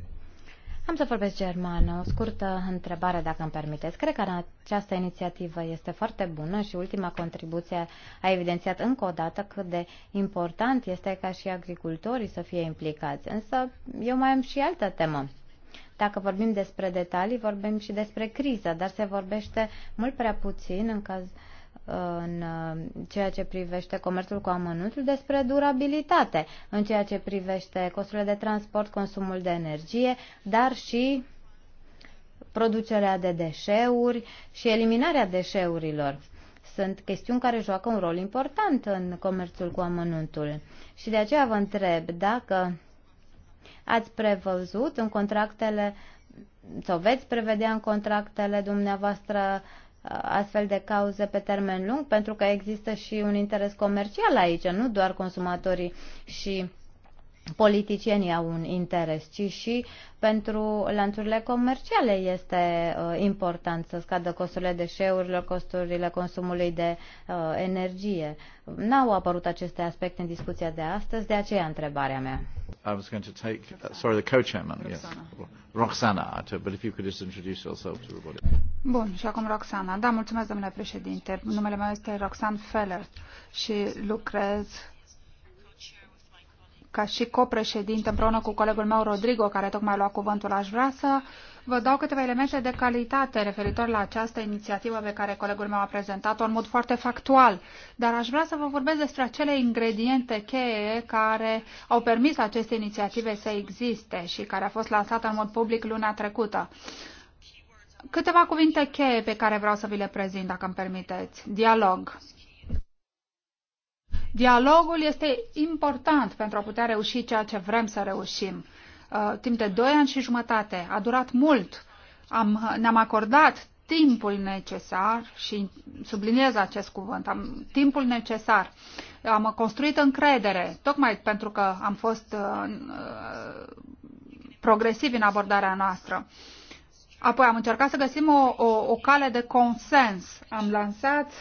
Am să vorbesc germană. O scurtă întrebare, dacă îmi permiteți. Cred că această inițiativă este foarte bună și ultima contribuție a evidențiat încă o dată cât de important este ca și agricultorii să fie implicați. Însă eu mai am și altă temă. Dacă vorbim despre detalii, vorbim și despre criză, dar se vorbește mult prea puțin în cazul în uh, ceea ce privește comerțul cu amănuntul despre durabilitate, în ceea ce privește costurile de transport, consumul de energie, dar și producerea de deșeuri și eliminarea deșeurilor. Sunt chestiuni care joacă un rol important în comerțul cu amănuntul. Și de aceea vă întreb dacă ați prevăzut în contractele sau veți prevedea în contractele dumneavoastră Uh, astfel de cauze pe termen lung, pentru că există și un interes comercial aici, nu doar consumatorii și politicienii au un interes, ci și pentru lanțurile comerciale este uh, important să scadă costurile deșeurilor, costurile consumului de uh, energie. N-au apărut aceste aspecte în discuția de astăzi, de aceea întrebarea mea. I was going to take, uh, sorry, the co-chairman, yes. Roxana, uh, but if you could just introduce yourself to everybody. Bun, și acum Roxana. Da, mulțumesc, domnule președinte. Numele meu este Roxan Feller și lucrez ca și copreședinte împreună cu colegul meu Rodrigo, care tocmai lua cuvântul, aș vrea să vă dau câteva elemente de calitate referitor la această inițiativă pe care colegul meu a prezentat-o în mod foarte factual. Dar aș vrea să vă vorbesc despre acele ingrediente cheie care au permis aceste inițiative să existe și care a fost lansată în mod public luna trecută. Câteva cuvinte cheie pe care vreau să vi le prezint, dacă îmi permiteți. Dialog Dialogul este important pentru a putea reuși ceea ce vrem să reușim. Uh, timp de doi ani și jumătate a durat mult. Am, ne-am acordat timpul necesar și subliniez acest cuvânt, am, timpul necesar. Am construit încredere, tocmai pentru că am fost uh, uh progresivi în abordarea noastră. Apoi am încercat să găsim o, o, o cale de consens. Am lansat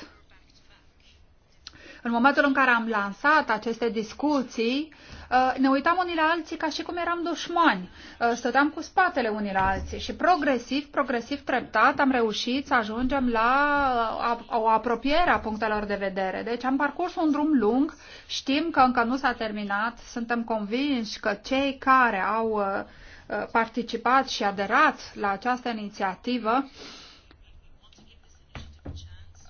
în momentul în care am lansat aceste discuții, uh, ne uitam unii la alții ca și cum eram dușmani. Uh, stăteam cu spatele unii la alții și progresiv, progresiv, treptat am reușit să ajungem la uh, o apropiere a punctelor de vedere. Deci am parcurs un drum lung, știm că încă nu s-a terminat, suntem convinși că cei care au participat și aderat la această inițiativă uh,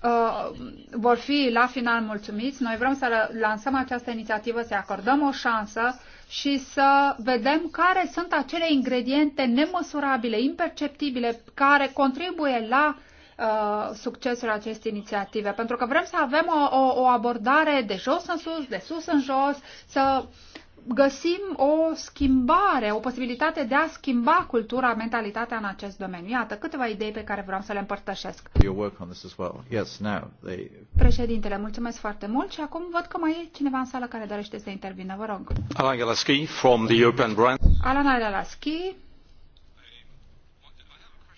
Uh, vor fi la final mulțumiți. Noi vrem să lansăm această inițiativă, să-i acordăm o șansă și să vedem care sunt acele ingrediente nemăsurabile, imperceptibile, care contribuie la uh, succesul acestei inițiative. Pentru că vrem să avem o, o, o abordare de jos în sus, de sus în jos, să uh, găsim o schimbare, o posibilitate de a schimba cultura, mentalitatea în acest domeniu. Iată câteva idei pe care vreau să le împărtășesc. Well. Yes, now, they... Președintele, mulțumesc foarte mult și acum văd că mai e cineva în sală care dorește să intervină. Vă rog. Alan Galaschi, from the European Brand. Alan Galaschi,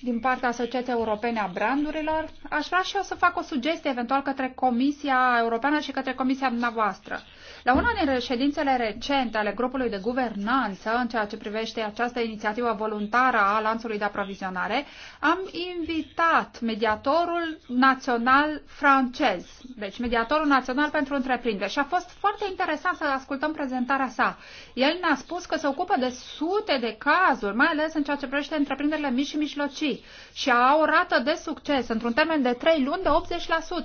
din partea Asociației Europene a Brandurilor. Aș vrea și eu să fac o sugestie eventual către Comisia Europeană și către Comisia dumneavoastră. La una din reședințele recente ale grupului de guvernanță în ceea ce privește această inițiativă voluntară a lanțului de aprovizionare, am invitat mediatorul național francez, deci mediatorul național pentru întreprinderi și a fost foarte interesant să ascultăm prezentarea sa. El ne-a spus că se ocupă de sute de cazuri, mai ales în ceea ce privește întreprinderile mici și mijlocii și a o rată de succes într-un termen de 3 luni de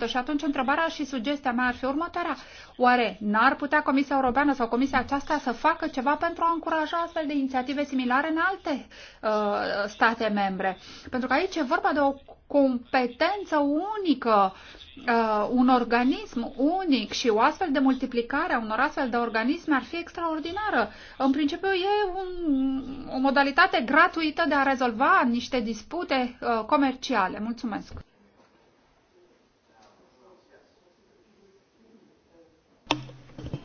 80% și atunci întrebarea și sugestia mea ar fi următoarea. Oare n-ar putea putea Comisia Europeană sau Comisia aceasta să facă ceva pentru a încuraja astfel de inițiative similare în alte uh, state membre? Pentru că aici e vorba de o competență unică, uh, un organism unic și o astfel de multiplicare a unor astfel de organisme ar fi extraordinară. În principiu e un, o modalitate gratuită de a rezolva niște dispute uh, comerciale. Mulțumesc!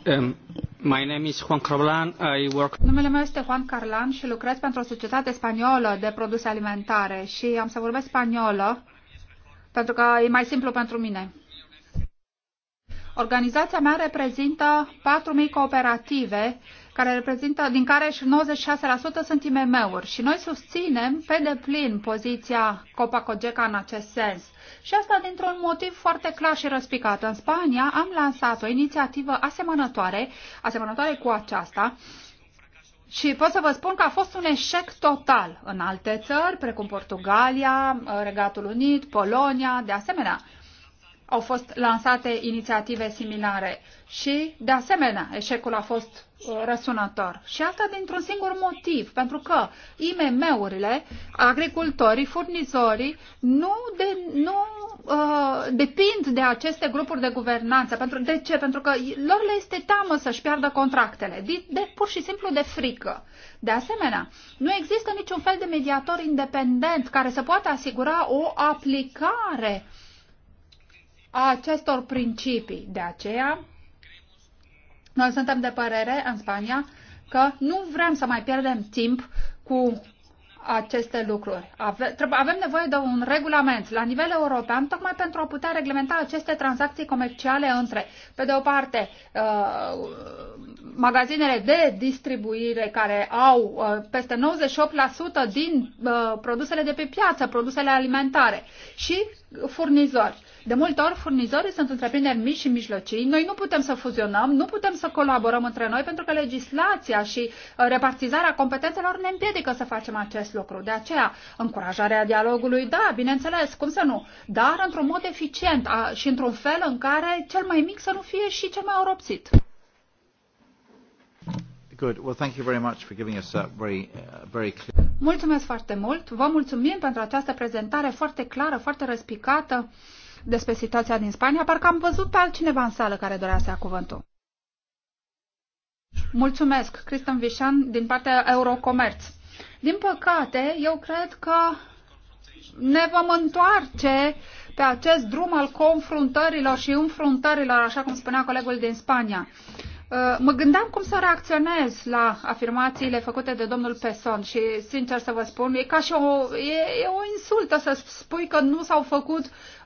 Um, my name is Juan I work... Numele meu este Juan Carlan și lucrez pentru o societate spaniolă de produse alimentare și am să vorbesc spaniolă pentru că e mai simplu pentru mine. Organizația mea reprezintă 4.000 cooperative care reprezintă, din care și 96% sunt IMM-uri. Și noi susținem pe deplin poziția Copacogeca în acest sens. Și asta dintr-un motiv foarte clar și răspicat. În Spania am lansat o inițiativă asemănătoare, asemănătoare cu aceasta, și pot să vă spun că a fost un eșec total în alte țări, precum Portugalia, Regatul Unit, Polonia, de asemenea au fost lansate inițiative similare și, de asemenea, eșecul a fost uh, răsunător. Și asta dintr-un singur motiv, pentru că IMM-urile, agricultorii, furnizorii, nu, de, nu uh, depind de aceste grupuri de guvernanță. Pentru, de ce? Pentru că lor le este teamă să-și piardă contractele, de, de, pur și simplu de frică. De asemenea, nu există niciun fel de mediator independent care să poată asigura o aplicare uh, a acestor principii. De aceea, noi suntem de părere în Spania că nu vrem să mai pierdem timp cu aceste lucruri. Ave, avem nevoie de un regulament la nivel european tocmai pentru a putea reglementa aceste tranzacții comerciale între, pe de o parte, uh, magazinele de distribuire care au uh, peste 98% din uh, produsele de pe piață, produsele alimentare și furnizori. De multe ori, furnizorii sunt întreprinderi mici și mijlocii. Noi nu putem să fuzionăm, nu putem să colaborăm între noi, pentru că legislația și uh, repartizarea competențelor ne împiedică să facem acest lucru. De aceea, încurajarea dialogului, da, bineînțeles, cum să nu, dar într-un mod eficient și într-un fel în care cel mai mic să nu fie și cel mai oropsit. Good. Well, thank you very much for giving us a very, uh, very clear. Mulțumesc foarte mult. Vă mulțumim pentru această prezentare foarte clară, foarte răspicată despre situația din Spania, parcă am văzut pe altcineva în sală care dorea să ia cuvântul. Mulțumesc, Cristian Vișan, din partea Eurocomerț. Din păcate, eu cred că ne vom întoarce pe acest drum al confruntărilor și înfruntărilor, așa cum spunea colegul din Spania. Uh, mă gândeam cum să reacționez la afirmațiile făcute de domnul Peson și, sincer să vă spun, e ca și o, e, e o insultă să spui că nu s-au făcut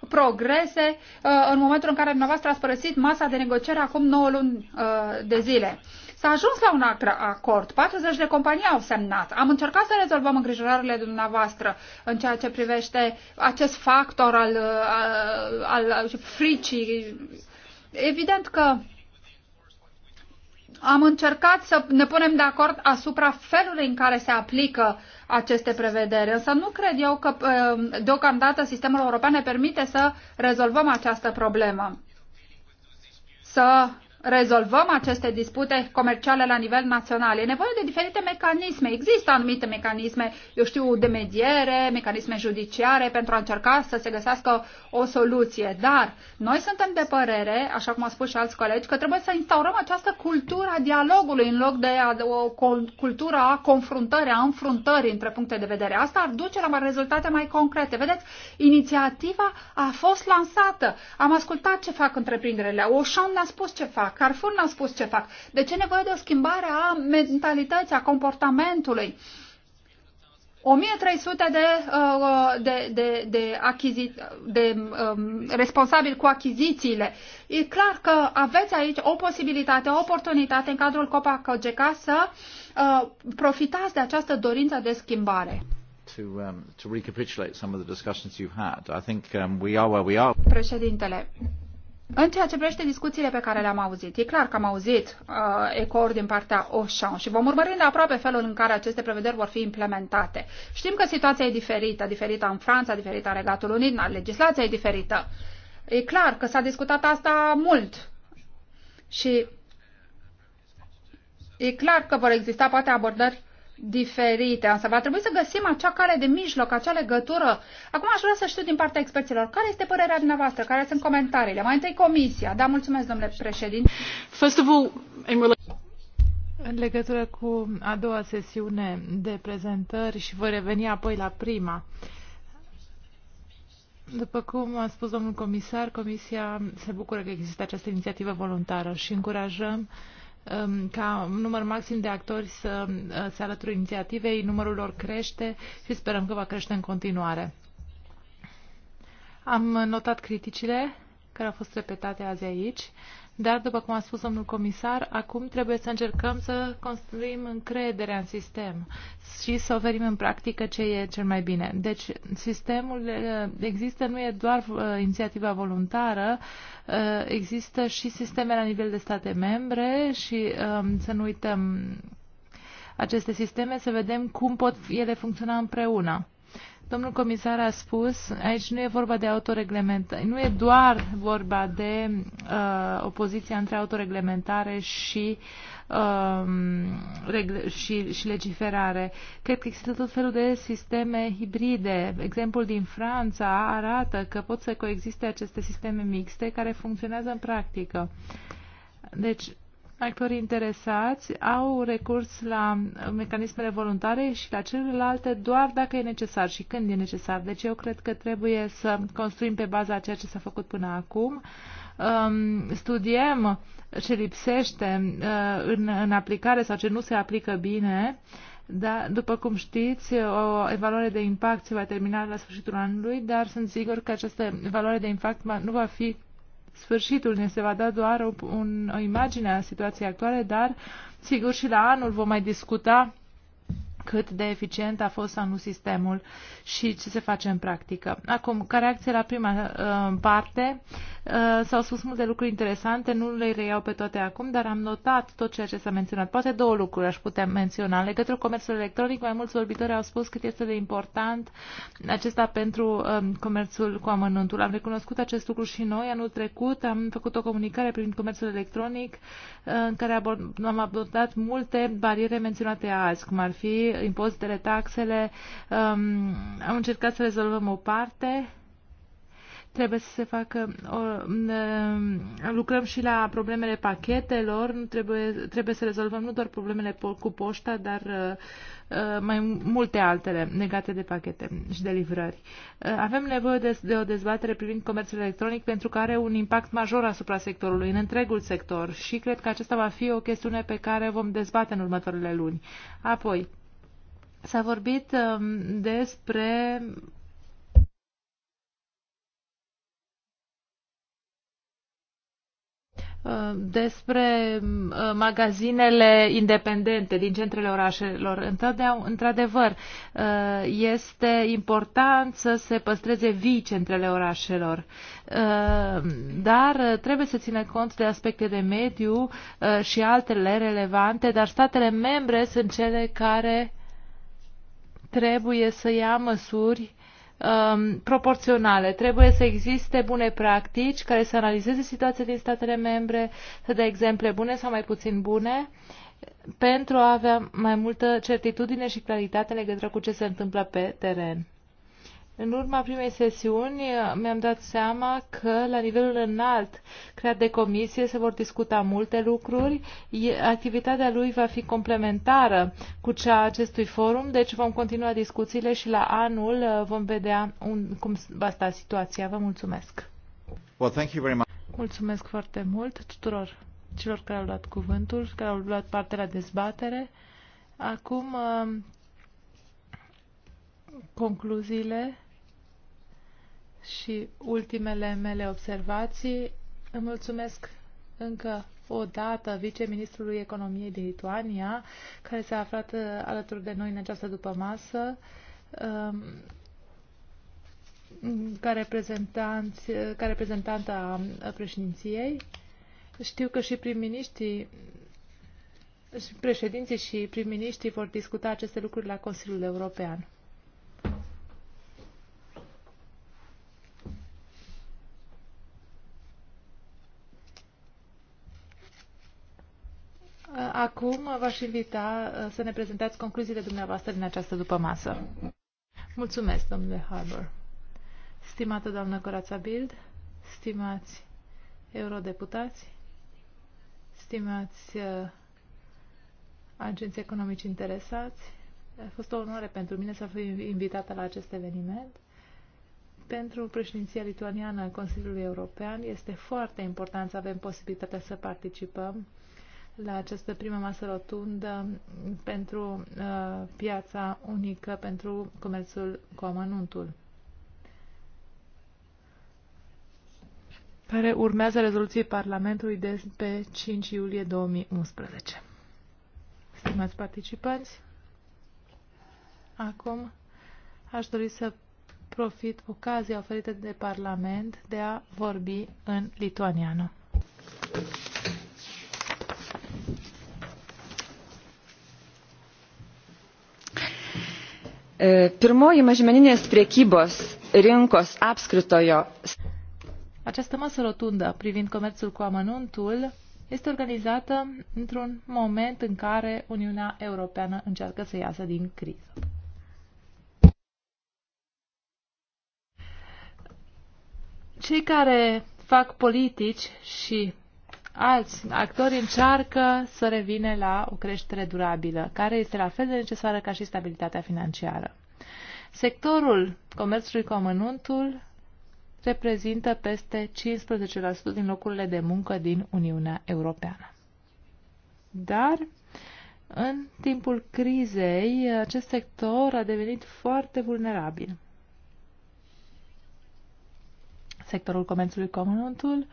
progrese uh, în momentul în care dumneavoastră ați părăsit masa de negociere acum 9 luni uh, de zile. S-a ajuns la un acord. 40 de companii au semnat. Am încercat să rezolvăm îngrijorările dumneavoastră în ceea ce privește acest factor al, al, al fricii. Evident că am încercat să ne punem de acord asupra felului în care se aplică aceste prevederi, însă nu cred eu că uh, deocamdată sistemul european ne permite să rezolvăm această problemă. Să rezolvăm aceste dispute comerciale la nivel național. E nevoie de diferite mecanisme. Există anumite mecanisme, eu știu, de mediere, mecanisme judiciare pentru a încerca să se găsească o soluție. Dar noi suntem de părere, așa cum au spus și alți colegi, că trebuie să instaurăm această cultură a dialogului în loc de o cultură a confruntării, a înfruntării între puncte de vedere. Asta ar duce la rezultate mai concrete. Vedeți, inițiativa a fost lansată. Am ascultat ce fac întreprinderile. Oșan ne-a spus ce fac fac, Carrefour n a spus ce fac. De deci e nevoie de o schimbare a mentalității, a comportamentului. 1300 de, uh, de, de, de, achizi, de um, responsabili cu achizițiile. E clar că aveți aici o posibilitate, o oportunitate în cadrul Copa Cogeca să uh, profitați de această dorință de schimbare. To, um, to recapitulate some of the discussions you had, I think um, we are where we are. Președintele, în ceea ce privește discuțiile pe care le-am auzit, e clar că am auzit uh, ecouri din partea Oșan și vom urmări de aproape felul în care aceste prevederi vor fi implementate. Știm că situația e diferită, diferită în Franța, diferită în Regatul Unit, legislația e diferită. E clar că s-a discutat asta mult și e clar că vor exista poate abordări diferite, însă va trebui să găsim acea care de mijloc, acea legătură. Acum aș vrea să știu din partea experților, care este părerea dumneavoastră, care sunt comentariile. Mai întâi comisia. Da, mulțumesc, domnule președinte. First of all, in în legătură cu a doua sesiune de prezentări și voi reveni apoi la prima. După cum a spus domnul comisar, Comisia se bucură că există această inițiativă voluntară și încurajăm uh, Um, ca număr maxim de actori să uh, se alăture inițiativei, numărul lor crește și sperăm că va crește în continuare. Am notat criticile care au fost repetate azi aici dar, după cum a spus domnul comisar, acum trebuie să încercăm să construim încrederea în sistem și să oferim în practică ce e cel mai bine. Deci, sistemul eh, există, nu e doar eh, inițiativa voluntară, eh, există și sisteme la nivel de state membre și ehm, să nu uităm aceste sisteme, să vedem cum pot ele funcționa împreună. Domnul comisar a spus, aici nu e vorba de autoreglementare, nu e doar vorba de uh, opoziția între autoreglementare și, uh, regle, și, și legiferare. Cred că există tot felul de sisteme hibride. Exemplul din Franța arată că pot să coexiste aceste sisteme mixte care funcționează în practică. Deci, actorii interesați au recurs la mecanismele voluntare și la celelalte doar dacă e necesar și când e necesar. Deci eu cred că trebuie să construim pe baza a ceea ce s-a făcut până acum, um, studiem ce lipsește uh, în, în aplicare sau ce nu se aplică bine, da, după cum știți, o evaluare de impact se va termina la sfârșitul anului, dar sunt sigur că această evaluare de impact nu va fi sfârșitul ne se va da doar o, un, o imagine a situației actuale, dar sigur și la anul vom mai discuta cât de eficient a fost sau nu sistemul și ce se face în practică. Acum, ca reacție la prima uh, parte, uh, s-au spus multe lucruri interesante, nu le reiau pe toate acum, dar am notat tot ceea ce s-a menționat. Poate două lucruri aș putea menționa. În legătură cu comerțul electronic, mai mulți vorbitori au spus cât este de important acesta pentru uh, comerțul cu amănuntul. Am recunoscut acest lucru și noi. Anul trecut am făcut o comunicare privind comerțul electronic uh, în care am abordat multe bariere menționate azi, cum ar fi impozitele, taxele. Um, am încercat să rezolvăm o parte trebuie să se facă, o, um, lucrăm și la problemele pachetelor, nu trebuie, trebuie să rezolvăm nu doar problemele cu poșta, dar uh, uh, mai multe altele legate de pachete și de livrări. Uh, avem nevoie de, de o dezbatere privind comerțul electronic pentru că are un impact major asupra sectorului, în întregul sector și cred că acesta va fi o chestiune pe care vom dezbate în următoarele luni. Apoi, S-a vorbit um, despre uh, despre uh, magazinele independente din centrele orașelor. Într-adevăr, uh, este important să se păstreze vii centrele orașelor, dar trebuie să ține cont de aspecte de mediu și altele relevante, dar statele membre sunt cele care trebuie să ia măsuri um, proporționale. Trebuie să existe bune practici care să analizeze situația din statele membre, să dea exemple bune sau mai puțin bune, pentru a avea mai multă certitudine și claritate în legătură cu ce se întâmplă pe teren. În urma primei sesiuni mi-am dat seama că la nivelul înalt creat de comisie se vor discuta multe lucruri. Activitatea lui va fi complementară cu cea a acestui forum, deci vom continua discuțiile și la anul uh, vom vedea un, cum va sta situația. Vă mulțumesc! Well, thank you very much. Mulțumesc foarte mult tuturor celor care au luat cuvântul, care au luat parte la dezbatere. Acum uh, concluziile și ultimele mele observații. Îmi mulțumesc încă o dată viceministrului economiei din Lituania, care s-a aflat uh, alături de noi în această dupămasă, um, ca, uh, ca reprezentantă a președinției. Știu că și prim-ministrii președinții și prim-ministrii vor discuta aceste lucruri la Consiliul European. Uh, acum v-aș invita uh, să ne prezentați concluziile dumneavoastră din această dupămasă. Mulțumesc, domnule Harbour. Stimată doamnă Corața Bild, stimați eurodeputați, stimați uh, agenți economici interesați, a fost o onoare pentru mine să fiu invitată la acest eveniment. Pentru președinția lituaniană a Consiliului European este foarte important să avem posibilitatea să participăm la această primă masă rotundă pentru uh, piața unică pentru comerțul cu amănuntul, care urmează rezoluției Parlamentului de pe 5 iulie 2011. Stimați participanți, acum aș dori să profit ocazia oferită de Parlament de a vorbi în lituaniană. pirmoji mažmeninės priekybos rinkos apskritojo. Această masă rotundă privind comerțul cu amănuntul este organizată într-un moment în care Uniunea Europeană încearcă să iasă din criză. Cei care fac politici și alți actori încearcă să revină la o creștere durabilă, care este la fel de necesară ca și stabilitatea financiară. Sectorul comerțului cu amănuntul reprezintă peste 15% din locurile de muncă din Uniunea Europeană. Dar, în timpul crizei, acest sector a devenit foarte vulnerabil. Sectorul comerțului cu amănuntul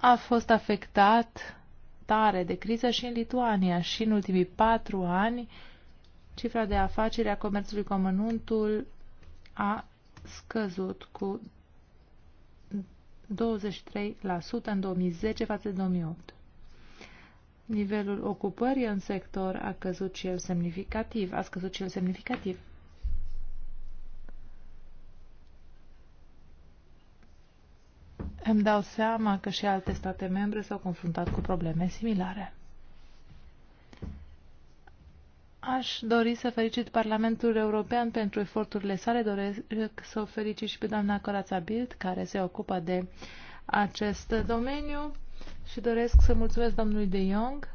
a fost afectat tare de criză și în Lituania și în ultimii patru ani cifra de afaceri a comerțului cu amănuntul a scăzut cu 23% în 2010 față de 2008. Nivelul ocupării în sector a căzut și el semnificativ, a scăzut și el semnificativ. Îmi dau seama că și alte state membre s-au confruntat cu probleme similare. Aș dori să felicit Parlamentul European pentru eforturile sale. Doresc să o felicit și pe doamna Corața Bild, care se ocupă de acest domeniu și doresc să mulțumesc domnului De Jong,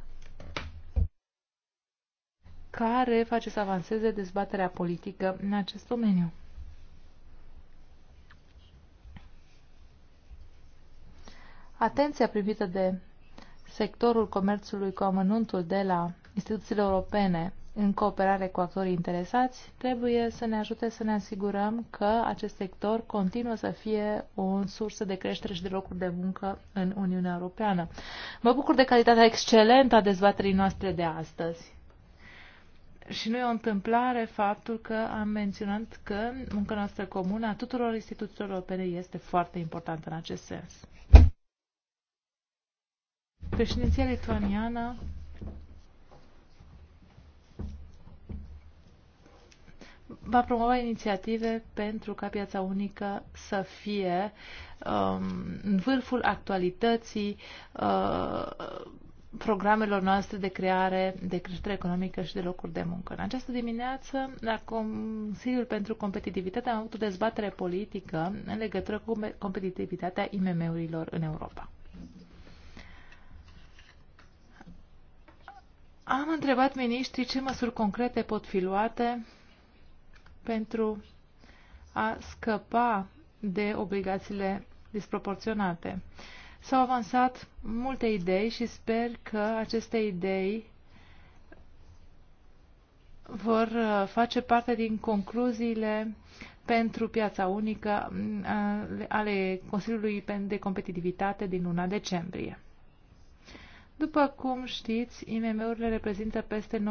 care face să avanseze dezbaterea politică în acest domeniu. Atenția privită de sectorul comerțului cu amănuntul de la instituțiile europene în cooperare cu actorii interesați, trebuie să ne ajute să ne asigurăm că acest sector continuă să fie o sursă de creștere și de locuri de muncă în Uniunea Europeană. Mă bucur de calitatea excelentă a dezbaterii noastre de astăzi. Și nu e o întâmplare faptul că am menționat că munca noastră comună a tuturor instituțiilor europene este foarte importantă în acest sens. Președinția lituaniană va promova inițiative pentru ca piața unică să fie um, în vârful actualității uh, programelor noastre de creare, de creștere economică și de locuri de muncă. În această dimineață, la Consiliul pentru Competitivitate, am avut o dezbatere politică în legătură cu competitivitatea IMM-urilor în Europa. Am întrebat ministrii ce măsuri concrete pot fi luate pentru a scăpa de obligațiile disproporționate. S-au avansat multe idei și sper că aceste idei vor uh, face parte din concluziile pentru piața unică uh, ale Consiliului de Competitivitate din luna decembrie. După cum știți, IMM-urile reprezintă peste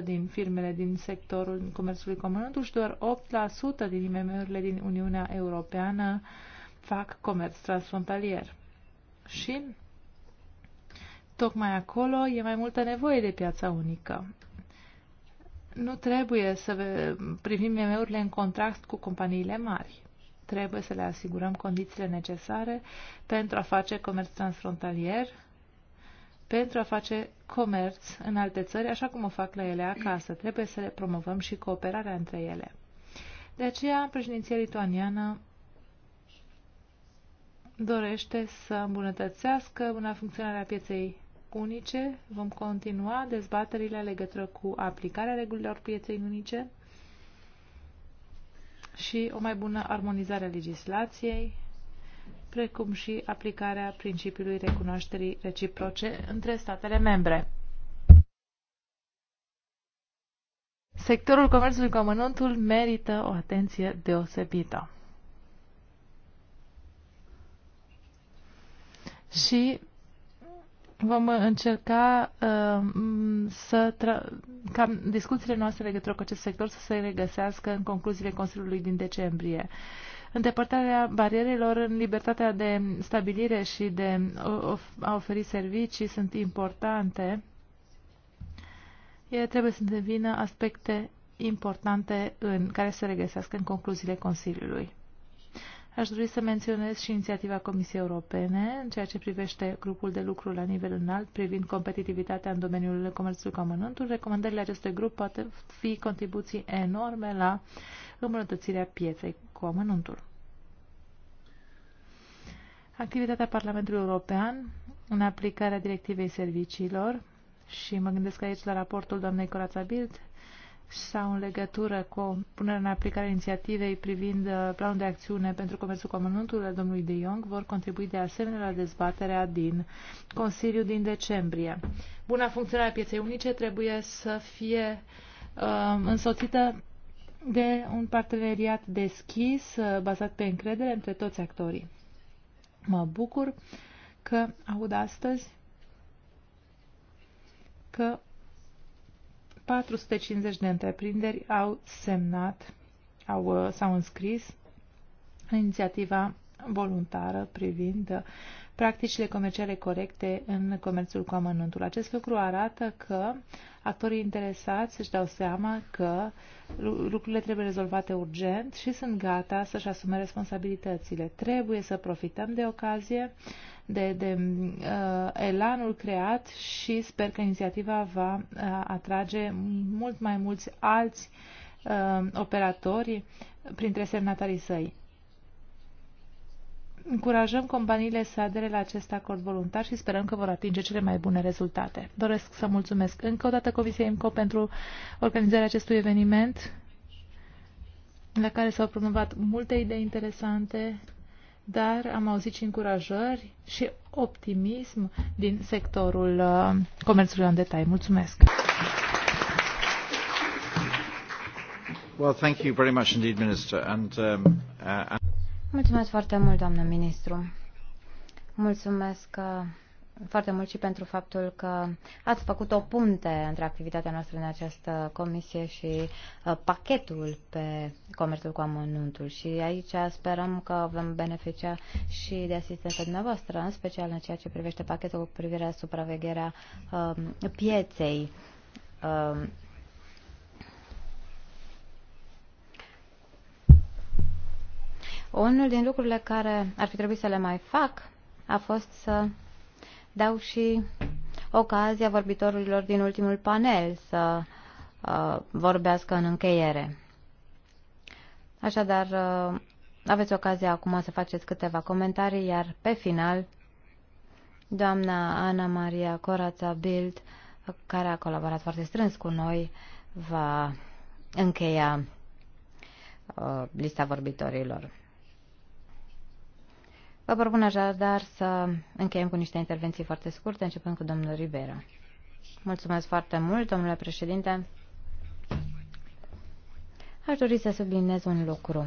90% din firmele din sectorul comerțului comun, și doar 8% din IMM-urile din Uniunea Europeană fac comerț transfrontalier. Și tocmai acolo e mai multă nevoie de piața unică. Nu trebuie să privim IMM-urile în contrast cu companiile mari. Trebuie să le asigurăm condițiile necesare pentru a face comerț transfrontalier pentru a face comerț în alte țări, așa cum o fac la ele acasă. Trebuie să le promovăm și cooperarea între ele. De aceea, președinția lituaniană dorește să îmbunătățească una funcționare a pieței unice. Vom continua dezbaterile legătură cu aplicarea regulilor pieței unice și o mai bună armonizare a legislației precum și aplicarea principiului recunoașterii reciproce între statele membre. Sectorul comerțului cu amănuntul merită o atenție deosebită. Și vom încerca uh, să ca discuțiile noastre legătură cu acest sector să se regăsească în concluziile Consiliului din decembrie îndepărtarea barierelor în libertatea de stabilire și de a oferi servicii sunt importante. Ele trebuie să devină aspecte importante în care se regăsească în concluziile Consiliului. Aș dori să menționez și inițiativa Comisiei Europene în ceea ce privește grupul de lucru la nivel înalt privind competitivitatea în domeniul comerțului cu amănântul. Recomandările acestui grup pot fi contribuții enorme la îmbunătățirea pieței cu amănuntul. Activitatea Parlamentului European în aplicarea directivei serviciilor și mă gândesc aici la raportul doamnei Corața Bild sau în legătură cu punerea în aplicare inițiativei privind uh, planul de acțiune pentru comerțul cu amănuntul domnului De Jong vor contribui de asemenea la dezbaterea din Consiliu din decembrie. Buna funcționare a pieței unice trebuie să fie uh, însoțită de un parteneriat deschis, uh, bazat pe încredere între toți actorii. Mă bucur că aud astăzi că 450 de întreprinderi au semnat, au, uh, s-au înscris în inițiativa voluntară privind uh, practicile comerciale corecte în comerțul cu amănuntul. Acest lucru arată că actorii interesați își dau seama că lucrurile trebuie rezolvate urgent și sunt gata să-și asume responsabilitățile. Trebuie să profităm de ocazie, de, de uh, elanul creat și sper că inițiativa va uh, atrage mult mai mulți alți uh, operatori printre semnatarii săi. Încurajăm companiile să adere la acest acord voluntar și sperăm că vor atinge cele mai bune rezultate. Doresc să mulțumesc încă o dată Comisiei IMCO pentru organizarea acestui eveniment, la care s-au promovat multe idei interesante, dar am auzit și încurajări și optimism din sectorul uh, comerțului în detail. Mulțumesc! Well, thank you very much indeed, Minister. And, um, uh, and Mulțumesc foarte mult, doamnă ministru. Mulțumesc uh, foarte mult și pentru faptul că ați făcut o punte între activitatea noastră în această comisie și uh, pachetul pe comerțul cu amănuntul. Și aici sperăm că vom beneficia și de asistența dumneavoastră, în special în ceea ce privește pachetul cu privire la supravegherea uh, pieței Unul din lucrurile care ar fi trebuit să le mai fac a fost să dau și ocazia vorbitorilor din ultimul panel să uh, vorbească în încheiere. Așadar, uh, aveți ocazia acum să faceți câteva comentarii, iar pe final, doamna Ana Maria Corața Bild, care a colaborat foarte strâns cu noi, va încheia uh, lista vorbitorilor. Vă propun așadar să încheiem cu niște intervenții foarte scurte, începând cu domnul Ribera. Mulțumesc foarte mult, domnule președinte. Aș dori să subliniez un lucru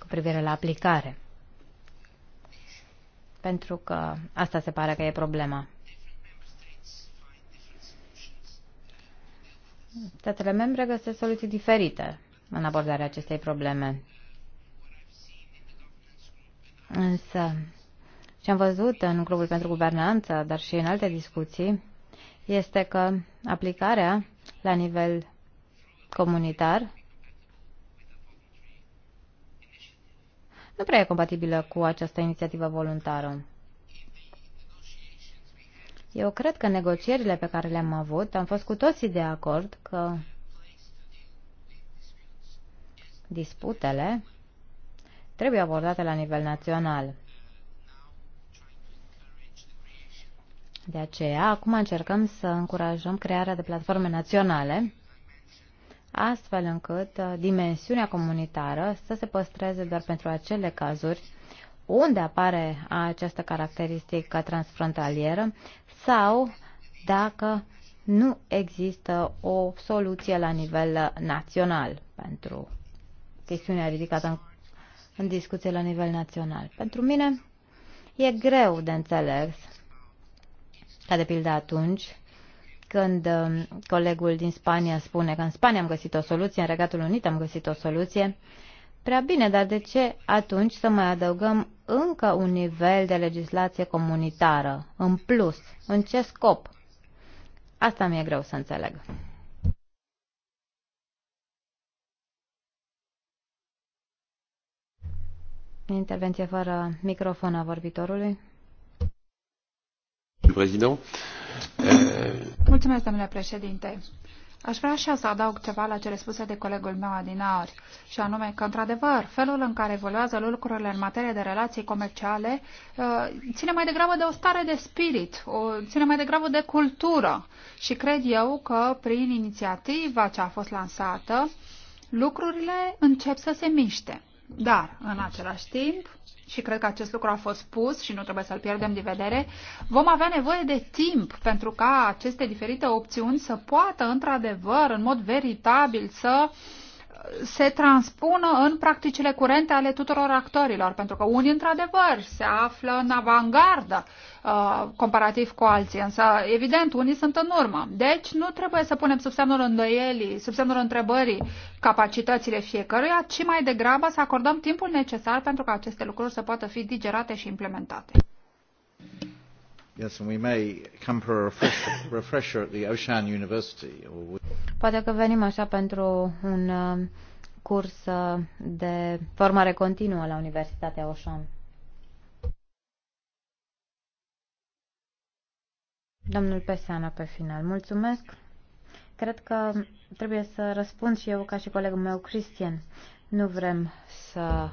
cu privire la aplicare. Pentru că asta se pare că e problema. Statele membre găsesc soluții diferite în abordarea acestei probleme. Însă, ce am văzut în Clubul pentru guvernanță, dar și în alte discuții, este că aplicarea la nivel comunitar nu prea e compatibilă cu această inițiativă voluntară. Eu cred că negocierile pe care le-am avut, am fost cu toții de acord că disputele trebuie abordate la nivel național. De aceea, acum încercăm să încurajăm crearea de platforme naționale, astfel încât uh, dimensiunea comunitară să se păstreze doar pentru acele cazuri unde apare această caracteristică transfrontalieră sau dacă nu există o soluție la nivel național pentru chestiunea ridicată în în discuții la nivel național. Pentru mine e greu de înțeles, ca de pildă atunci când um, colegul din Spania spune că în Spania am găsit o soluție, în Regatul Unit am găsit o soluție, prea bine, dar de ce atunci să mai adăugăm încă un nivel de legislație comunitară, în plus? În ce scop? Asta mi-e greu să înțeleg. Intervenție fără microfon a vorbitorului. Mulțumesc, domnule președinte. Aș vrea și să adaug ceva la cele spuse de colegul meu adinaori, și anume că, într-adevăr, felul în care evoluează lucrurile în materie de relații comerciale uh, ține mai degrabă de o stare de spirit, o, ține mai degrabă de cultură. Și cred eu că, prin inițiativa ce a fost lansată, lucrurile încep să se miște. Dar, în același timp, și cred că acest lucru a fost spus și nu trebuie să-l pierdem de vedere, vom avea nevoie de timp pentru ca aceste diferite opțiuni să poată, într-adevăr, în mod veritabil, să uh, se transpună în practicile curente ale tuturor actorilor, pentru că unii, într-adevăr, se află în avangardă uh, comparativ cu alții, însă, evident, unii sunt în urmă. Deci, nu trebuie să punem sub semnul îndoielii, sub semnul întrebării capacitățile fiecăruia, ci mai degrabă să acordăm timpul necesar pentru ca aceste lucruri să poată fi digerate și implementate. Yes, and we may come for a refresher, <coughs> refresher at the Ocean University. Or... Poate că venim așa pentru un uh, curs uh, de formare continuă la Universitatea Ocean. Domnul Peseana, pe final. Mulțumesc. Cred că trebuie să răspund și eu ca și colegul meu, Cristian. Nu vrem să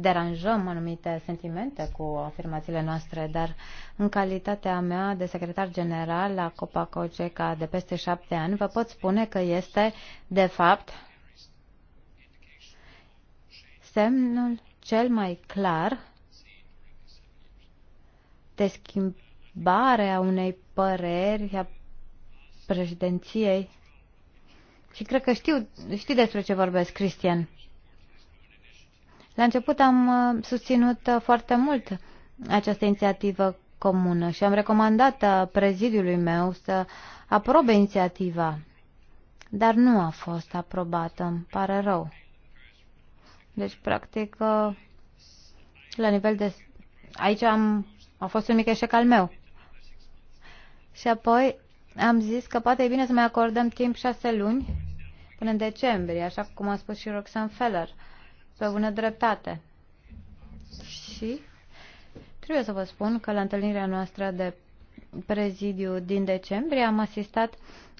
deranjăm anumite sentimente cu afirmațiile noastre, dar în calitatea mea de secretar general la Coceca de peste șapte ani, vă pot spune că este, de fapt, semnul cel mai clar de schimbare a unei păreri a președinției. Și cred că știu, știi despre ce vorbesc, Cristian. La început am uh, susținut uh, foarte mult această inițiativă comună și am recomandat uh, prezidiului meu să aprobe inițiativa, dar nu a fost aprobată, îmi pare rău. Deci, practic, la nivel de... Aici am... a fost un mic eșec al meu. Și apoi am zis că poate e bine să mai acordăm timp șase luni până în decembrie, așa cum a spus și Roxanne Feller. Uh, pe bună dreptate. Și trebuie să vă spun că la întâlnirea noastră de prezidiu din decembrie am asistat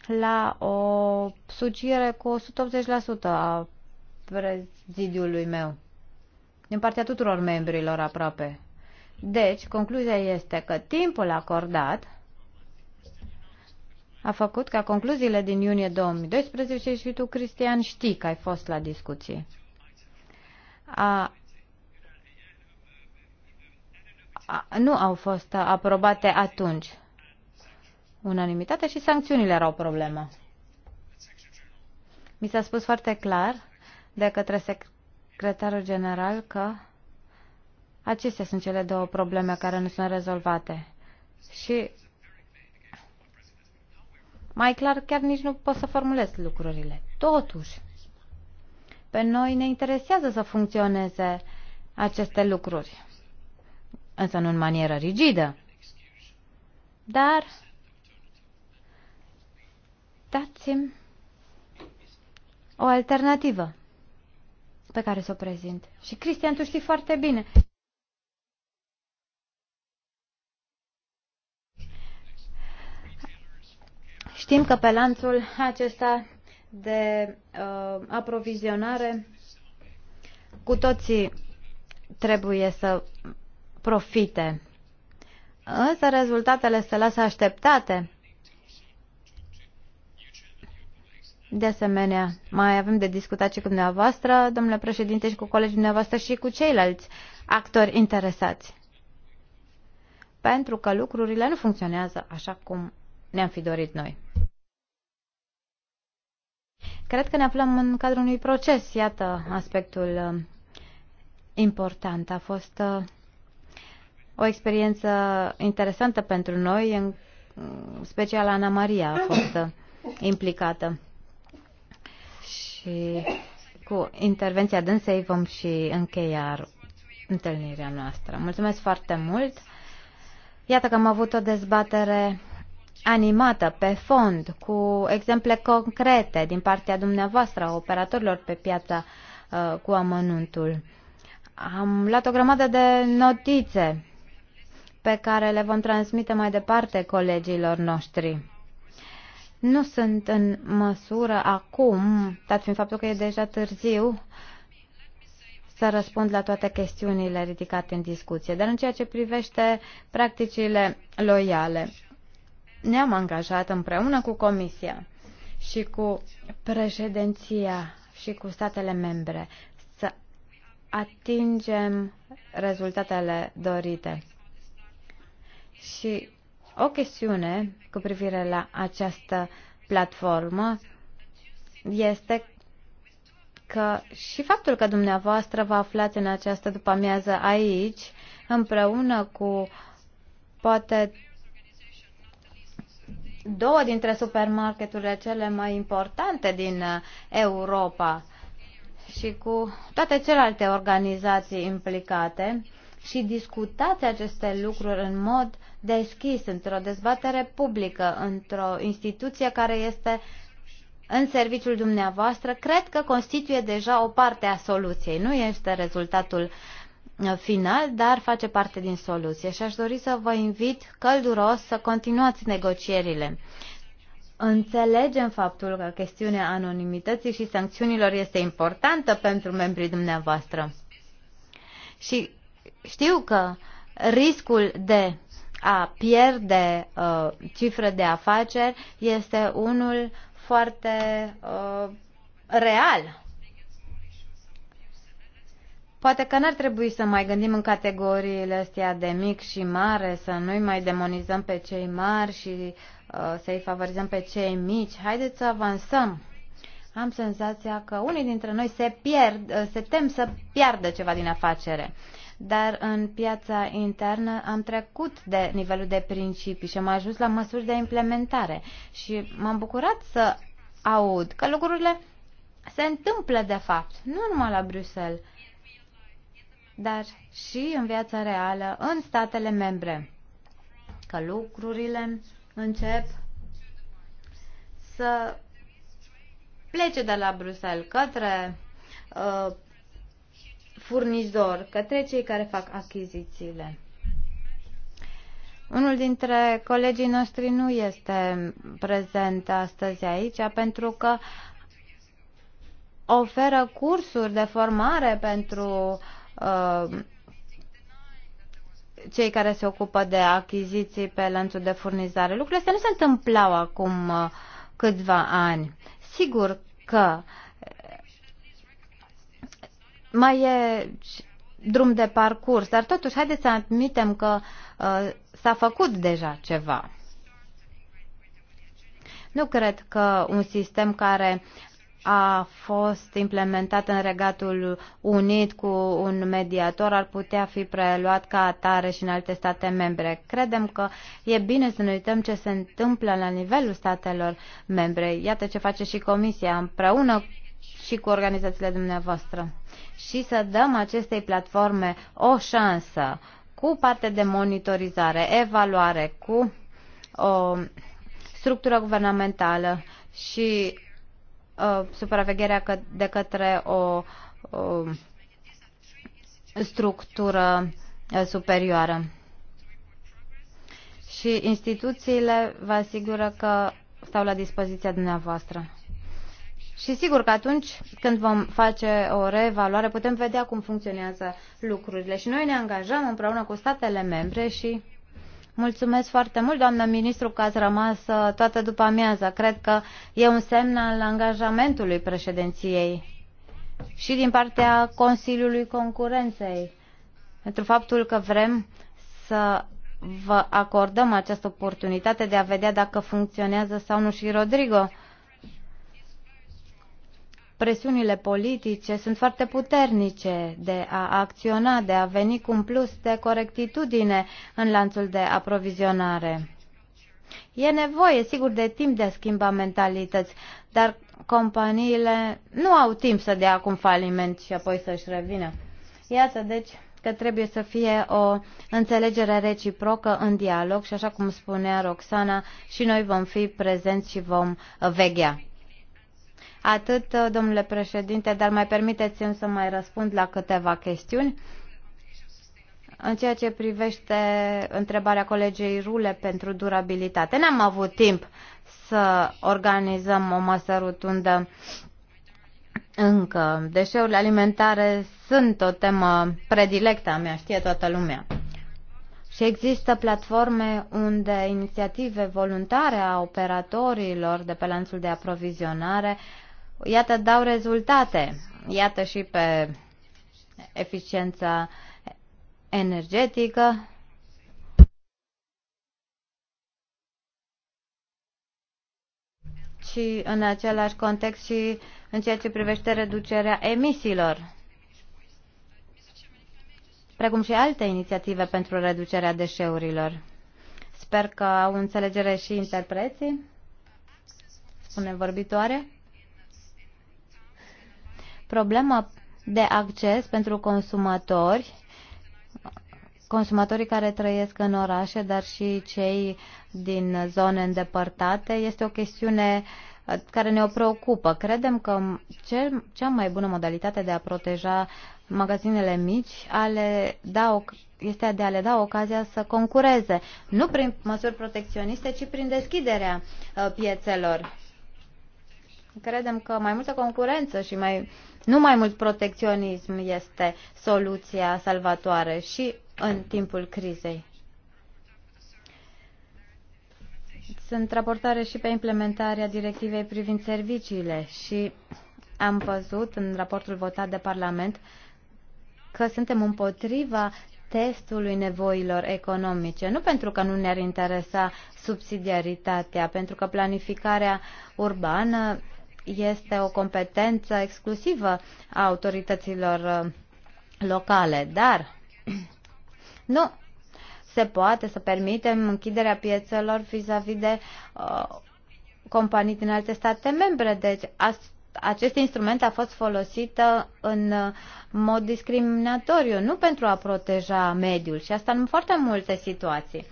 la o sugiere cu 180% a prezidiului meu, din partea tuturor membrilor aproape. Deci, concluzia este că timpul acordat a făcut ca concluziile din iunie 2012 și tu, Cristian, știi că ai fost la discuții a, a, nu au fost aprobate atunci unanimitate și sancțiunile erau o problemă. Mi s-a spus foarte clar de către secretarul general că acestea sunt cele două probleme care nu sunt rezolvate. Și mai clar chiar nici nu pot să formulez lucrurile. Totuși, pe noi ne interesează să funcționeze aceste lucruri, însă nu în manieră rigidă. Dar dați-mi o alternativă pe care să o prezint. Și Cristian, tu știi foarte bine. Știm că pe lanțul acesta de uh, aprovizionare, cu toții trebuie să profite. Însă rezultatele se lasă așteptate. De asemenea, mai avem de discutat și cu dumneavoastră, domnule președinte, și cu colegii dumneavoastră și cu ceilalți actori interesați. Pentru că lucrurile nu funcționează așa cum ne-am fi dorit noi. Cred că ne aflăm în cadrul unui proces. Iată aspectul uh, important. A fost uh, o experiență interesantă pentru noi, în uh, special Ana Maria a fost implicată. Și cu intervenția dânsei vom și încheia întâlnirea noastră. Mulțumesc foarte mult! Iată că am avut o dezbatere animată pe fond cu exemple concrete din partea dumneavoastră, operatorilor pe piața uh, cu amănuntul. Am luat o grămadă de notițe pe care le vom transmite mai departe colegilor noștri. Nu sunt în măsură acum, dat fiind faptul că e deja târziu, să răspund la toate chestiunile ridicate în discuție, dar în ceea ce privește practicile loiale, ne-am angajat împreună cu Comisia și cu președinția și cu statele membre să atingem rezultatele dorite. Și o chestiune cu privire la această platformă este că și faptul că dumneavoastră vă aflați în această după-amiază aici, împreună cu poate două dintre supermarketurile cele mai importante din uh, Europa și cu toate celelalte organizații implicate și discutați aceste lucruri în mod deschis, într-o dezbatere publică, într-o instituție care este în serviciul dumneavoastră, cred că constituie deja o parte a soluției. Nu este rezultatul final, dar face parte din soluție și aș dori să vă invit călduros să continuați negocierile. Înțelegem faptul că chestiunea anonimității și sancțiunilor este importantă pentru membrii dumneavoastră. Și știu că riscul de a pierde uh, cifră de afaceri este unul foarte uh, real Poate că n-ar trebui să mai gândim în categoriile astea de mic și mare, să nu-i mai demonizăm pe cei mari și uh, să-i favorizăm pe cei mici. Haideți să avansăm. Am senzația că unii dintre noi se pierd, uh, se tem să piardă ceva din afacere. Dar în piața internă am trecut de nivelul de principii și am ajuns la măsuri de implementare. Și m-am bucurat să aud că lucrurile se întâmplă de fapt, nu numai la Bruxelles dar și în viața reală, în statele membre, că lucrurile încep să plece de la Bruxelles către uh, furnizor, către cei care fac achizițiile. Unul dintre colegii noștri nu este prezent astăzi aici pentru că oferă cursuri de formare pentru Uh, cei care se ocupă de achiziții pe lanțul de furnizare. Lucrurile astea nu se întâmplau acum uh, câțiva ani. Sigur că mai e drum de parcurs, dar totuși haideți să admitem că uh, s-a făcut deja ceva. Nu cred că un sistem care a fost implementat în Regatul Unit cu un mediator ar putea fi preluat ca atare și în alte state membre. Credem că e bine să ne uităm ce se întâmplă la nivelul statelor membre. Iată ce face și Comisia împreună și cu organizațiile dumneavoastră. Și să dăm acestei platforme o șansă cu parte de monitorizare, evaluare, cu o structură guvernamentală și Uh, supravegherea de către o o structură uh, superioară. Și instituțiile vă asigură că stau la dispoziția dumneavoastră. Și sigur că atunci când vom face o reevaluare putem vedea cum funcționează lucrurile și noi ne angajăm împreună cu statele membre și Mulțumesc foarte mult, doamnă ministru, că ați rămas uh, toată după amiază. Cred că e un semn al angajamentului președinției și din partea Consiliului Concurenței pentru faptul că vrem să vă acordăm această oportunitate de a vedea dacă funcționează sau nu și Rodrigo presiunile politice sunt foarte puternice de a acționa, de a veni cu un plus de corectitudine în lanțul de aprovizionare. E nevoie, sigur, de timp de a schimba mentalități, dar companiile nu au timp să dea acum faliment și apoi să-și revină. Iată, deci, că trebuie să fie o înțelegere reciprocă în dialog și, așa cum spunea Roxana, și noi vom fi prezenți și vom veghea. Atât, domnule președinte, dar mai permiteți-mi să mai răspund la câteva chestiuni. În ceea ce privește întrebarea colegei Rule pentru durabilitate, n-am avut timp să organizăm o masă rotundă încă. Deșeurile alimentare sunt o temă predilectă a mea, știe toată lumea. Și există platforme unde inițiative voluntare a operatorilor de pe lanțul de aprovizionare iată, dau rezultate. Iată și pe eficiența energetică. Și în același context și în ceea ce privește reducerea emisiilor, precum și alte inițiative pentru reducerea deșeurilor. Sper că au înțelegere și interpreții. Spune vorbitoare problema de acces pentru consumatori, consumatorii care trăiesc în orașe, dar și cei din zone îndepărtate, este o chestiune uh, care ne o preocupă. Credem că cea mai bună modalitate de a proteja magazinele mici ale da o, este de a le da ocazia să concureze, nu prin măsuri protecționiste, ci prin deschiderea uh, piețelor. Credem că mai multă concurență și mai nu mai mult protecționism este soluția salvatoare și în timpul crizei. Sunt raportare și pe implementarea directivei privind serviciile și am văzut în raportul votat de Parlament că suntem împotriva testului nevoilor economice. Nu pentru că nu ne-ar interesa subsidiaritatea, pentru că planificarea urbană este o competență exclusivă a autorităților uh, locale, dar <clears throat> nu se poate să permitem închiderea piețelor vis-a-vis -vis de uh, companii din alte state membre. Deci acest instrument a fost folosit uh, în uh, mod discriminatoriu, nu pentru a proteja mediul și asta în foarte multe situații.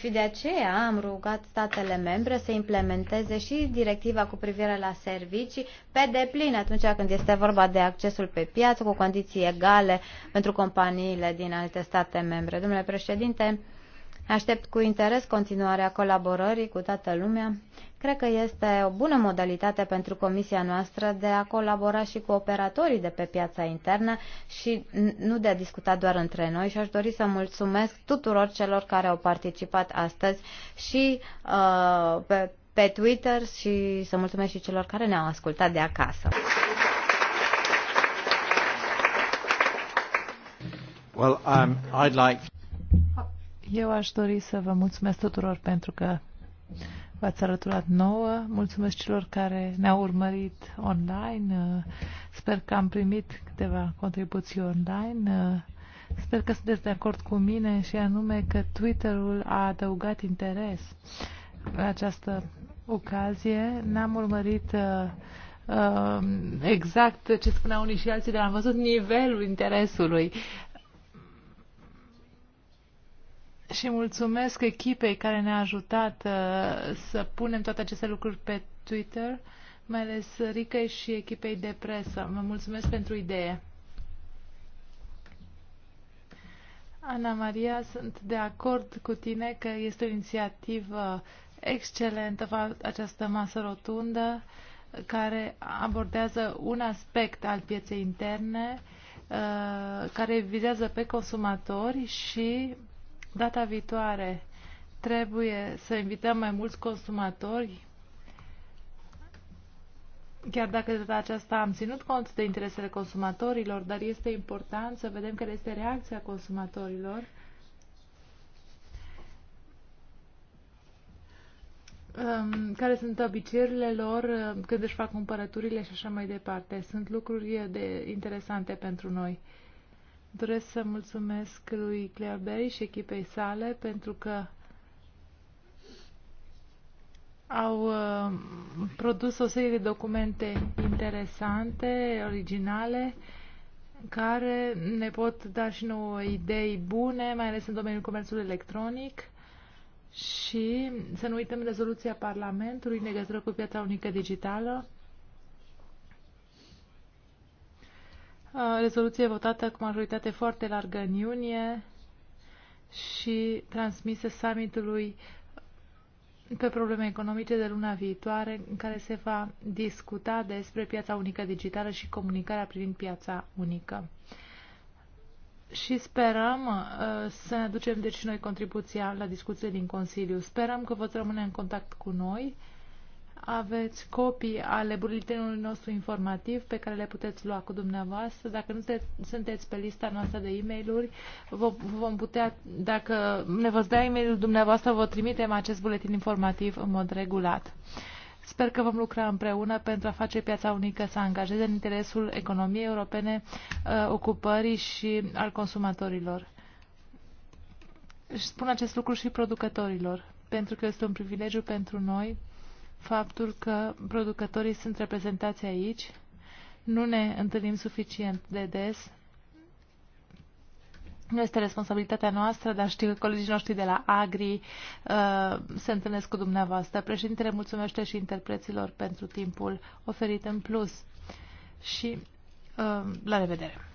Și de aceea am rugat statele membre să implementeze și directiva cu privire la servicii pe deplin atunci când este vorba de accesul pe piață cu condiții egale pentru companiile din alte state membre. Domnule președinte, Aștept cu interes continuarea colaborării cu toată lumea. Cred că este o bună modalitate pentru comisia noastră de a colabora și cu operatorii de pe piața internă și nu de a discuta doar între noi și aș dori să mulțumesc tuturor celor care au participat astăzi și uh, pe, pe Twitter și să mulțumesc și celor care ne-au ascultat de acasă. Well, um, I'd like... Oh. Eu aș dori să vă mulțumesc tuturor pentru că v-ați alăturat nouă. Mulțumesc celor care ne-au urmărit online. Sper că am primit câteva contribuții online. Sper că sunteți de acord cu mine și anume că Twitter-ul a adăugat interes în această ocazie. N-am urmărit uh, uh, exact ce spuneau unii și alții, dar am văzut nivelul interesului și mulțumesc echipei care ne-a ajutat uh, să punem toate aceste lucruri pe Twitter, mai ales rica și echipei de presă. Vă mulțumesc pentru idee. Ana Maria, sunt de acord cu tine că este o inițiativă excelentă această masă rotundă care abordează un aspect al pieței interne uh, care vizează pe consumatori și data viitoare trebuie să invităm mai mulți consumatori, chiar dacă de data aceasta am ținut cont de interesele consumatorilor, dar este important să vedem care este reacția consumatorilor. care sunt obiceiurile lor când își fac cumpărăturile și așa mai departe. Sunt lucruri de interesante pentru noi. Doresc să mulțumesc lui Claire și echipei sale pentru că au uh, produs o serie de documente interesante, originale, care ne pot da și nouă idei bune, mai ales în domeniul comerțului electronic. Și să nu uităm rezoluția Parlamentului în legătură cu piața unică digitală rezoluție votată cu majoritate foarte largă în iunie și transmisă summitului pe probleme economice de luna viitoare, în care se va discuta despre piața unică digitală și comunicarea privind piața unică. Și sperăm uh, să ne aducem deci noi contribuția la discuție din Consiliu. Sperăm că vă rămâne în contact cu noi. Uh, aveți copii ale buletinului nostru informativ pe care le puteți lua cu dumneavoastră. Dacă nu te, sunteți pe lista noastră de e-mail-uri, vom putea, dacă ne vă da e ul dumneavoastră, vă trimitem acest buletin informativ în mod regulat. Sper că vom lucra împreună pentru a face piața unică să angajeze în interesul economiei europene, uh, ocupării și al consumatorilor. Și spun acest lucru și producătorilor, pentru că este un privilegiu pentru noi faptul că producătorii sunt reprezentați aici. Nu ne întâlnim suficient de des. Nu este responsabilitatea noastră, dar știu că colegii noștri de la Agri uh, se întâlnesc cu dumneavoastră. Președintele mulțumește și interpreților pentru timpul oferit în plus. Și uh, la revedere!